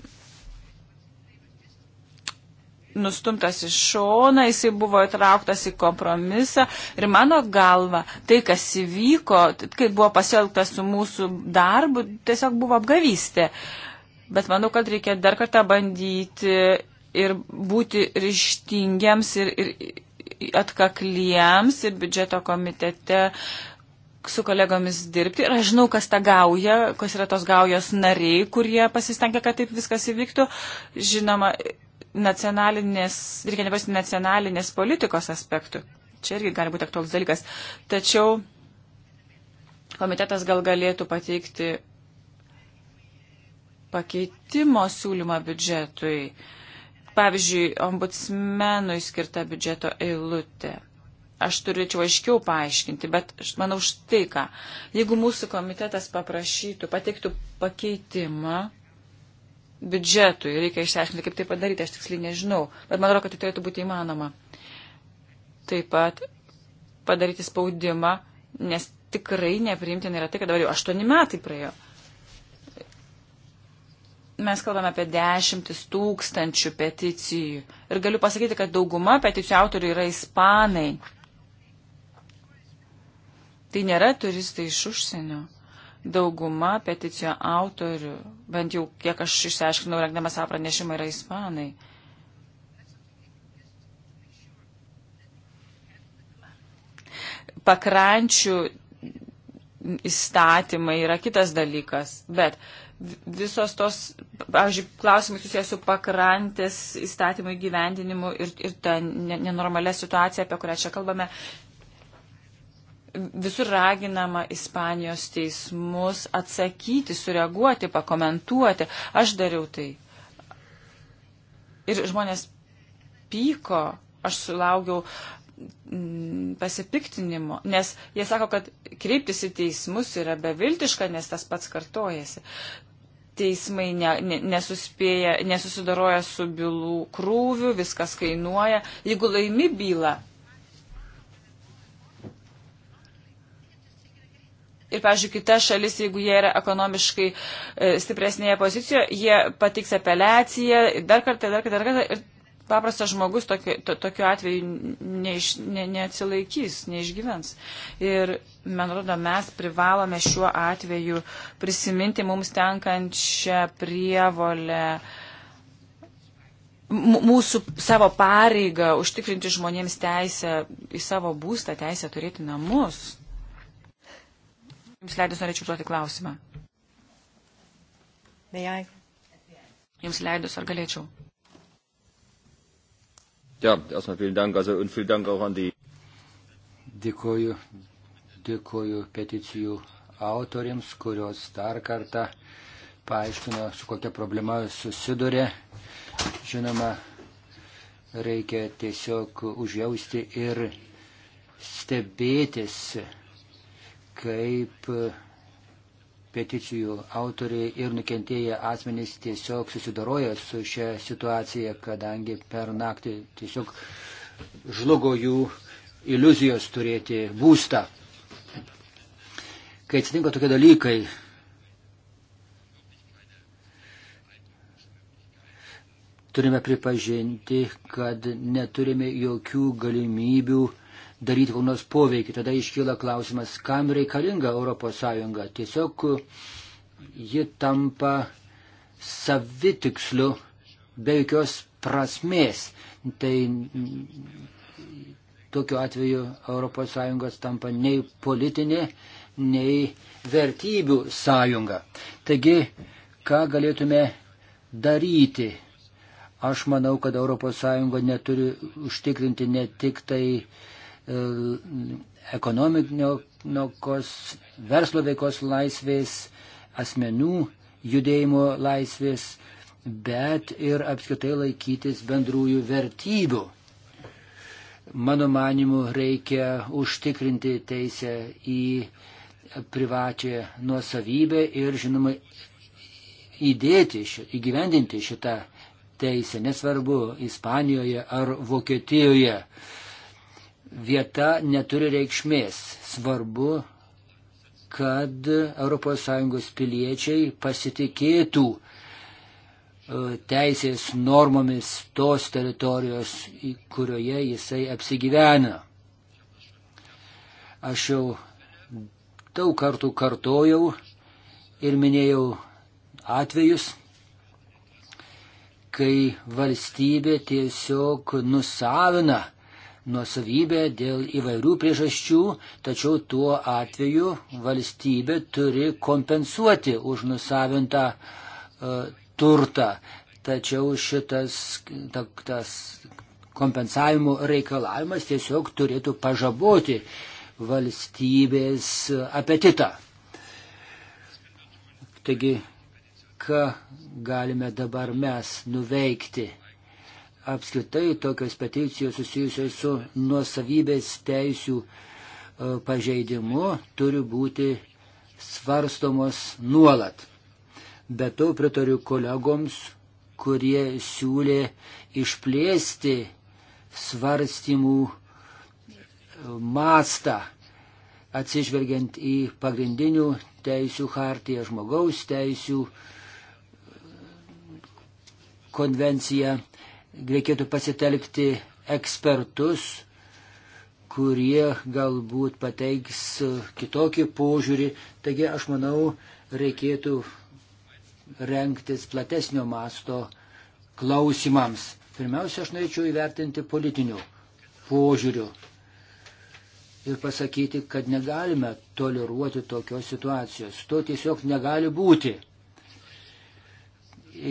nustumtas į šoną, jisai buvo įtrauktas į kompromisą ir mano galva, tai kas įvyko, tai, kai buvo pasielgtas su mūsų darbu, tiesiog buvo apgavystė. Bet manau, kad reikia dar kartą bandyti ir būti ryštingiams ir, ir, ir atkakliems ir biudžeto komitete su kolegomis dirbti ir aš žinau, kas ta gauja, kas yra tos gaujos nariai, kurie pasistengia, kad taip viskas įvyktų. Žinoma, nacionalinės, reikia nepasti nacionalinės politikos aspektų. Čia irgi gali būti aktuoks dalykas. Tačiau komitetas gal galėtų pateikti pakeitimo siūlymą biudžetui. Pavyzdžiui, ombudsmenui skirta biudžeto eilutė aš turėčiau aiškiau paaiškinti, bet manau štai ką. Jeigu mūsų komitetas paprašytų, pateiktų pakeitimą biudžetui, reikia išsiaiškinti, kaip tai padaryti, aš tiksliai nežinau, bet man atrodo, kad tai turėtų būti įmanoma. Taip pat padaryti spaudimą, nes tikrai nepriimtina yra tai, kad dabar jau aštuoni metai praėjo. Mes kalbame apie dešimtis tūkstančių peticijų. Ir galiu pasakyti, kad dauguma peticijų autorių yra ispanai. Tai nėra turistai iš užsienio. Dauguma peticijo autorių, bent jau kiek aš išsiaiškinau, rengdamas savo pranešimą, yra ispanai. Pakrančių įstatymai yra kitas dalykas, bet visos tos, pavyzdžiui, klausimai susijęs su pakrantės įstatymų įgyvendinimu ir, ir ta nenormalia situacija, apie kurią čia kalbame, visur raginama Ispanijos teismus atsakyti, sureaguoti, pakomentuoti. Aš dariau tai. Ir žmonės pyko, aš sulaukiau mm, pasipiktinimo, nes jie sako, kad kreiptis į teismus yra beviltiška, nes tas pats kartojasi. Teismai ne, ne, nesuspėja, nesusidaroja su bylų krūviu, viskas kainuoja. Jeigu laimi bylą, Ir, pavyzdžiui, kita šalis, jeigu jie yra ekonomiškai e, stipresnėje pozicijoje, jie patiks apeliaciją, dar kartą, dar kartą, dar kartą. Ir paprastas žmogus tokiu, to, tokiu atveju neiš, ne, neatsilaikys, neišgyvens. Ir, man rodo, mes privalome šiuo atveju prisiminti mums tenkančią prievolę mūsų savo pareigą užtikrinti žmonėms teisę į savo būstą, teisę turėti namus. Jums leidus norėčiau duoti klausimą. Nejai. Jums leidus, ar galėčiau? Ja, erstmal vielen Dank, also und vielen Dank auch an die. Dėkoju, dėkoju peticijų autoriams, kurios dar kartą paaiškino, su kokia problema susidurė. Žinoma, reikia tiesiog užjausti ir stebėtis kaip peticijų autoriai ir nukentėję asmenys tiesiog susidaroja su šia situacija, kadangi per naktį tiesiog žlugo jų iliuzijos turėti būstą. Kai atsitinka tokie dalykai, turime pripažinti, kad neturime jokių galimybių daryti kokią nors poveikį. Tada iškyla klausimas, kam reikalinga ES. Tiesiog ji tampa savitiksliu be jokios prasmės. Tai tokiu atveju ES tampa nei politinė, nei vertybių sąjunga. Taigi, ką galėtume daryti? Aš manau, kad ES neturi užtikrinti ne tik tai E, ekonominės verslo veikos laisvės, asmenų judėjimo laisvės, bet ir apskritai laikytis bendrųjų vertybių. Mano manimu, reikia užtikrinti teisę į privačią nuosavybę ir, žinoma, įdėti, įgyvendinti šitą teisę, nesvarbu, Ispanijoje ar Vokietijoje vieta neturi reikšmės. Svarbu, kad ES piliečiai pasitikėtų e, teisės normomis tos teritorijos, kurioje jisai apsigyvena. Aš jau daug kartų kartojau ir minėjau atvejus, kai valstybė tiesiog nusavina nuosavybę dėl įvairių priežasčių, tačiau tuo atveju valstybė turi kompensuoti už nusavintą uh, turtą. Tačiau šitas ta, tas kompensavimo reikalavimas tiesiog turėtų pažaboti valstybės apetitą. Taigi, ką galime dabar mes nuveikti? apskritai tokios peticijos susijusios su nuosavybės teisių e, pažeidimu turi būti svarstomos nuolat. Be to pritariu kolegoms, kurie siūlė išplėsti svarstymų e, mastą, atsižvelgiant į pagrindinių teisių hartiją, žmogaus teisių e, konvenciją reikėtų pasitelkti ekspertus, kurie galbūt pateiks kitokį požiūrį. Taigi aš manau, reikėtų renktis platesnio masto klausimams. Pirmiausia, aš norėčiau įvertinti politinių požiūrių ir pasakyti, kad negalime toleruoti tokios situacijos. To tiesiog negali būti.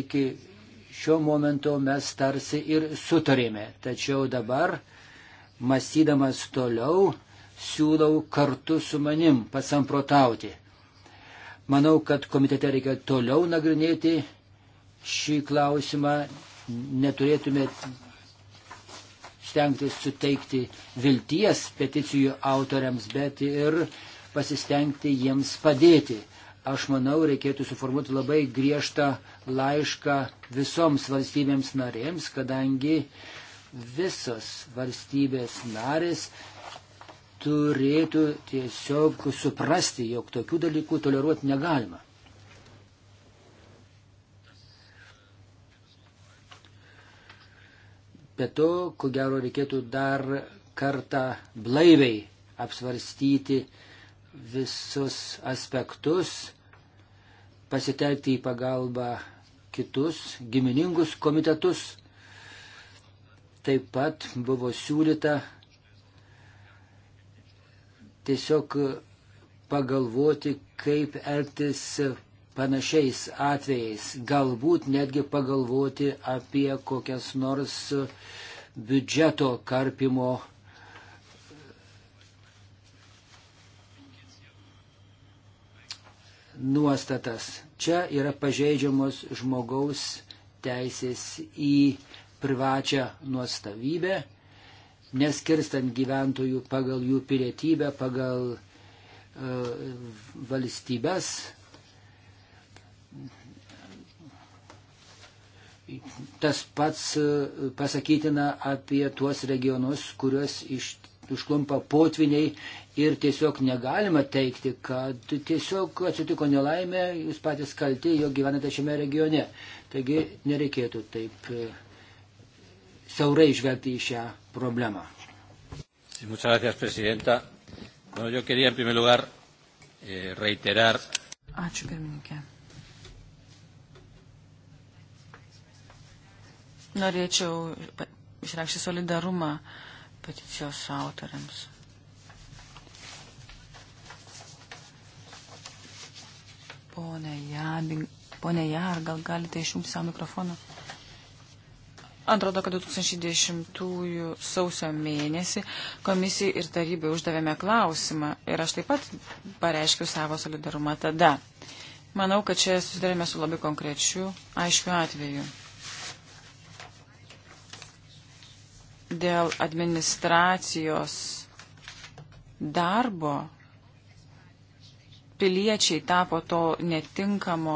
Iki šiuo momentu mes tarsi ir sutarėme. Tačiau dabar, mąstydamas toliau, siūlau kartu su manim pasamprotauti. Manau, kad komitete reikia toliau nagrinėti šį klausimą. Neturėtume stengtis suteikti vilties peticijų autoriams, bet ir pasistengti jiems padėti. Aš manau, reikėtų suformuoti labai griežtą laišką visoms valstybėms narėms, kadangi visos valstybės narės turėtų tiesiog suprasti, jog tokių dalykų toleruoti negalima. Be to, ko gero, reikėtų dar kartą blaiviai apsvarstyti visus aspektus pasitelkti į pagalbą kitus giminingus komitetus. Taip pat buvo siūlyta tiesiog pagalvoti, kaip elgtis panašiais atvejais, galbūt netgi pagalvoti apie kokias nors biudžeto karpimo nuostatas. Čia yra pažeidžiamos žmogaus teisės į privačią nuostavybę, neskirstant gyventojų pagal jų pilietybę, pagal uh, valstybės. Tas pats uh, pasakytina apie tuos regionus, kuriuos iš, užklumpa potviniai ir tiesiog negalima teikti, kad tiesiog atsitiko nelaimė, jūs patys kalti, jog gyvenate šiame regione. Taigi nereikėtų taip e, siaurai žvelgti į šią problemą. Sí, muchas gracias, presidenta. Bueno, yo quería en primer lugar eh, reiterar. Ačiū, pirmininkė. Norėčiau išreikšti solidarumą peticijos autoriams. Pone Jabing, Pone Jar, gal galite išjungti savo mikrofoną? Antrodo, kad 2010 sausio mėnesį komisijai ir tarybai uždavėme klausimą ir aš taip pat pareiškiau savo solidarumą tada. Manau, kad čia susidarėme su labai konkrečiu, aiškiu atveju. Dėl administracijos darbo piliečiai tapo to netinkamo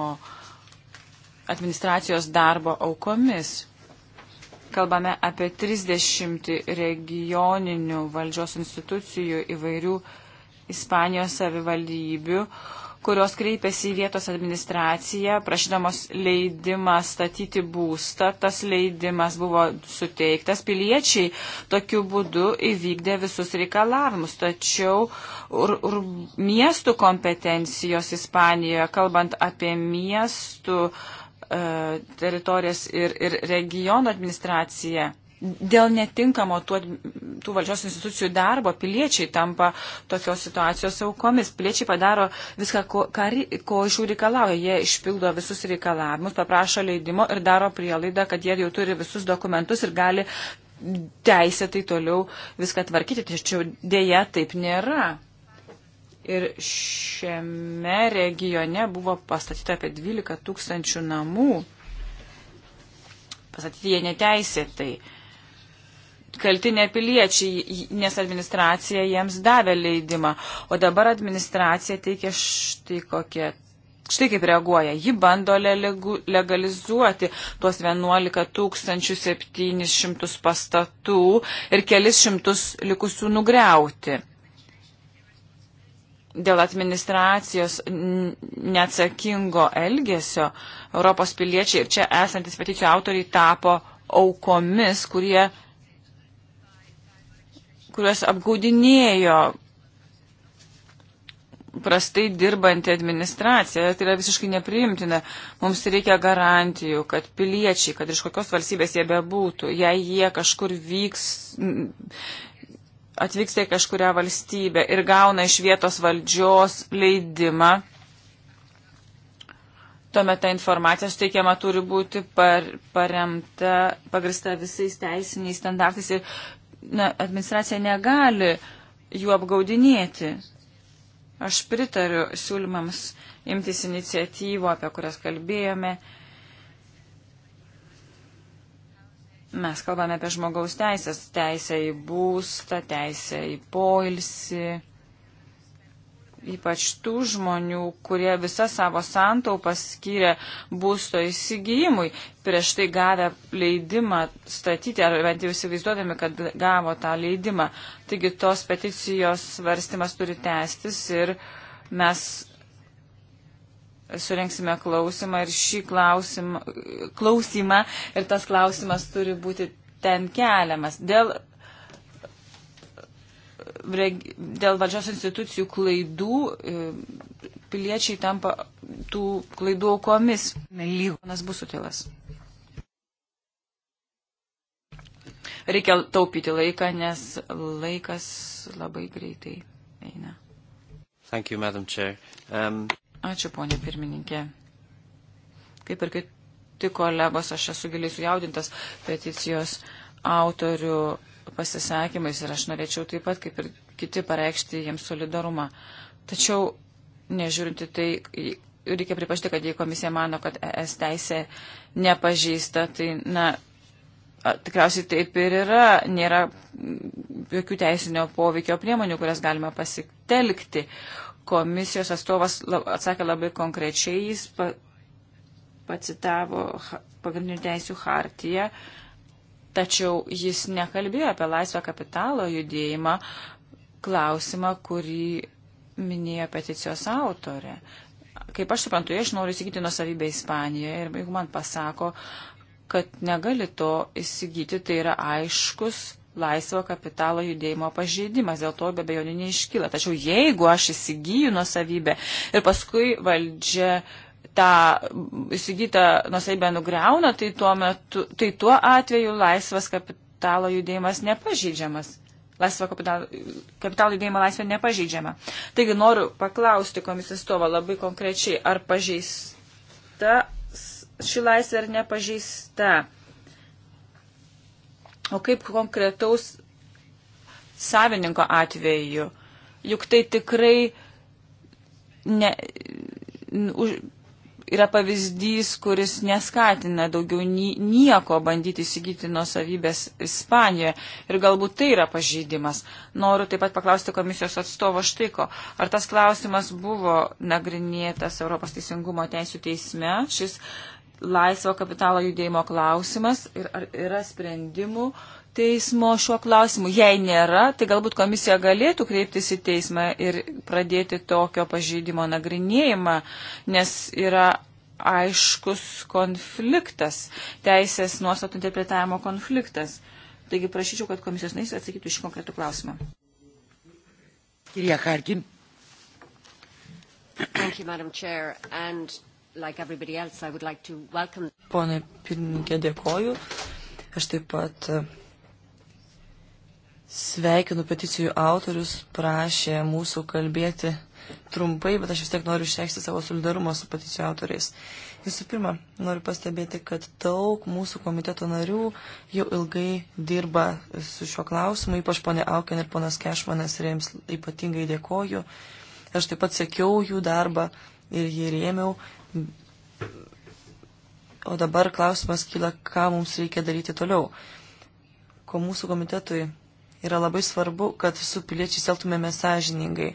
administracijos darbo aukomis. Kalbame apie 30 regioninių valdžios institucijų įvairių Ispanijos savivaldybių, kurios kreipėsi į vietos administraciją, prašydamos leidimą statyti būstą. Tas leidimas buvo suteiktas. Piliečiai tokiu būdu įvykdė visus reikalavimus. Tačiau ur, ur, miestų kompetencijos Ispanijoje, kalbant apie miestų e, teritorijas ir, ir regiono administraciją dėl netinkamo tų, tų valdžios institucijų darbo piliečiai tampa tokios situacijos aukomis. Piliečiai padaro viską, ko, ką, ko iš jų reikalauja. Jie išpildo visus reikalavimus, paprašo leidimo ir daro prielaidą, kad jie jau turi visus dokumentus ir gali teisę tai toliau viską tvarkyti. Tačiau dėja taip nėra. Ir šiame regione buvo pastatyta apie 12 tūkstančių namų. Pastatyti jie neteisėtai. tai kalti ne piliečiai, nes administracija jiems davė leidimą. O dabar administracija teikia štai kokie. Štai kaip reaguoja. Ji bando legalizuoti tuos 11 700 pastatų ir kelis šimtus likusių nugriauti. Dėl administracijos neatsakingo elgesio Europos piliečiai ir čia esantis peticijų autoriai tapo aukomis, kurie kuriuos apgaudinėjo prastai dirbanti administracija, tai yra visiškai nepriimtina. Mums reikia garantijų, kad piliečiai, kad iš kokios valstybės jie bebūtų, jei jie kažkur vyks, atvyksta į kažkuria valstybę ir gauna iš vietos valdžios leidimą, tuomet ta informacija suteikiama turi būti par, paremta, pagrista visais teisiniais standartais ir na, administracija negali jų apgaudinėti. Aš pritariu siūlymams imtis iniciatyvų, apie kurias kalbėjome. Mes kalbame apie žmogaus teisės, teisę į būstą, teisę į poilsį ypač tų žmonių, kurie visą savo santaupas skyrė būsto įsigijimui, prieš tai gavę leidimą statyti, ar bent jau įsivaizduodami, kad gavo tą leidimą. Taigi tos peticijos svarstymas turi tęstis ir mes surinksime klausimą ir šį klausimą, klausimą ir tas klausimas turi būti ten keliamas. Dėl dėl valdžios institucijų klaidų e, piliečiai tampa tų klaidų aukomis. Nelygonas bus sutilas. Reikia taupyti laiką, nes laikas labai greitai eina. Thank you, Madam Chair. Um... Ačiū, ponė pirmininkė. Kaip ir kiti kolegos, aš esu giliai sujaudintas peticijos autorių pasisakymais ir aš norėčiau taip pat, kaip ir kiti, pareikšti jiems solidarumą. Tačiau, nežiūrinti tai, reikia pripažinti, kad jei komisija mano, kad ES teisė nepažįsta, tai, na, tikriausiai taip ir yra, nėra jokių teisinio poveikio priemonių, kurias galima pasitelkti. Komisijos atstovas atsakė labai konkrečiai, jis pacitavo pagrindinių teisių hartiją, Tačiau jis nekalbėjo apie laisvą kapitalo judėjimą, klausimą, kurį minėjo peticijos autorė. Kaip aš suprantu, aš noriu įsigyti nusavybę Ispanijoje ir jeigu man pasako, kad negali to įsigyti, tai yra aiškus laisvo kapitalo judėjimo pažeidimas, dėl to be abejo neiškyla. Tačiau jeigu aš įsigyju nusavybę ir paskui valdžia tą įsigytą nusaibę nugriauna, tai tuo, metu, tai tuo atveju laisvas kapitalo judėjimas nepažydžiamas. Laisvą kapitalo, kapitalo judėjimą laisvę nepažydžiama. Taigi noriu paklausti komisijos tovą labai konkrečiai, ar pažeista ši laisvė ar nepažeista. O kaip konkretaus savininko atveju? Juk tai tikrai ne, už, yra pavyzdys, kuris neskatina daugiau nieko bandyti įsigyti nuosavybės Ispanijoje. Ir galbūt tai yra pažeidimas. Noriu taip pat paklausti komisijos atstovo Štiko. Ar tas klausimas buvo nagrinėtas Europos teisingumo teisų teisme, šis laisvo kapitalo judėjimo klausimas ir ar yra sprendimų teismo šiuo klausimu? Jei nėra, tai galbūt komisija galėtų kreiptis į teismą ir pradėti tokio pažeidimo nagrinėjimą, nes yra aiškus konfliktas, teisės nuostatų interpretavimo konfliktas. Taigi prašyčiau, kad komisijos narys atsakytų šį konkretų klausimą. Kirja Harkin. Thank you, Madam Chair. And like everybody else, I would like to welcome. Pone pirmininkė, dėkoju. Aš taip pat Sveikinu peticijų autorius, prašė mūsų kalbėti trumpai, bet aš vis tiek noriu išreikšti savo solidarumą su peticijų autoriais. Visų pirma, noriu pastebėti, kad daug mūsų komiteto narių jau ilgai dirba su šiuo klausimu, ypač ponė Auken ir ponas Kešmanas, ir jiems ypatingai dėkoju. Aš taip pat sekiau jų darbą ir jį rėmiau. O dabar klausimas kyla, ką mums reikia daryti toliau. Ko mūsų komitetui Yra labai svarbu, kad su piliečiais elgtumėme sąžiningai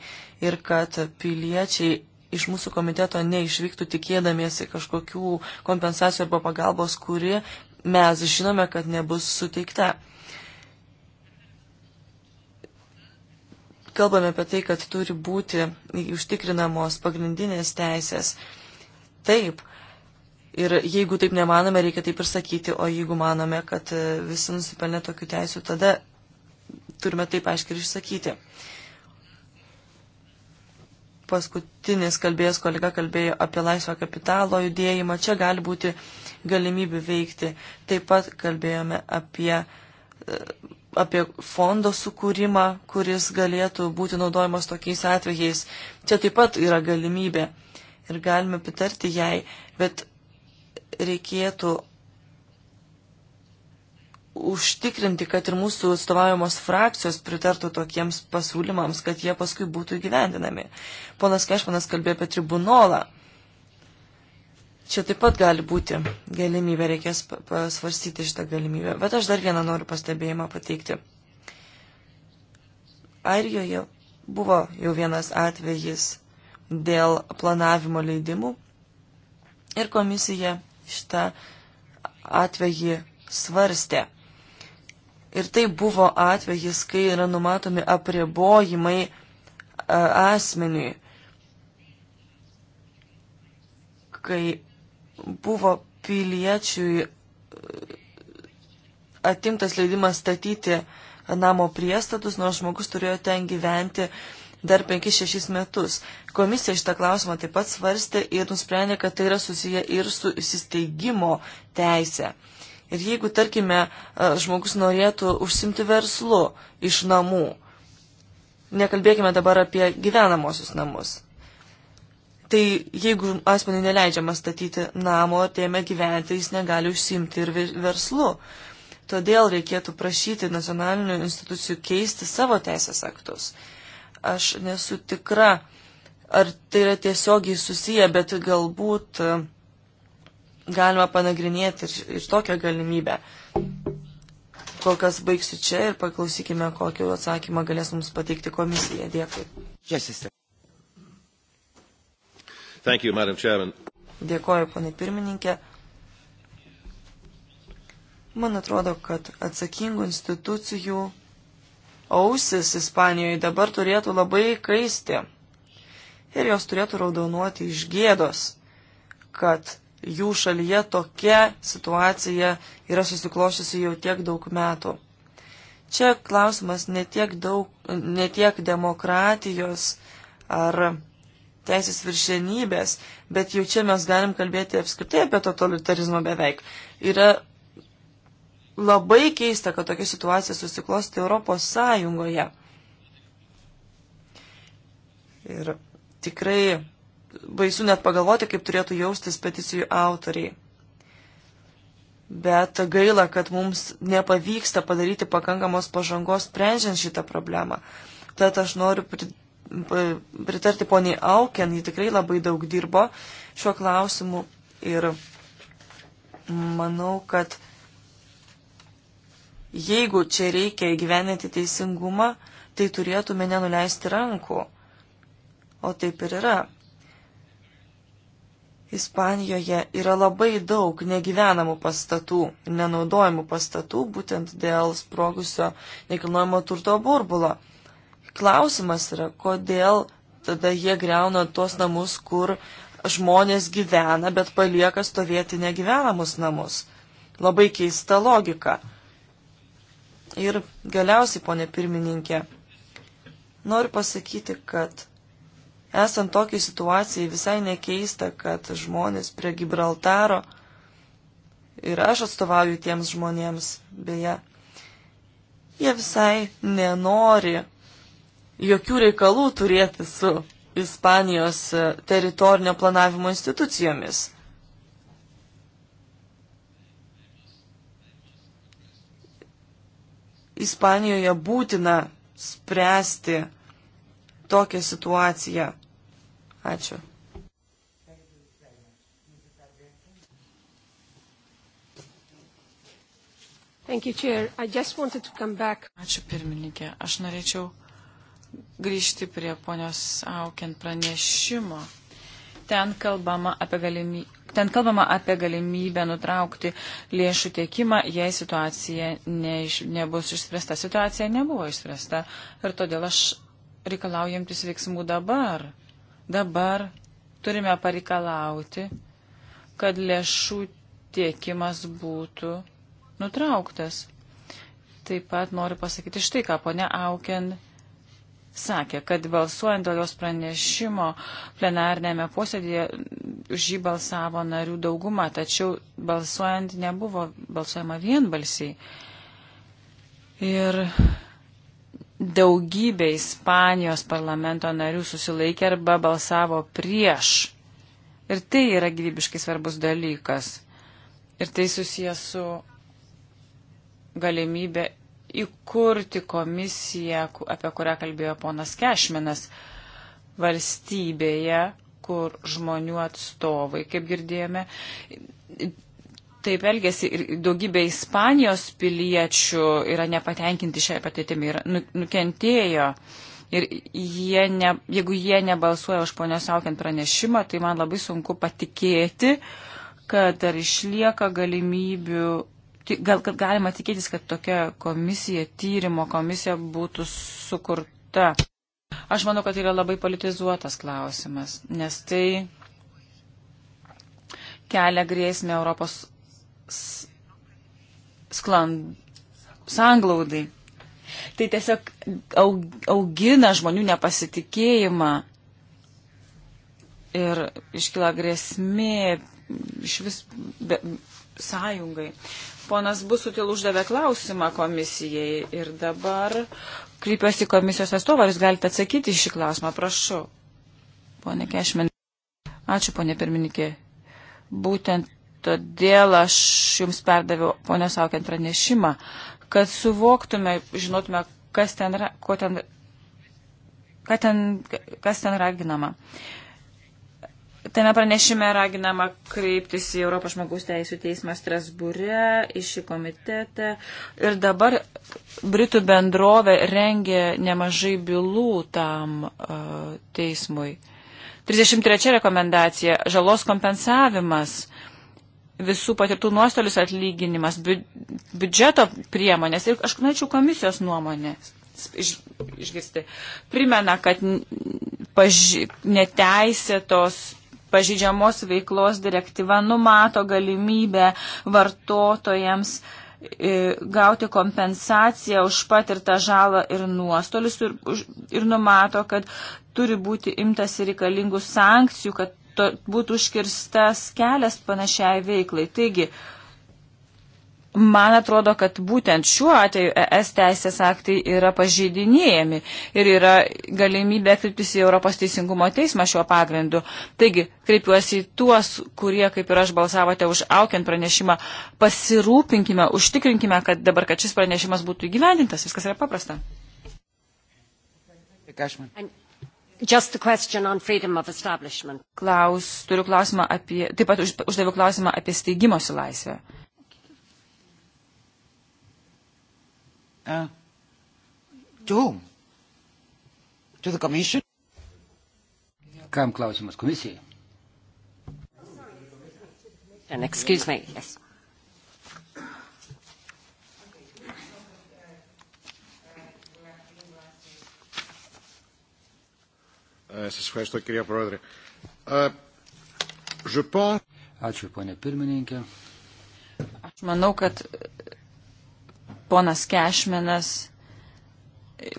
ir kad piliečiai iš mūsų komiteto neišvyktų tikėdamiesi kažkokių kompensacijų arba pagalbos, kuri mes žinome, kad nebus suteikta. Kalbame apie tai, kad turi būti užtikrinamos pagrindinės teisės. Taip, Ir jeigu taip nemanome, reikia taip ir sakyti, o jeigu manome, kad visi nusipelnė tokių teisų, tada turime taip aiškiai išsakyti. Paskutinis kalbėjęs kolega kalbėjo apie laisvą kapitalo judėjimą. Čia gali būti galimybių veikti. Taip pat kalbėjome apie, e, apie fondo sukūrimą, kuris galėtų būti naudojamas tokiais atvejais. Čia taip pat yra galimybė ir galime pritarti jai, bet reikėtų užtikrinti, kad ir mūsų atstovaujamos frakcijos pritartų tokiems pasiūlymams, kad jie paskui būtų įgyvendinami. Ponas Kešmanas kalbėjo apie tribunolą. Čia taip pat gali būti galimybė, reikės pasvarstyti šitą galimybę. Bet aš dar vieną noriu pastebėjimą pateikti. Airijoje buvo jau vienas atvejis dėl planavimo leidimų ir komisija šitą atvejį svarstė. Ir tai buvo atvejis, kai yra numatomi apribojimai e, asmeniui, kai buvo piliečiui e, atimtas leidimas statyti namo priestatus, nors žmogus turėjo ten gyventi dar 5-6 metus. Komisija šitą klausimą taip pat svarstė ir nusprendė, kad tai yra susiję ir su įsisteigimo teisė. Ir jeigu, tarkime, žmogus norėtų užsimti verslu iš namų, nekalbėkime dabar apie gyvenamosius namus. Tai jeigu asmeniui neleidžiama statyti namo, tėme gyventi, jis negali užsimti ir verslu. Todėl reikėtų prašyti nacionalinių institucijų keisti savo teisės aktus. Aš nesu tikra, ar tai yra tiesiogiai susiję, bet galbūt uh, galima panagrinėti ir, ir tokią galimybę. Kol kas baigsiu čia ir paklausykime, kokiu atsakymą galės mums pateikti komisija. Dėkui. Thank you, Madam Chairman. Dėkoju, panai pirmininkė. Man atrodo, kad atsakingų institucijų ausis Ispanijoje dabar turėtų labai kaisti. Ir jos turėtų raudonuoti iš gėdos, kad jų šalyje tokia situacija yra susiklošusi jau tiek daug metų. Čia klausimas ne tiek, daug, ne tiek demokratijos ar teisės viršienybės, bet jau čia mes galim kalbėti apskritai apie totalitarizmą beveik. Yra labai keista, kad tokia situacija susiklosti Europos Sąjungoje. Ir tikrai baisu net pagalvoti, kaip turėtų jaustis peticijų autoriai. Bet gaila, kad mums nepavyksta padaryti pakankamos pažangos sprendžiant šitą problemą. Tad aš noriu pritarti poniai Auken, ji tikrai labai daug dirbo šiuo klausimu ir manau, kad jeigu čia reikia įgyveninti teisingumą, tai turėtume nenuleisti rankų. O taip ir yra. Ispanijoje yra labai daug negyvenamų pastatų, nenaudojimų pastatų, būtent dėl sprogusio nekilnojamo turto burbulo. Klausimas yra, kodėl tada jie greuna tuos namus, kur žmonės gyvena, bet palieka stovėti negyvenamus namus. Labai keista logika. Ir galiausiai, ponė pirmininkė, noriu pasakyti, kad Esant tokiai situacijai visai nekeista, kad žmonės prie Gibraltaro ir aš atstovauju tiems žmonėms, beje, jie visai nenori jokių reikalų turėti su Ispanijos e, teritorinio planavimo institucijomis. Ispanijoje būtina spręsti tokią situaciją. Ačiū. You, Ačiū pirmininkė. Aš norėčiau grįžti prie ponios Aukiant pranešimo. Ten kalbama, apie galimy... Ten kalbama apie galimybę nutraukti lėšų tiekimą, jei situacija neiš... nebus išspręsta. Situacija nebuvo išspręsta ir todėl aš reikalaujantis veiksmų dabar. Dabar turime pareikalauti, kad lėšų tiekimas būtų nutrauktas. Taip pat noriu pasakyti štai ką, ponia Auken sakė, kad balsuojant dėl jos pranešimo plenarnėme posėdėje už jį balsavo narių dauguma, tačiau balsuojant nebuvo balsuojama vienbalsiai. Ir daugybė Ispanijos parlamento narių susilaikė arba balsavo prieš. Ir tai yra gyvybiškai svarbus dalykas. Ir tai susijęs su galimybė įkurti komisiją, apie kurią kalbėjo ponas Kešminas, valstybėje, kur žmonių atstovai, kaip girdėjome, taip elgesi ir daugybė Ispanijos piliečių yra nepatenkinti šią patirtimį ir nu, nukentėjo. Ir jie ne, jeigu jie nebalsuoja už ponios aukiant pranešimą, tai man labai sunku patikėti, kad dar išlieka galimybių, gal kad galima tikėtis, kad tokia komisija, tyrimo komisija būtų sukurta. Aš manau, kad tai yra labai politizuotas klausimas, nes tai kelia grėsmę Europos skland, sanglaudai. Tai tiesiog augina žmonių nepasitikėjimą ir iškyla grėsmė iš vis be, sąjungai. Ponas Busutil uždavė klausimą komisijai ir dabar kreipiuosi komisijos atstovą, ar jūs galite atsakyti šį klausimą, prašau. Pone Kešmin. Ačiū, ponė pirmininkė. Būtent Todėl aš jums perdaviau ponios aukiant pranešimą, kad suvoktume, žinotume, kas ten, ra, ten, ką ten, kas ten raginama. Tame pranešime raginama kreiptis į Europos žmogaus teisų teismą Strasbūre, į šį komitetą. Ir dabar Britų bendrovė rengė nemažai bylų tam uh, teismui. 33 rekomendacija - žalos kompensavimas visų patirtų nuostolius atlyginimas, biudžeto priemonės ir aš norėčiau komisijos nuomonės išgirsti. Primena, kad paži neteisėtos pažydžiamos veiklos direktyva numato galimybę vartotojams gauti kompensaciją už patirtą žalą ir nuostolius ir, ir numato, kad turi būti imtas ir reikalingų sankcijų, kad to, būtų užkirstas kelias panašiai veiklai. Taigi, man atrodo, kad būtent šiuo atveju ES teisės aktai yra pažeidinėjami ir yra galimybė kreiptis į Europos teisingumo teismą šiuo pagrindu. Taigi, kreipiuosi į tuos, kurie, kaip ir aš, balsavote už aukiant pranešimą, pasirūpinkime, užtikrinkime, kad dabar, kad šis pranešimas būtų įgyvendintas, viskas yra paprasta. Kašman. Klaus, turiu klausimą apie, taip pat už, uždaviau klausimą apie steigimosi laisvę. Uh, to. To the commission? Kam klausimas komisijai? And excuse me, yes. Σας ευχαριστώ κυρία Πρόεδρε. Je pense... Ačiū, ponė pirmininkė. Aš manau, kad ponas Kešmenas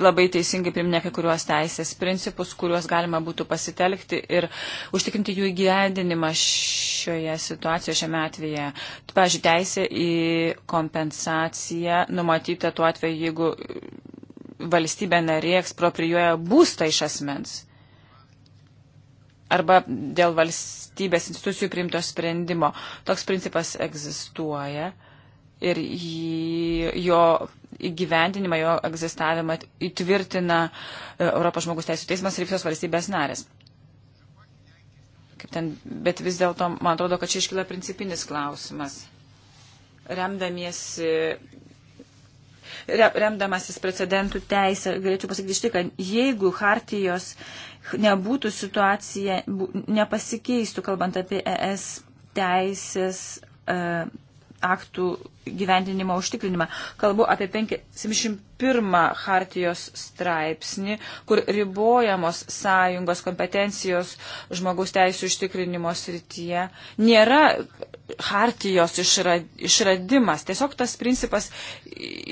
labai teisingai priminė kai kuriuos teisės principus, kuriuos galima būtų pasitelkti ir užtikrinti jų įgyvendinimą šioje situacijoje, šiame atveju. Pavyzdžiui, teisė į kompensaciją numatyta tuo atveju, jeigu valstybė narė ekspropriuoja būstą iš asmens arba dėl valstybės institucijų priimto sprendimo. Toks principas egzistuoja ir jį, jo įgyvendinimą, jo egzistavimą įtvirtina e, Europos žmogus teisų teismas ir visos valstybės narės. Kaip ten, bet vis dėlto, man atrodo, kad čia iškyla principinis klausimas. Remdamiesi, re, remdamasis precedentų teisę, galėčiau pasakyti štai, kad jeigu Hartijos nebūtų situacija, nepasikeistų, kalbant apie ES teisės e, aktų gyvendinimo užtikrinimą. Kalbu apie 51 hartijos straipsnį, kur ribojamos sąjungos kompetencijos žmogaus teisų užtikrinimo srityje. Nėra hartijos išradimas, tiesiog tas principas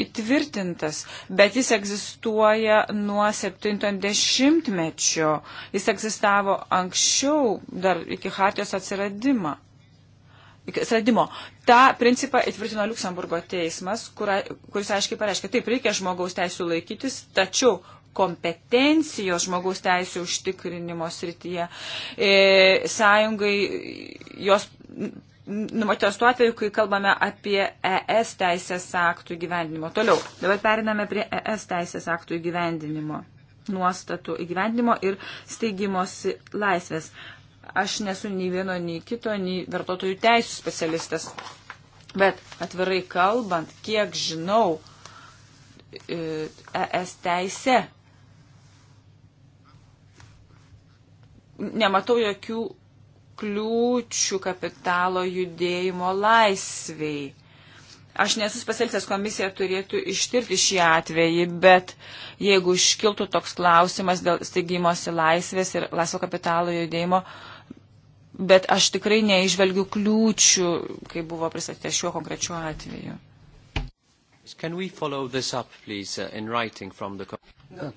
įtvirtintas, bet jis egzistuoja nuo 70-mečio. Jis egzistavo anksčiau, dar iki hartijos atsiradimo atsiradimo. Ta principą įtvirtino Luksemburgo teismas, kura, kuris aiškiai pareiškia, taip reikia žmogaus teisų laikytis, tačiau kompetencijos žmogaus teisų užtikrinimo srityje e, sąjungai jos numatytos tuo atveju, kai kalbame apie ES teisės aktų įgyvendinimo. Toliau, dabar periname prie ES teisės aktų įgyvendinimo nuostatų įgyvendinimo ir steigimosi laisvės. Aš nesu nei vieno, nei kito, nei vartotojų teisų specialistas. Bet atvirai kalbant, kiek žinau, ES e teise nematau jokių kliūčių kapitalo judėjimo laisviai. Aš nesu specialistas, komisija turėtų ištirti šį atvejį, bet jeigu iškiltų toks klausimas dėl steigimosi laisvės ir laisvo kapitalo judėjimo, uh, bet aš tikrai neižvelgiu kliūčių, kai buvo pristatyta šiuo konkrečiu atveju. Up, please, uh, the...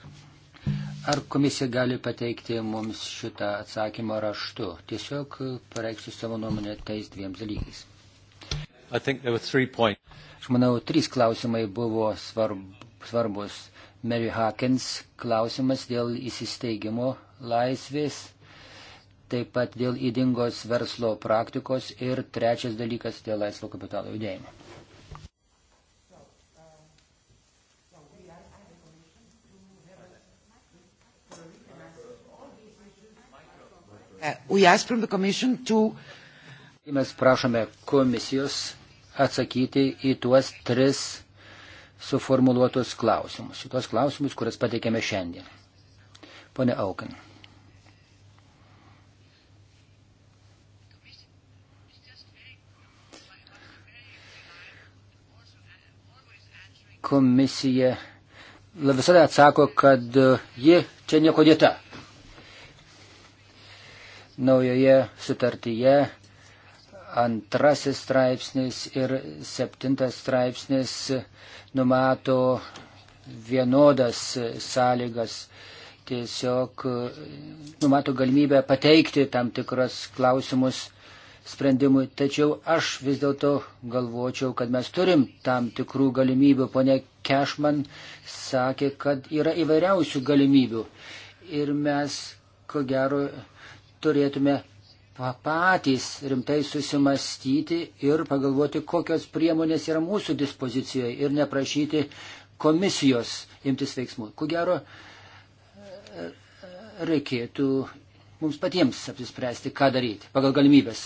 Ar komisija gali pateikti mums šitą atsakymą raštu? Tiesiog pareikšti savo nuomonę tais dviem dalykais. Aš manau, trys klausimai buvo svarb, svarbus. Mary Hawkins klausimas dėl įsisteigimo laisvės taip pat dėl įdingos verslo praktikos ir trečias dalykas dėl laisvo kapitalo judėjimo. Uh, to... Mes prašome komisijos atsakyti į tuos tris suformuluotus klausimus, į tuos klausimus, kurias pateikėme šiandien. Pone Aukin. komisija visada atsako, kad e, ji čia nieko dėta. Naujoje sutartyje antrasis straipsnis ir septintas straipsnis numato vienodas sąlygas. Tiesiog e, numato galimybę pateikti tam tikras klausimus sprendimui. Tačiau aš vis dėlto galvočiau, kad mes turim tam tikrų galimybių. Pone Kešman sakė, kad yra įvairiausių galimybių. Ir mes, ko gero, turėtume patys rimtai susimastyti ir pagalvoti, kokios priemonės yra mūsų dispozicijoje ir neprašyti komisijos imtis veiksmų. Ko gero, reikėtų mums patiems apsispręsti, ką daryti pagal galimybės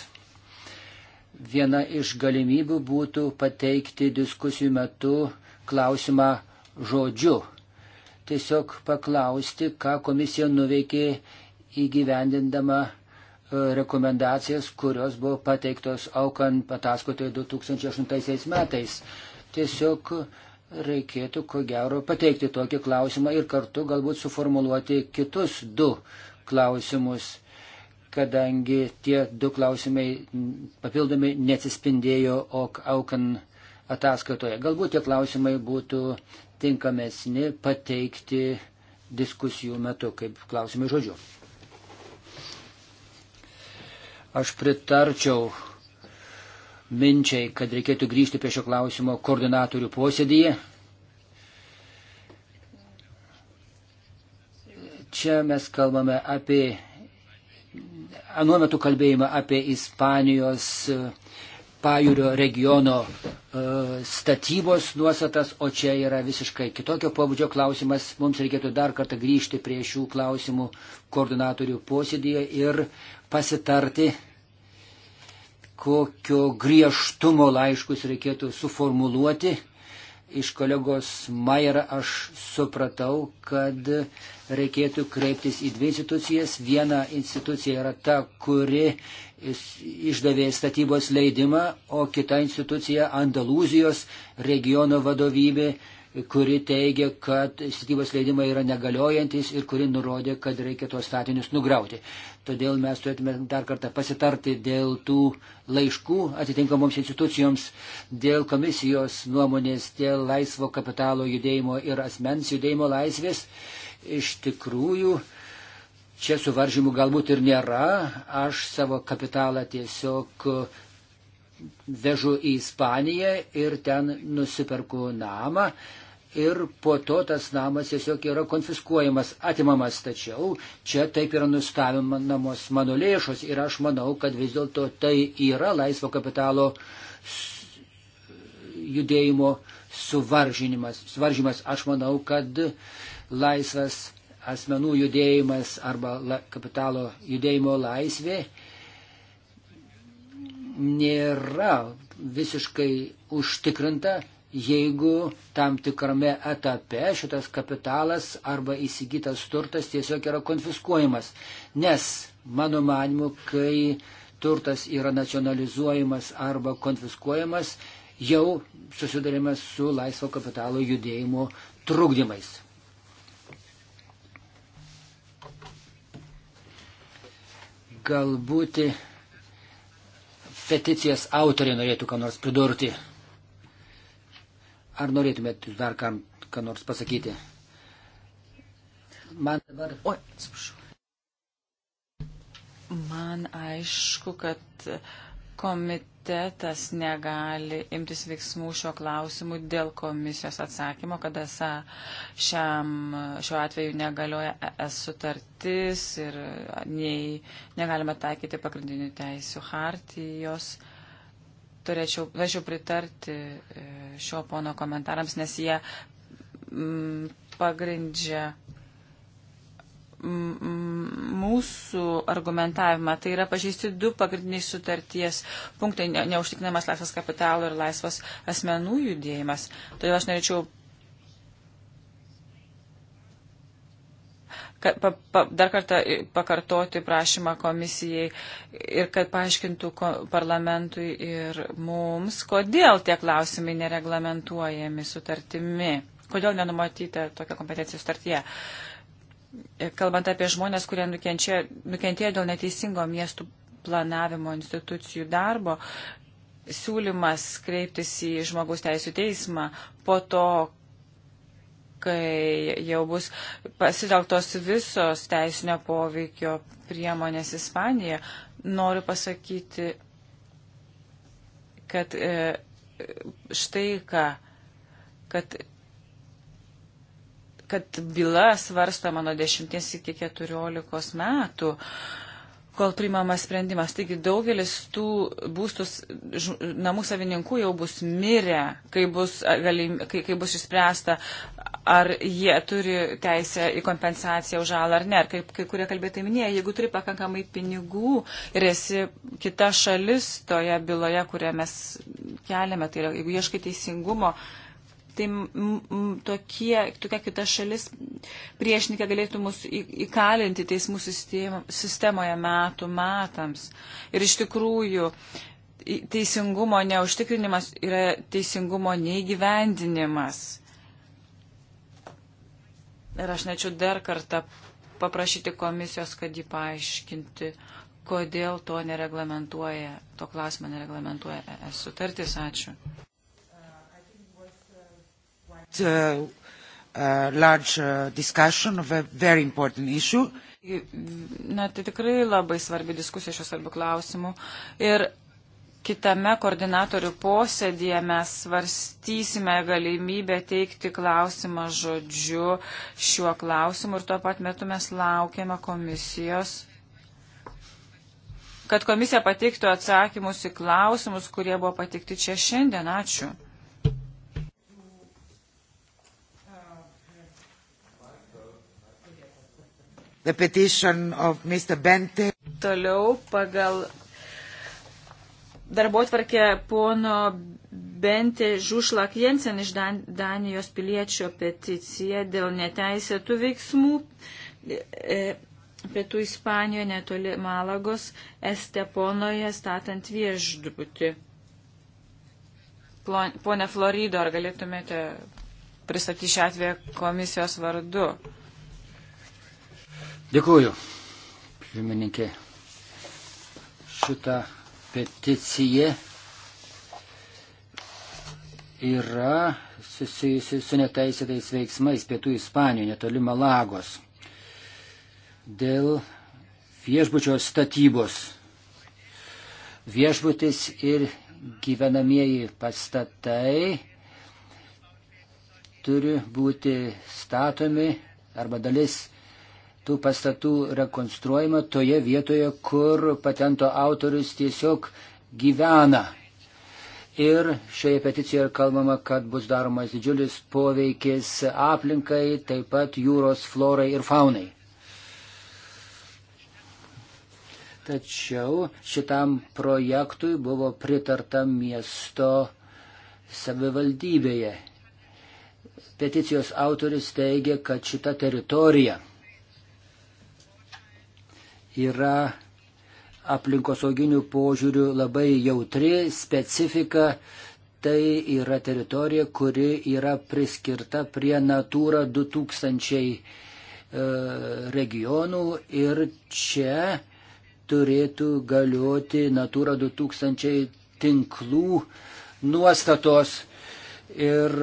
viena iš galimybių būtų pateikti diskusijų metu klausimą žodžiu. Tiesiog paklausti, ką komisija nuveikė įgyvendindama e, rekomendacijas, kurios buvo pateiktos aukant pataskotoje 2008 metais. Tiesiog reikėtų, ko gero, pateikti tokį klausimą ir kartu galbūt suformuluoti kitus du klausimus kadangi tie du klausimai papildomai neatsispindėjo OK Aukan ataskaitoje. Galbūt tie klausimai būtų tinkamesni pateikti diskusijų metu, kaip klausimai žodžiu. Aš pritarčiau minčiai, kad reikėtų grįžti prie šio klausimo koordinatorių posėdyje. Čia mes kalbame apie anuo metu kalbėjimą apie Ispanijos e, pajūrio regiono e, statybos nuostatas, o čia yra visiškai kitokio pobūdžio klausimas. Mums reikėtų dar kartą grįžti prie šių klausimų koordinatorių posėdėje ir pasitarti, kokio griežtumo laiškus reikėtų suformuluoti iš kolegos Mayer aš supratau, kad reikėtų kreiptis į dvi institucijas. Viena institucija yra ta, kuri išdavė statybos leidimą, o kita institucija Andalūzijos regiono vadovybė kuri teigia, kad statybos leidimai yra negaliojantis ir kuri nurodė, kad reikia tuos statinius nugriauti. Todėl mes turėtume dar kartą pasitarti dėl tų laiškų atitinkamoms institucijoms, dėl komisijos nuomonės, dėl laisvo kapitalo judėjimo ir asmens judėjimo laisvės. Iš tikrųjų, čia suvaržymų galbūt ir nėra. Aš savo kapitalą tiesiog vežu į Ispaniją ir ten nusiperku namą ir po to tas namas tiesiog yra konfiskuojamas, atimamas. Tačiau čia taip yra nustavinamos mano lėšos ir aš manau, kad vis dėlto tai yra laisvo kapitalo judėjimo suvaržymas. suvaržymas. Aš manau, kad laisvas asmenų judėjimas arba la, kapitalo judėjimo laisvė nėra visiškai užtikrinta jeigu tam tikrame etape šitas kapitalas arba įsigytas turtas tiesiog yra konfiskuojamas. Nes, mano manimu, kai turtas yra nacionalizuojamas arba konfiskuojamas, jau susidarėme su laisvo kapitalo judėjimo trukdymais. Galbūt peticijos autoriai norėtų ką nors pridurti. Ar norėtumėt dar kam, ką nors pasakyti? Man dabar. Oi, atsiprašau. Man aišku, kad komitetas negali imtis veiksmų šio klausimu dėl komisijos atsakymo, kad esą šiam, šiuo atveju negalioja ES sutartis ir nei, negalime taikyti pagrindinių teisų hartijos. Uh, turėčiau, turėčiau pritarti e, šio pono komentarams, nes jie m, mm, pagrindžia mm, mm, mūsų argumentavimą. Tai yra pažeisti du pagrindiniai sutarties punktai - neužtikrinamas laisvas kapitalo ir laisvas asmenų judėjimas. Todėl aš norėčiau kad, pa, pa, dar kartą pakartoti prašymą komisijai ir kad paaiškintų ko, parlamentui ir mums, kodėl tie klausimai nereglamentuojami sutartimi, kodėl nenumatyta tokia kompetencija sutartyje. E, kalbant apie žmonės, kurie nukentėjo, nukentėjo dėl neteisingo miestų planavimo institucijų darbo, siūlymas kreiptis į žmogaus teisų teismą po to, kai jau bus pasitelktos visos teisinio poveikio priemonės Ispanija, noriu pasakyti, kad e, štai ką, kad kad byla svarstama nuo 10 iki 14 metų. E, kol priimamas sprendimas. Taigi daugelis tų būstus namų savininkų jau bus mirę, kai bus, galim, kai, kai bus išspręsta, ar jie turi teisę į kompensaciją už žalą ar ne. Ar kaip kai kurie kalbėtai minėjo, jeigu turi pakankamai pinigų ir esi kita šalis toje byloje, kurią mes keliame, tai yra, jeigu ieškai teisingumo, tai m, m, tokie, tokia kita šalis priešininkai galėtų mus įkalinti teismų sistemoje metų metams. Ir iš tikrųjų teisingumo neužtikrinimas yra teisingumo neįgyvendinimas. Ir aš nečiau dar kartą paprašyti komisijos, kad jį paaiškinti, kodėl to nereglamentuoja, to klausimą nereglamentuoja ES sutartis. Ačiū. Uh, uh, large uh, discussion of a very important issue. Na, tai tikrai labai svarbi diskusija šios svarbių klausimų. Ir kitame koordinatorių posėdėje mes svarstysime galimybę teikti klausimą žodžiu šiuo klausimu ir tuo pat metu mes laukiame komisijos kad komisija pateiktų atsakymus į klausimus, kurie buvo pateikti čia šiandien. Ačiū. the petition of Mr. Bente. Toliau pagal darbo tvarkę pono Bente Žušlak Jensen iš Dan Danijos piliečio peticiją dėl neteisėtų veiksmų. E, Pietų Ispanijoje netoli Malagos, Esteponoje statant viešbutį. Pone Florido, ar galėtumėte pristatyti šią atveją komisijos vardu? Dėkuoju, pirmininkė. Šita peticija yra susijusi su neteisėtais veiksmais pietų Ispanijoje, netoli Malagos, dėl viešbučio statybos. Viešbutis ir gyvenamieji pastatai turi būti statomi arba dalis tų pastatų rekonstruojama toje vietoje, kur patento autorius tiesiog gyvena. Ir šioje peticijoje kalbama, kad bus daromas didžiulis poveikis aplinkai, taip pat jūros florai ir faunai. Tačiau šitam projektui buvo pritarta miesto savivaldybėje. Peticijos autoris teigia, kad šita teritorija yra aplinkosauginių požiūrių labai jautri specifika. Tai yra teritorija, kuri yra priskirta prie Natūra 2000 e, regionų ir čia turėtų galioti Natūra 2000 tinklų nuostatos. Ir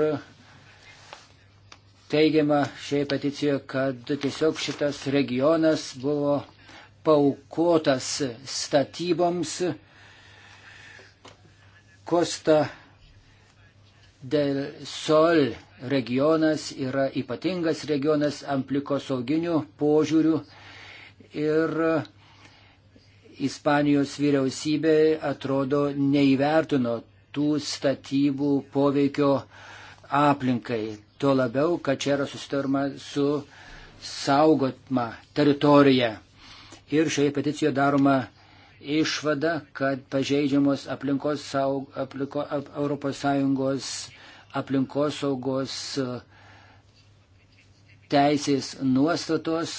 teigiama šioje peticijoje, kad tiesiog šitas regionas buvo paukotas statyboms Kosta del Sol regionas yra ypatingas regionas aplikosauginių požiūrių ir Ispanijos vyriausybė atrodo neįvertino tų statybų poveikio aplinkai. Tuo labiau, kad čia yra susitarma su saugotma teritorija. Ir šioje peticijoje daroma išvada, kad pažeidžiamos aplinkos saug, apliko, ap, ES aplinkosaugos e, teisės nuostatos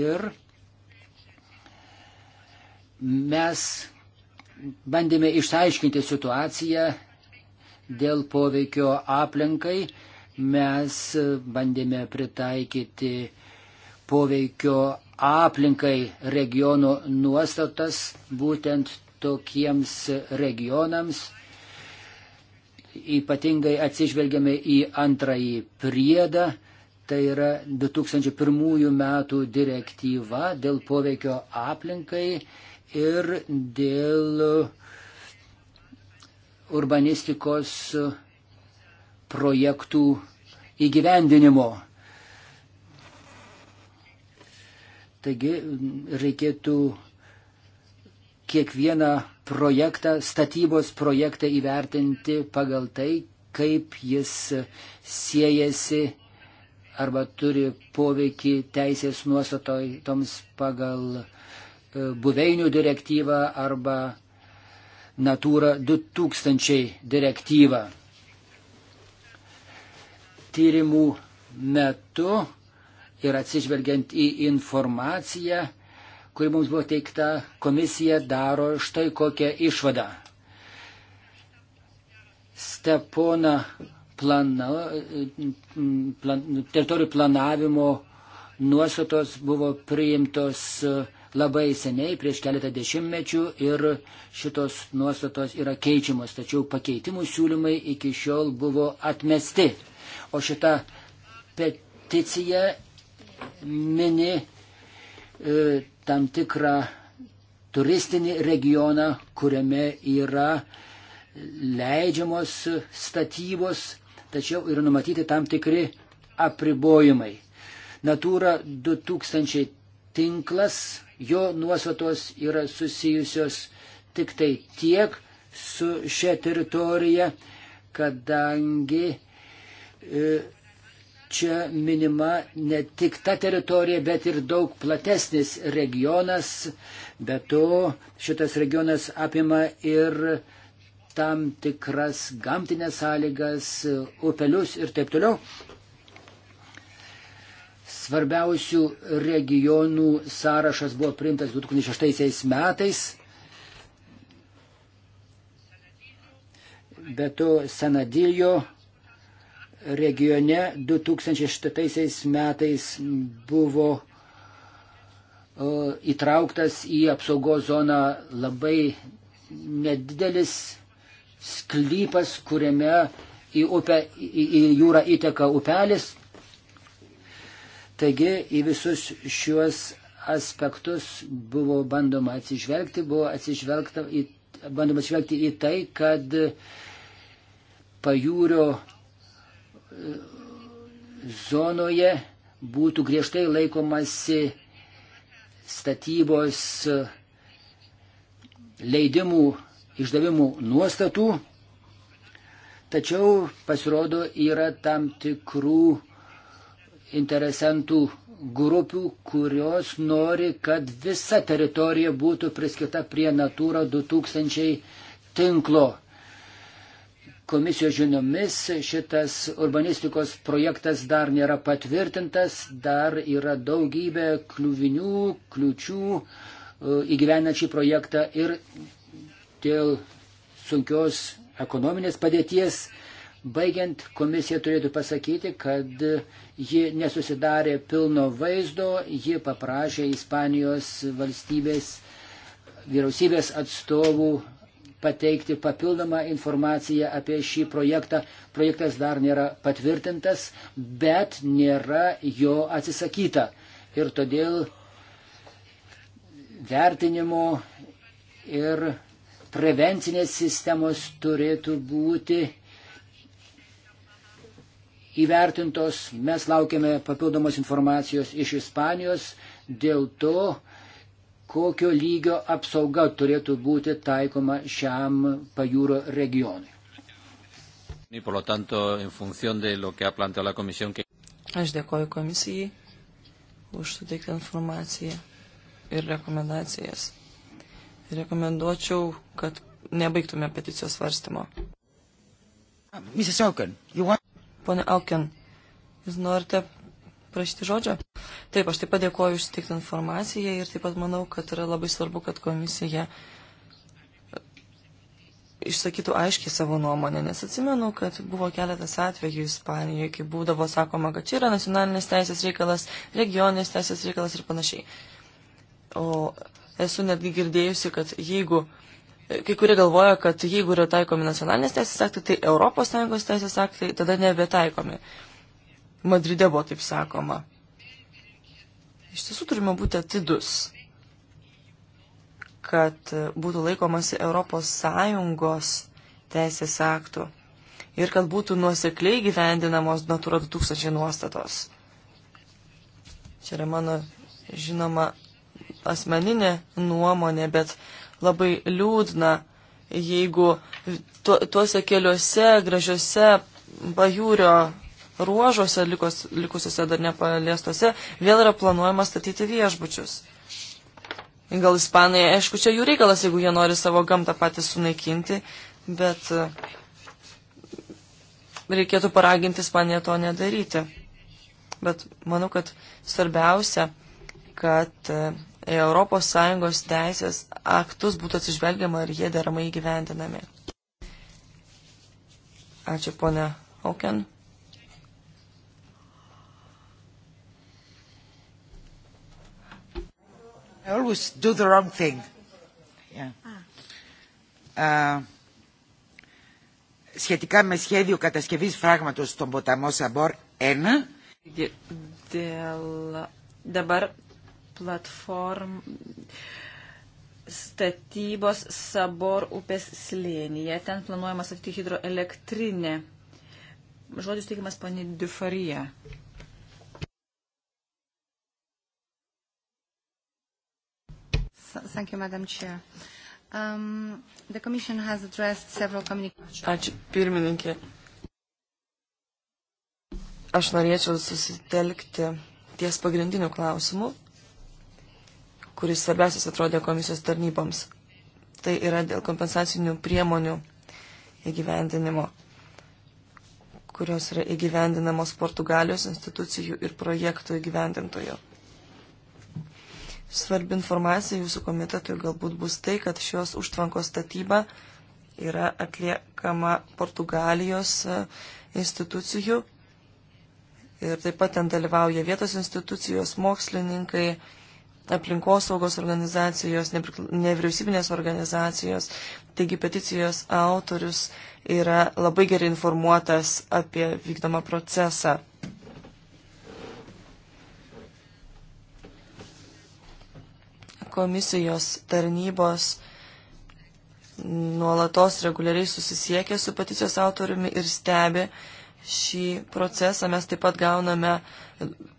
ir mes bandėme išsiaiškinti situaciją dėl poveikio aplinkai, mes bandėme pritaikyti poveikio aplinkai regionų nuostatas būtent tokiems regionams. Ypatingai atsižvelgiame į antrąjį priedą, tai yra 2001 metų direktyva dėl poveikio aplinkai ir dėl urbanistikos projektų įgyvendinimo. Taigi reikėtų kiekvieną projektą, statybos projektą įvertinti pagal tai, kaip jis siejasi arba turi poveikį teisės nuostatoms pagal e, buveinių direktyvą arba Natūra 2000 direktyvą. Tyrimų metu ir atsižvelgiant į informaciją, kuri mums buvo teikta, komisija daro štai kokią išvadą. Stepona plana, plan, teritorijų planavimo nuostatos buvo priimtos labai seniai, prieš keletą dešimtmečių ir šitos nuostatos yra keičiamos, tačiau pakeitimų siūlymai iki šiol buvo atmesti. O šita peticija mini e, tam tikrą turistinį regioną, kuriame yra leidžiamos statybos, tačiau yra numatyti tam tikri apribojimai. Natūra 2000 tinklas, jo nuostatos yra susijusios tik tai tiek su šia teritorija, kadangi e, Čia minima ne tik ta teritorija, bet ir daug platesnis regionas. Be to, šitas regionas apima ir tam tikras gamtinės sąlygas, upelius ir taip toliau. Svarbiausių regionų sąrašas buvo priimtas 2006 metais. Be to, Senadilio regione 2006 metais buvo e, įtrauktas į apsaugos zoną labai nedidelis sklypas, kuriame į, upę, į, į jūrą įteka upelis. Taigi į visus šiuos aspektus buvo bandoma atsižvelgti, buvo atsižvelgta į, bandoma atsižvelgti į tai, kad pajūrio zonoje būtų griežtai laikomasi statybos leidimų išdavimų nuostatų, tačiau pasirodo yra tam tikrų interesantų grupių, kurios nori, kad visa teritorija būtų priskita prie Natūra 2000 tinklo. Komisijos žiniomis šitas urbanistikos projektas dar nėra patvirtintas, dar yra daugybė kliuvinių, kliučių e, įgyvenant šį projektą ir dėl sunkios ekonominės padėties. Baigiant, komisija turėtų pasakyti, kad ji nesusidarė pilno vaizdo, ji paprašė Ispanijos valstybės vyriausybės atstovų pateikti papildomą informaciją apie šį projektą. Projektas dar nėra patvirtintas, bet nėra jo atsisakyta. Ir todėl vertinimo ir prevencinės sistemos turėtų būti įvertintos. Mes laukiame papildomos informacijos iš Ispanijos dėl to, kokio lygio apsauga turėtų būti taikoma šiam pajūro regionui. Aš dėkoju komisijai už suteiktą informaciją ir rekomendacijas. Rekomenduočiau, kad nebaigtume peticijos svarstymo. Pone Auken, jūs norite prašyti žodžio? Taip, aš taip pat dėkoju už sutiktą informaciją ir taip pat manau, kad yra labai svarbu, kad komisija išsakytų aiškiai savo nuomonę, nes atsimenu, kad buvo keletas atvejų Ispanijoje, kai būdavo sakoma, kad čia yra nacionalinės teisės reikalas, regioninės teisės reikalas ir panašiai. O esu netgi girdėjusi, kad jeigu kai kurie galvoja, kad jeigu yra taikomi nacionalinės teisės aktai, tai ES teisės aktai tada nebetaikomi. taikomi. Madride buvo taip sakoma. Iš tiesų turime būti atidus, kad būtų laikomasi ES teisės aktų ir kad būtų nuosekliai gyvendinamos Natura 2000 nuostatos. Čia yra mano, žinoma, asmeninė nuomonė, bet labai liūdna, jeigu tuose keliuose gražiuose pajūrio ruožuose likus, likusiuose dar nepaliestose vėl yra planuojama statyti viešbučius. Gal Ispanai, aišku, čia jų reikalas, jeigu jie nori savo gamtą patys sunaikinti, bet e, reikėtų paraginti Ispaniją to nedaryti. Bet manau, kad svarbiausia, kad ES teisės aktus būtų atsižvelgiama ir jie deramai įgyvendinami. Ačiū, ponia Auken. Okay. I always do the wrong thing. Yeah. Ah. Uh, σχετικά με σχέδιο κατασκευής φράγματος στον ποταμό Σαμπόρ 1. Dėl dabar platform statybos Sabor upės slėnyje. Ten planuojama statyti hidroelektrinę. Žodis teikimas pani Dufarija. Thank you, Madam Chair. Um, the Commission has addressed several communications. Ačiū, pirmininkė. Aš norėčiau susitelkti ties pagrindiniu klausimu, kuris svarbiausias atrodė komisijos tarnyboms. Tai yra dėl kompensacinių priemonių įgyvendinimo, kurios yra įgyvendinamos Portugalijos institucijų ir projektų įgyvendintojų. Svarbi informacija jūsų komitetui galbūt bus tai, kad šios užtvankos statyba yra atliekama Portugalijos e, institucijų ir taip pat ten dalyvauja vietos institucijos, mokslininkai, aplinkosaugos organizacijos, nevyriausybinės organizacijos. Taigi peticijos autorius yra labai gerai informuotas apie vykdomą procesą. komisijos tarnybos nuolatos reguliariai susisiekia su peticijos autoriumi ir stebi šį procesą. Mes taip pat gauname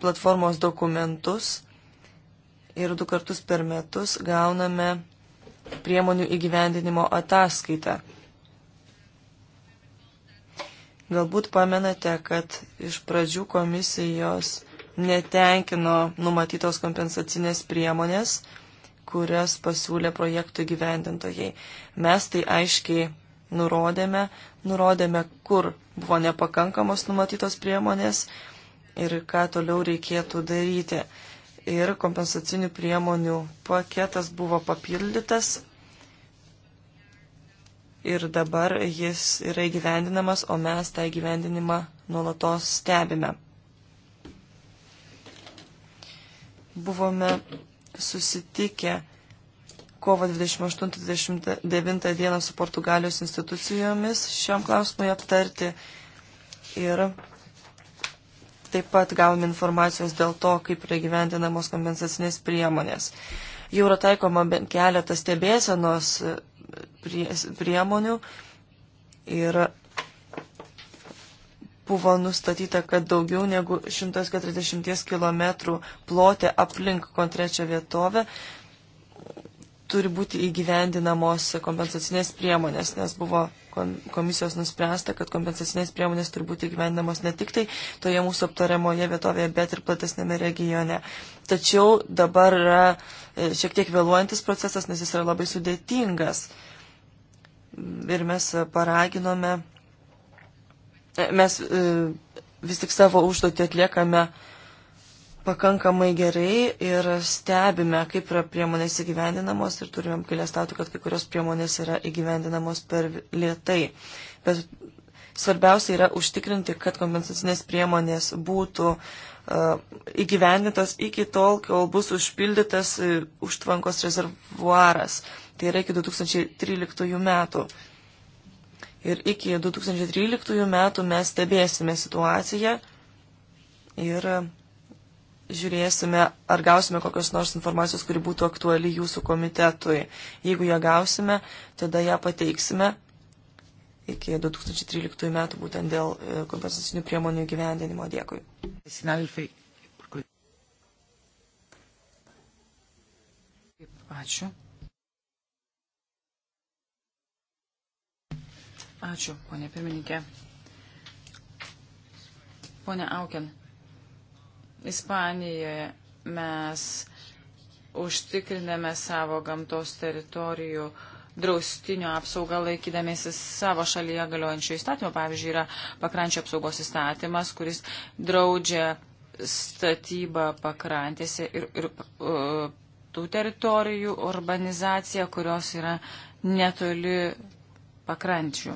platformos dokumentus ir du kartus per metus gauname priemonių įgyvendinimo ataskaitą. Galbūt pamenate, kad iš pradžių komisijos netenkino numatytos kompensacinės priemonės kurias pasiūlė projektų gyvendintojai. Mes tai aiškiai nurodėme, nurodėme, kur buvo nepakankamos numatytos priemonės ir ką toliau reikėtų daryti. Ir kompensacinių priemonių paketas buvo papildytas ir dabar jis yra įgyvendinamas, o mes tą įgyvendinimą nuolatos stebime. Buvome susitikę kovo 28-29 dieną su Portugalijos institucijomis šiam klausimui aptarti. Ir taip pat gavome informacijos dėl to, kaip yra gyventinamos kompensacinės priemonės. Jau yra taikoma bent keletas stebėsenos priemonių ir buvo nustatyta, kad daugiau negu 140 km plotė aplink konkrečią vietovę turi būti įgyvendinamos kompensacinės priemonės, nes buvo komisijos nuspręsta, kad kompensacinės priemonės turi būti įgyvendinamos ne tik tai toje mūsų aptariamoje vietovėje, bet ir platesnėme regione. Tačiau dabar yra e, šiek tiek vėluojantis procesas, nes jis yra labai sudėtingas. Ir mes paraginome mes e, vis tik savo užduotį atliekame pakankamai gerai ir stebime, kaip yra priemonės įgyvendinamos ir turime apgailestauti, kad kai kurios priemonės yra įgyvendinamos per lietai. Bet svarbiausia yra užtikrinti, kad kompensacinės priemonės būtų uh, e, įgyvendintas iki tol, kol bus užpildytas uh, užtvankos rezervuaras. Tai yra iki 2013 metų. Ir iki 2013 metų mes stebėsime situaciją ir žiūrėsime, ar gausime kokios nors informacijos, kuri būtų aktuali jūsų komitetui. Jeigu ją gausime, tada ją pateiksime iki 2013 metų būtent dėl e, kompensacinių priemonių gyvendinimo. Dėkui. Ačiū. Ačiū, ponė pirmininkė. Pone Auken, Ispanijoje mes užtikriname savo gamtos teritorijų draustinio apsaugą laikydamėsi savo šalyje galiojančio įstatymo. Pavyzdžiui, yra pakrančio apsaugos įstatymas, kuris draudžia statybą pakrantėse ir, ir uh, tų teritorijų urbanizacija, kurios yra netoli pakrančių.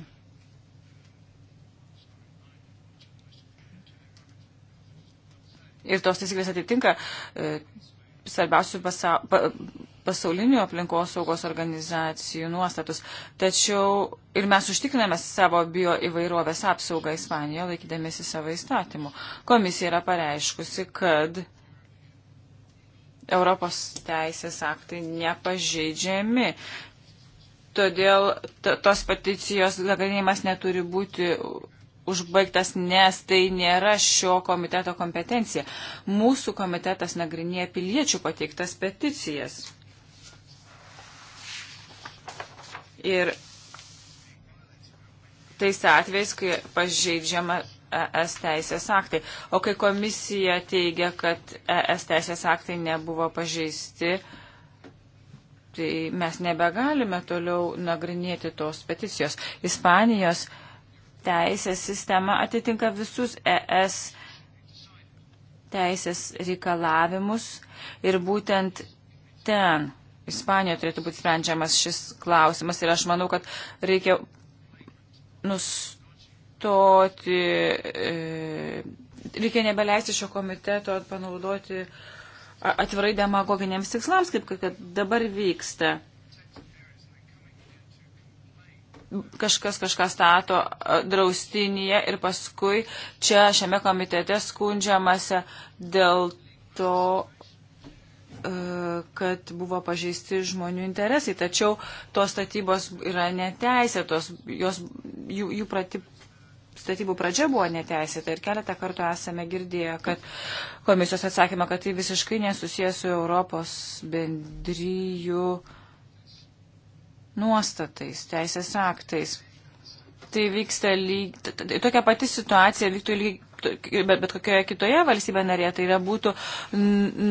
ir tos taisyklės atitinka e, svarbiausių pasa, pa, pasaulinių aplinkosaugos organizacijų nuostatus. Tačiau ir mes užtikriname savo bio įvairovės apsaugą Ispanijoje, laikydamėsi savo įstatymų. Komisija yra pareiškusi, kad Europos teisės aktai nepažeidžiami. Todėl tos peticijos nagrinėjimas neturi būti užbaigtas, nes tai nėra šio komiteto kompetencija. Mūsų komitetas nagrinėja piliečių pateiktas peticijas. Ir tais atvejais, kai pažeidžiama ES teisės aktai. O kai komisija teigia, kad ES teisės aktai nebuvo pažeisti, tai mes nebegalime toliau nagrinėti tos peticijos. Ispanijos teisės sistema atitinka visus ES teisės reikalavimus ir būtent ten Ispanijoje turėtų būti sprendžiamas šis klausimas ir aš manau, kad reikia nustoti, e, reikia nebeleisti šio komiteto panaudoti atvirai demagoginiams tikslams, kaip kad dabar vyksta kažkas kažką stato draustinėje ir paskui čia šiame komitete skundžiamasi dėl to, e, kad buvo pažeisti žmonių interesai. Tačiau tos statybos yra neteisėtos, jos, jų, jų prati, statybų pradžia buvo neteisėta ir keletą kartų esame girdėję, kad komisijos atsakymą, kad tai visiškai nesusijęs su Europos bendryjų uh, nuostatais, teisės aktais. Tai vyksta lyg, tokia pati situacija vyktų lyg, bet, bet kokioje kitoje valstybė narėje, tai yra būtų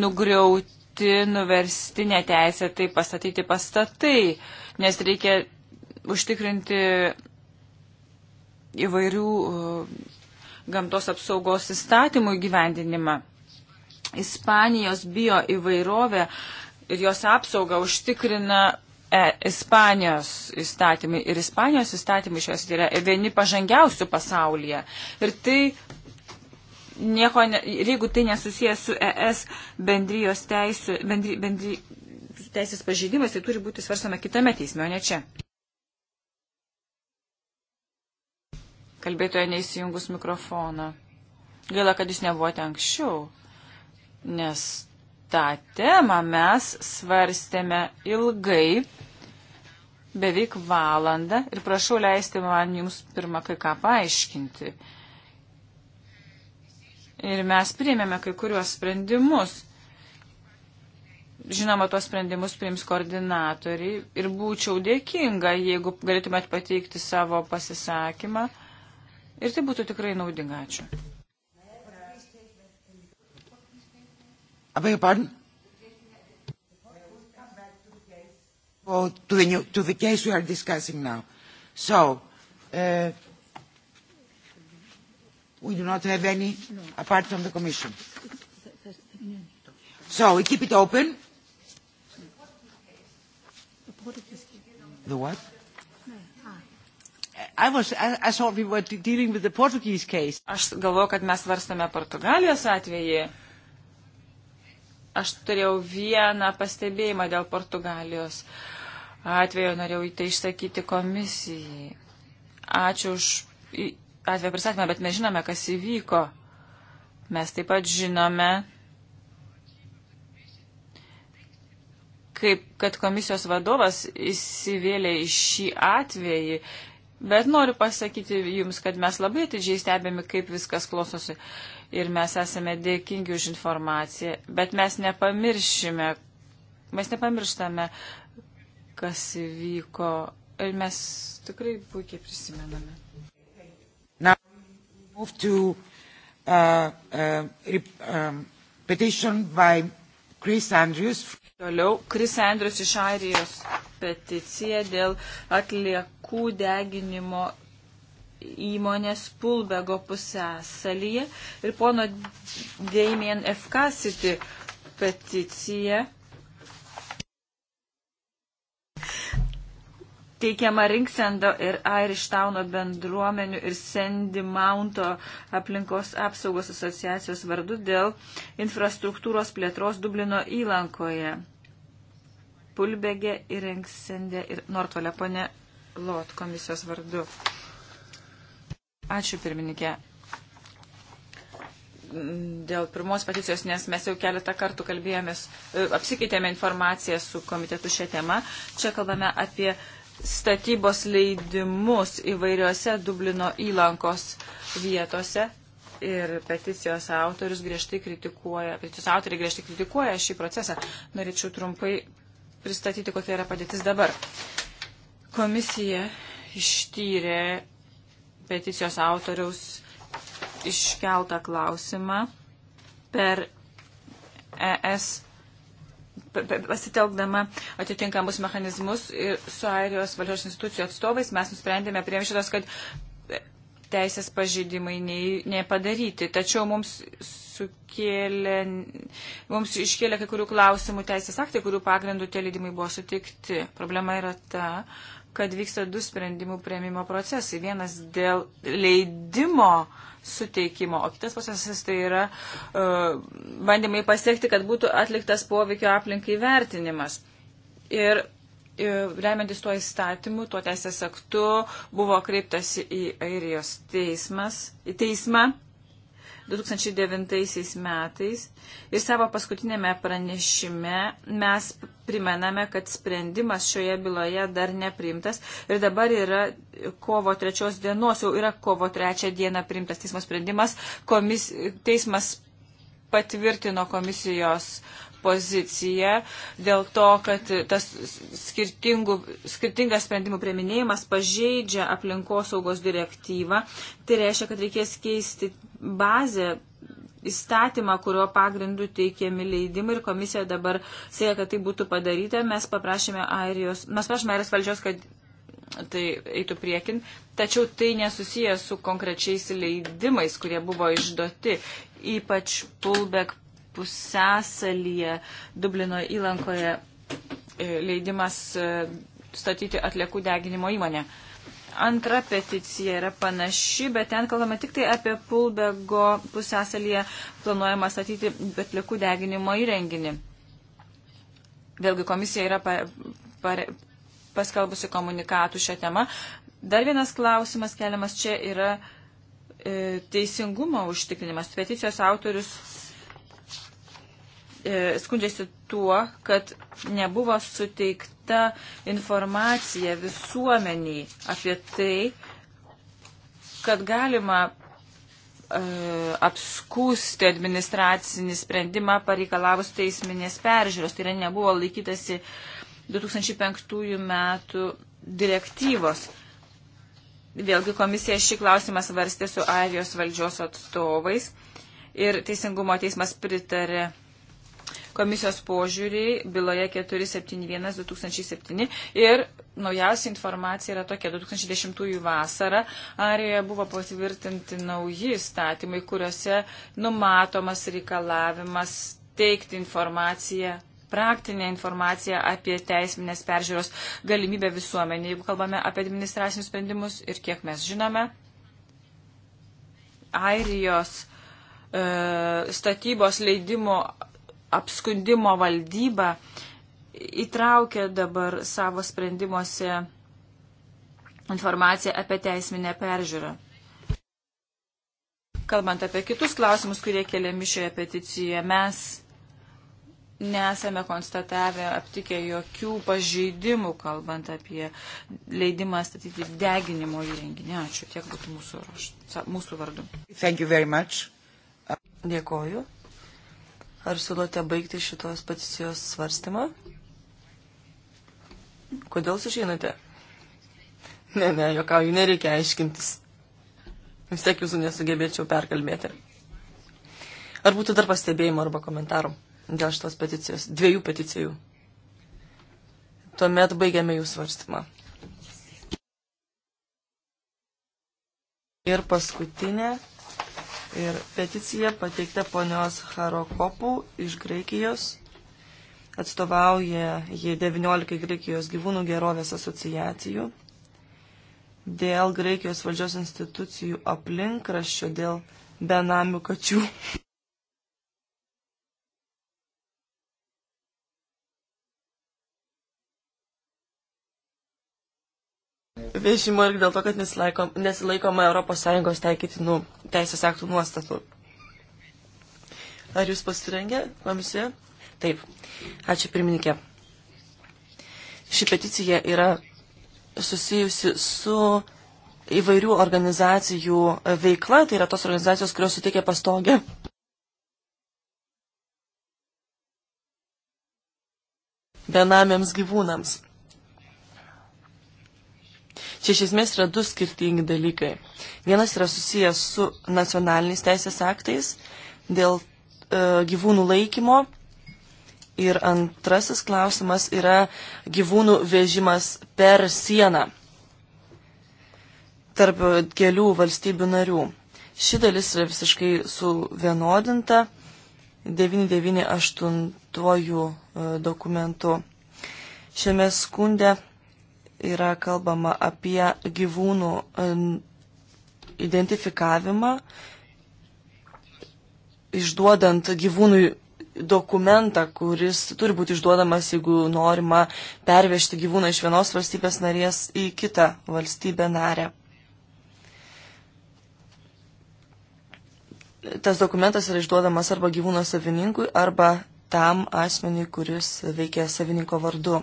nugriauti, nuversti neteisę, tai pastatyti pastatai, nes reikia užtikrinti įvairių uh, gamtos apsaugos įstatymų įgyvendinimą. Ispanijos bio įvairovė ir jos apsauga užtikrina e, Ispanijos įstatymai ir Ispanijos įstatymai šios yra vieni pažangiausių pasaulyje. Ir tai nieko, ne, ir jeigu tai nesusijęs su ES bendrijos teisų, bendry, bendry, teisės pažeidimas, tai turi būti svarstama kitame teisme, o ne čia. Kalbėtoje neįsijungus mikrofoną. Gaila, kad jūs nebuvote anksčiau, nes tą temą mes svarstėme ilgai, beveik valandą ir prašau leisti man jums pirmą kai ką paaiškinti. Ir mes priėmėme kai kuriuos sprendimus. Žinoma, tuos sprendimus priims koordinatoriai ir būčiau dėkinga, jeigu galėtumėt pateikti savo pasisakymą. Ir tai būtų tikrai naudinga. Ačiū. I beg your pardon? Well, to, the new, to the case we are discussing now. So, uh, we do not have any no. apart from the Commission. So, we keep it open. The what? I was, I, I thought we were dealing with the Portuguese case. Aš galvoju, kad mes svarstame Portugalijos atvejį. Aš turėjau vieną pastebėjimą dėl Portugalijos atvejo, norėjau tai išsakyti komisijai. Ačiū už atvejo pristatymą, bet mes žinome, kas įvyko. Mes taip pat žinome, kaip, kad komisijos vadovas įsivėlė į šį atvejį. Bet noriu pasakyti Jums, kad mes labai atidžiai stebėme, kaip viskas klostosi ir mes esame dėkingi už informaciją, bet mes nepamiršime, mes nepamirštame, kas įvyko ir mes tikrai puikiai prisimename. Now, move to uh, uh, um, petition by Chris Andrews. Toliau Chris Andrews iš Airijos peticija dėl atliekų deginimo įmonės Pulbego pusęsalyje ir pono Damien F. Cassidy peticija teikiama Rinksendo ir Airištauno bendruomenių ir Sendimaunto aplinkos apsaugos asociacijos vardu dėl infrastruktūros plėtros Dublino įlankoje. Pulbegė ir Rinksende ir Nortolė ponė Lot komisijos vardu. Ačiū pirmininkė. Dėl pirmos peticijos, nes mes jau keletą kartų kalbėjomės, e, apsikeitėme informaciją su komitetu šią temą. Čia kalbame apie statybos leidimus įvairiose Dublino įlankos vietose. Ir peticijos autorius griežtai kritikuoja, peticijos autoriai griežtai kritikuoja šį procesą. Norėčiau trumpai pristatyti, kokia yra padėtis dabar. Komisija ištyrė peticijos autoriaus iškeltą klausimą per ES pasitelkdama atitinkamus mechanizmus ir su Airijos valdžios institucijų atstovais mes nusprendėme prie šitos, kad teisės pažydimai nepadaryti. Tačiau mums sukėlė, mums iškėlė kai kurių klausimų teisės aktai, kurių pagrindų tie leidimai buvo sutikti. Problema yra ta, kad vyksta du sprendimų prieimimo procesai. Vienas dėl leidimo suteikimo, o kitas procesas tai yra uh, bandymai pasiekti, kad būtų atliktas poveikio aplinkai vertinimas. Ir e, remiantis tuo įstatymu, tuo teisės aktu, buvo kreiptasi į Airijos teismas, į teismą 2009 metais ir savo paskutinėme pranešime mes primename, kad sprendimas šioje byloje dar neprimtas ir dabar yra kovo trečios dienos, jau yra kovo trečią dieną primtas teismo sprendimas, komis, teismas patvirtino komisijos poziciją dėl to, kad tas skirtingas sprendimų prieminėjimas pažeidžia aplinkosaugos direktyvą. Tai reiškia, kad reikės keisti bazę įstatymą, kurio pagrindu teikiami leidimai ir komisija dabar siekia, kad tai būtų padaryta. Mes paprašėme Airijos, mes prašome Airijos valdžios, kad tai eitų priekin, tačiau tai nesusijęs su konkrečiais leidimais, kurie buvo išduoti, ypač pullback pusęsalyje Dublino įlankoje e, leidimas e, statyti atliekų deginimo įmonę. Antra peticija yra panaši, bet ten kalbame tik tai apie Pulbego pusęsalyje planuojama statyti atliekų deginimo įrenginį. Vėlgi komisija yra pa, pa, paskelbusi komunikatų šią temą. Dar vienas klausimas keliamas čia yra e, teisingumo užtikrinimas. Peticijos autorius E, skundžiasi tuo, kad nebuvo suteikta informacija visuomeniai apie tai, kad galima e, apskūsti administracinį sprendimą pareikalavus teisminės peržiūros. Tai yra nebuvo laikytasi 2005 metų direktyvos. Vėlgi komisija šį klausimą svarstė su Airijos valdžios atstovais ir Teisingumo teismas pritarė komisijos požiūrį byloje 471-2007 ir naujausia informacija yra tokia, 2010 vasara Arijoje buvo patvirtinti nauji įstatymai, kuriuose numatomas reikalavimas teikti informaciją praktinę informaciją apie teisminės peržiūros galimybę visuomenį, jeigu kalbame apie administracinius sprendimus ir kiek mes žinome. Airijos e, statybos leidimo apskundimo valdyba įtraukia dabar savo sprendimuose informaciją apie teisminę peržiūrą. Kalbant apie kitus klausimus, kurie keliami šioje peticijoje, mes nesame konstatavę, aptikę jokių pažeidimų, kalbant apie leidimą statyti deginimo įrenginį. Ačiū, tiek būtų mūsų, mūsų vardu. Dėkoju. Ar siūlote baigti šitos peticijos svarstymą? Kodėl sužinote? Ne, ne, jokauju, nereikia aiškintis. Vis tiek jūsų nesugebėčiau perkalbėti. Ar būtų dar pastebėjimų arba komentarų dėl šitos peticijos? Dviejų peticijų. Tuomet baigiame jų svarstymą. Ir paskutinė Ir peticija pateikta ponios Harokopų iš Graikijos. Atstovauja jie 19 Graikijos gyvūnų gerovės asociacijų. Dėl Graikijos valdžios institucijų aplinkraščio, dėl benamių kačių. vežimo ir dėl to, kad nesilaikoma, nesilaikoma ES taikytinų nu, teisės aktų nuostatų. Ar jūs pasirengę, komisija? Taip. Ačiū, pirmininkė. Ši peticija yra susijusi su įvairių organizacijų veikla, tai yra tos organizacijos, kurios suteikia pastogę benamiams gyvūnams. Čia iš esmės yra du skirtingi dalykai. Vienas yra susijęs su nacionaliniais teisės aktais dėl e, gyvūnų laikymo. Ir antrasis klausimas yra gyvūnų vežimas per sieną tarp kelių valstybių narių. Ši dalis yra visiškai suvienodinta 998 e, dokumentu. Šiame skunde yra kalbama apie gyvūnų identifikavimą, išduodant gyvūnui dokumentą, kuris turi būti išduodamas, jeigu norima pervežti gyvūną iš vienos valstybės narės į kitą valstybę narę. Tas dokumentas yra išduodamas arba gyvūno savininkui, arba tam asmeniui, kuris veikia savininko vardu.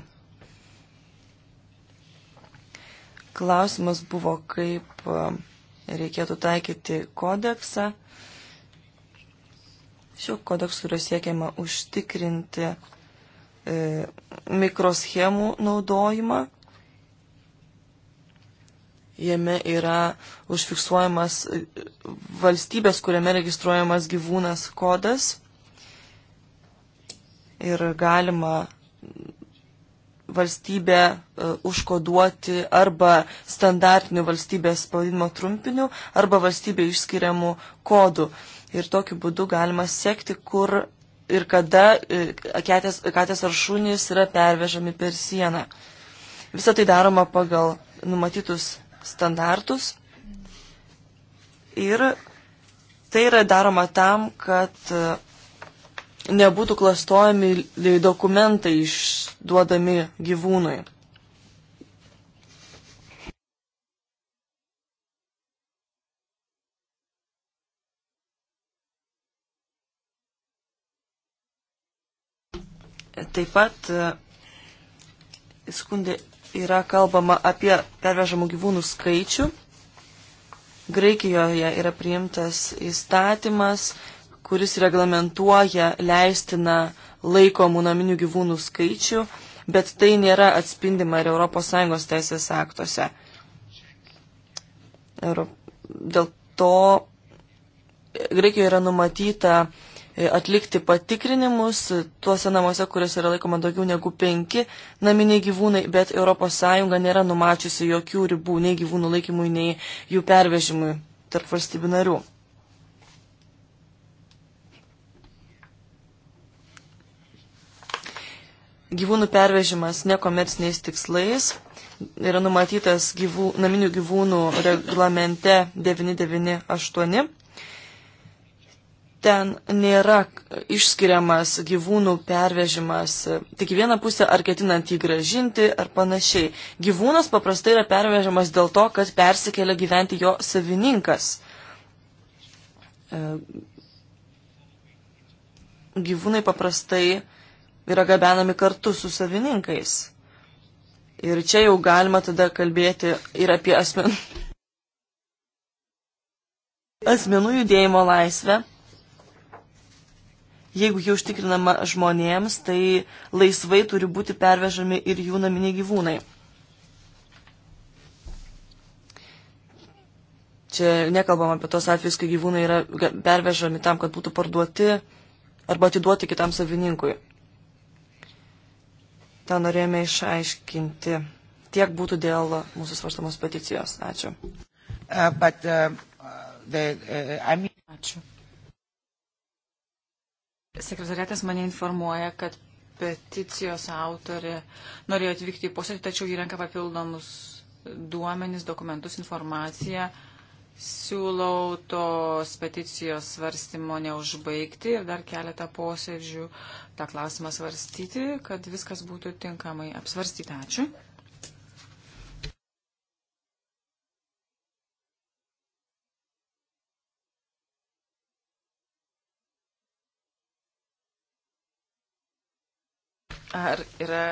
Klausimas buvo, kaip reikėtų taikyti kodeksą. Šiuo kodeksu yra siekiama užtikrinti e, mikroschemų naudojimą. Jame yra užfiksuojamas e, valstybės, kuriame registruojamas gyvūnas kodas ir galima valstybę e, užkoduoti arba standartiniu valstybės pavadinimo trumpiniu, arba valstybė išskiriamų kodų. Ir tokiu būdu galima sekti, kur ir kada e, katės, katės ar šunys yra pervežami per sieną. Visą tai daroma pagal numatytus standartus. Ir tai yra daroma tam, kad e, nebūtų klastojami dokumentai išduodami gyvūnui. Taip pat e, skundė yra kalbama apie pervežamų gyvūnų skaičių. Graikijoje yra priimtas įstatymas, kuris reglamentuoja leistiną laikomų naminių gyvūnų skaičių, bet tai nėra atspindima ir ES teisės aktuose. Ir dėl to Graikijoje yra numatyta atlikti patikrinimus tuose namuose, kuriuose yra laikoma daugiau negu penki naminiai gyvūnai, bet ES nėra numačiusi jokių ribų nei gyvūnų laikymui, nei jų pervežimui tarp valstybių narių. gyvūnų pervežimas nekomerciniais tikslais yra numatytas gyvų, naminių gyvūnų reglamente 998. Ten nėra išskiriamas gyvūnų pervežimas tik į vieną pusę, ar ketinant jį gražinti, ar panašiai. Gyvūnas paprastai yra pervežimas dėl to, kad persikelia gyventi jo savininkas gyvūnai paprastai yra gabenami kartu su savininkais. Ir čia jau galima tada kalbėti ir apie asmen... asmenų judėjimo laisvę. Jeigu jau užtikrinama žmonėms, tai laisvai turi būti pervežami ir jų naminiai gyvūnai. Čia nekalbam apie tos atvejus, kai gyvūnai yra pervežami tam, kad būtų parduoti arba atiduoti kitam savininkui tą norėjome išaiškinti. Tiek būtų dėl mūsų svarstamos peticijos. Ačiū. Uh, but, uh, uh, the, uh, I mean... Ačiū. Sekretariatas mane informuoja, kad peticijos autorė norėjo atvykti į posėdį, tačiau įrenka papildomus duomenis, dokumentus, informaciją. Uh, siūlau tos peticijos svarstymo neužbaigti ir dar keletą posėdžių tą klausimą svarstyti, kad viskas būtų tinkamai apsvarstyta. Ačiū. Ar yra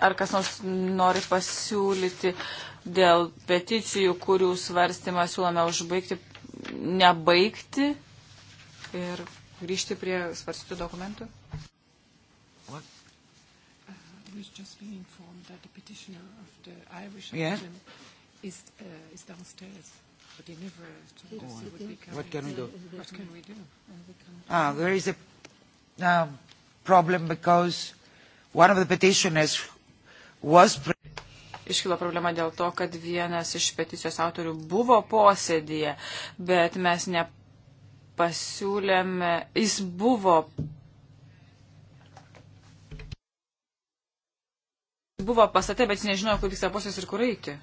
ar kas nors nori pasiūlyti dėl peticijų, kurių svarstymą siūlome užbaigti, nebaigti ir grįžti prie svarstytų dokumentų? Uh, yeah. Is, uh, is downstairs, but they never told us what, what can we do. What can we do? Ah, there is a um, problem because one of the petitioners was... Iškilo problema dėl to, kad vienas iš peticijos autorių buvo posėdėje, bet mes nepasiūlėme, jis buvo buvo pastate, bet jis nežinojo, kur vyksta posėdis ir kur eiti.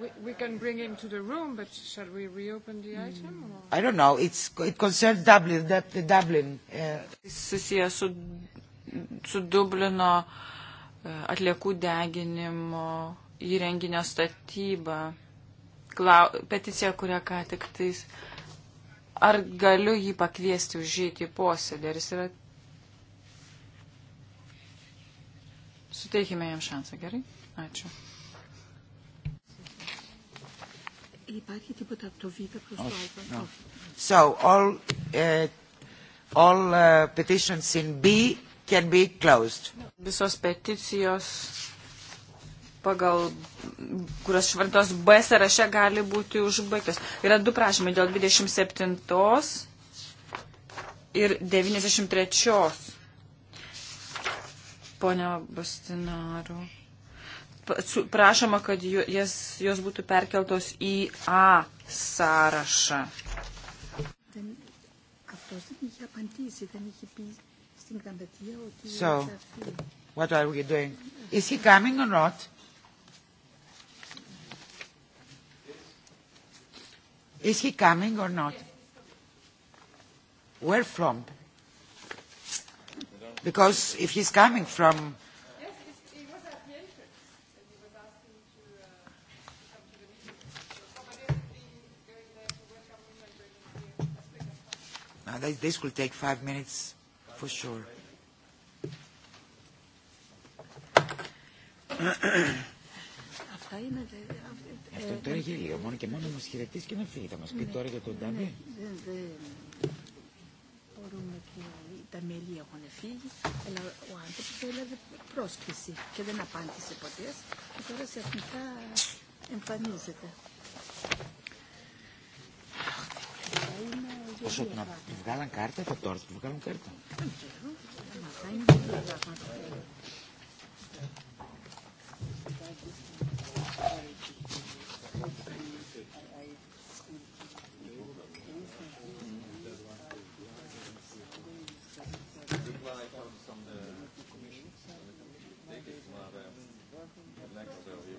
We, we can bring him to the room, but shall we reopen the hmm. item? Or? I don't know. It's, it concerns Dublin, that the Dublin. Uh... Susijęs su, su Dublino uh, atliekų deginimo įrenginio statyba. Klau, peticija, kurią ką tik tais. Ar galiu jį pakviesti užžyti į posėdį? Ar jis yra. Suteikime jam šansą, gerai? Ačiū. Υπάρχει τίποτα από το Β προς το Α. No. So all, uh, all uh, petitions in B can be closed. Visos peticijos pagal, kurios švartos B sąraše gali būti užbaigtos. Yra du prašymai dėl 27 ir 93. Pone Bastinaru prašoma, kad jas, jos būtų perkeltos į A sąrašą. So, what are we doing? Is he coming or not? Is he coming or not? Where from? Because if he's coming from Uh, they, this will take five minutes for sure. Αυτά είναι... Αυτό τώρα γέλιο. Μόνο και μόνο μας χαιρετήσει και να φύγει. Θα μας πει τώρα για τον Ταμπέ. Ναι, δεν μπορούμε και τα μέλη έχουν φύγει, αλλά ο άνθρωπος έλαβε πρόσκληση και δεν απάντησε ποτέ και τώρα σε εθνικά εμφανίζεται. Πόσο να βγάλαν κάρτα από τώρα, που βγάλαν κάρτα. Thank you.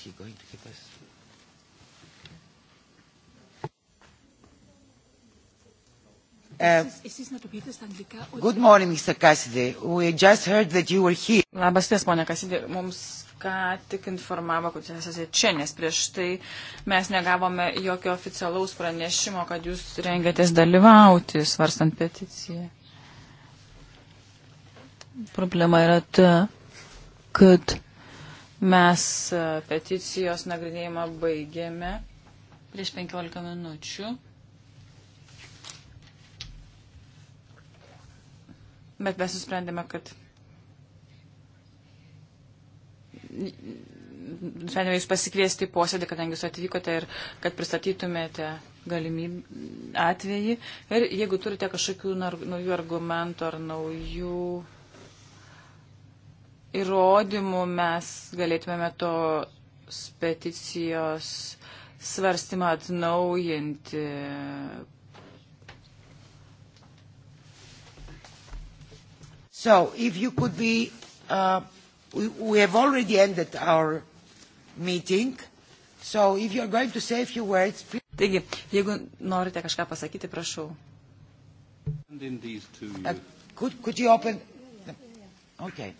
Uh, is he going to give us? Uh, good morning, Mr. Cassidy. We just heard that you were here. Labas ties, ponia Cassidy. Mums ką tik informavo, kad jūs esate čia, nes prieš tai mes negavome jokio oficialaus pranešimo, kad jūs rengiatės dalyvauti svarstant peticiją. Problema yra ta, kad Mes e, peticijos nagrinėjimą baigėme prieš 15 minučių. Bet mes nusprendėme, kad nusprendėme jūs pasikviesti į posėdį, kadangi jūs atvykote ir kad pristatytumėte galimybę atvejį. Ir jeigu turite kažkokių naujų argumentų ar naujų įrodymų mes galėtumėme tos peticijos svarstymą atnaujinti. So, if you could be, uh, we, we have already ended our meeting, so if you're going to say a few words, please. Taigi, jeigu norite kažką pasakyti, prašau. Uh, could, could you open? Okay.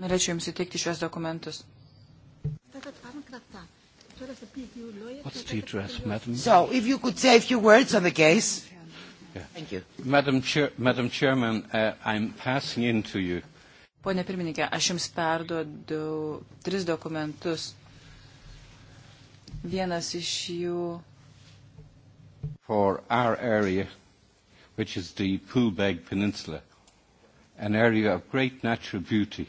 Norėčiau Jums įteikti šios dokumentus. What's the address, madam? So, if you could say a few words on the case. Yeah. Thank you. Madam, Chair, madam Chairman, uh, I'm passing in to you. Pone pirmininkė, aš Jums perduodu tris dokumentus. Vienas iš jų. For our area, which is the Poolbeg Peninsula, an area of great natural beauty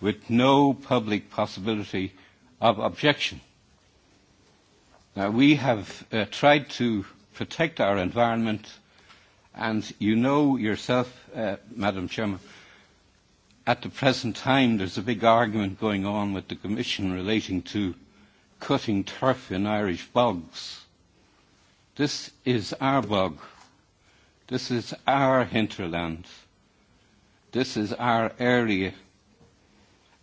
with no public possibility of objection. Now, we have uh, tried to protect our environment, and you know yourself, uh, Madam Chairman, at the present time there's a big argument going on with the Commission relating to cutting turf in Irish bogs. This is our bog. This is our hinterland. This is our area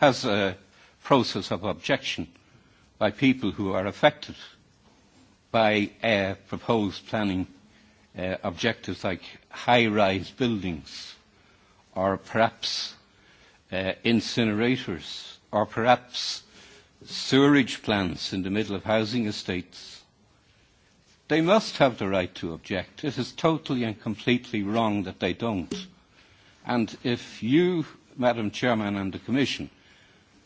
has a process of objection by people who are affected by uh, proposed planning uh, objectives like high-rise buildings or perhaps uh, incinerators or perhaps sewerage plants in the middle of housing estates. They must have the right to object. It is totally and completely wrong that they don't. And if you, Madam Chairman and the Commission,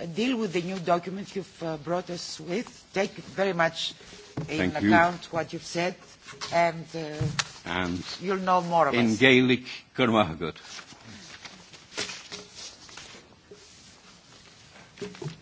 Uh, deal with the new document you've uh, brought us with. Take very much in Thank account you. what you've said, and, uh, and you'll know more of in us. In Gaelic, Kermahagot. Thank you.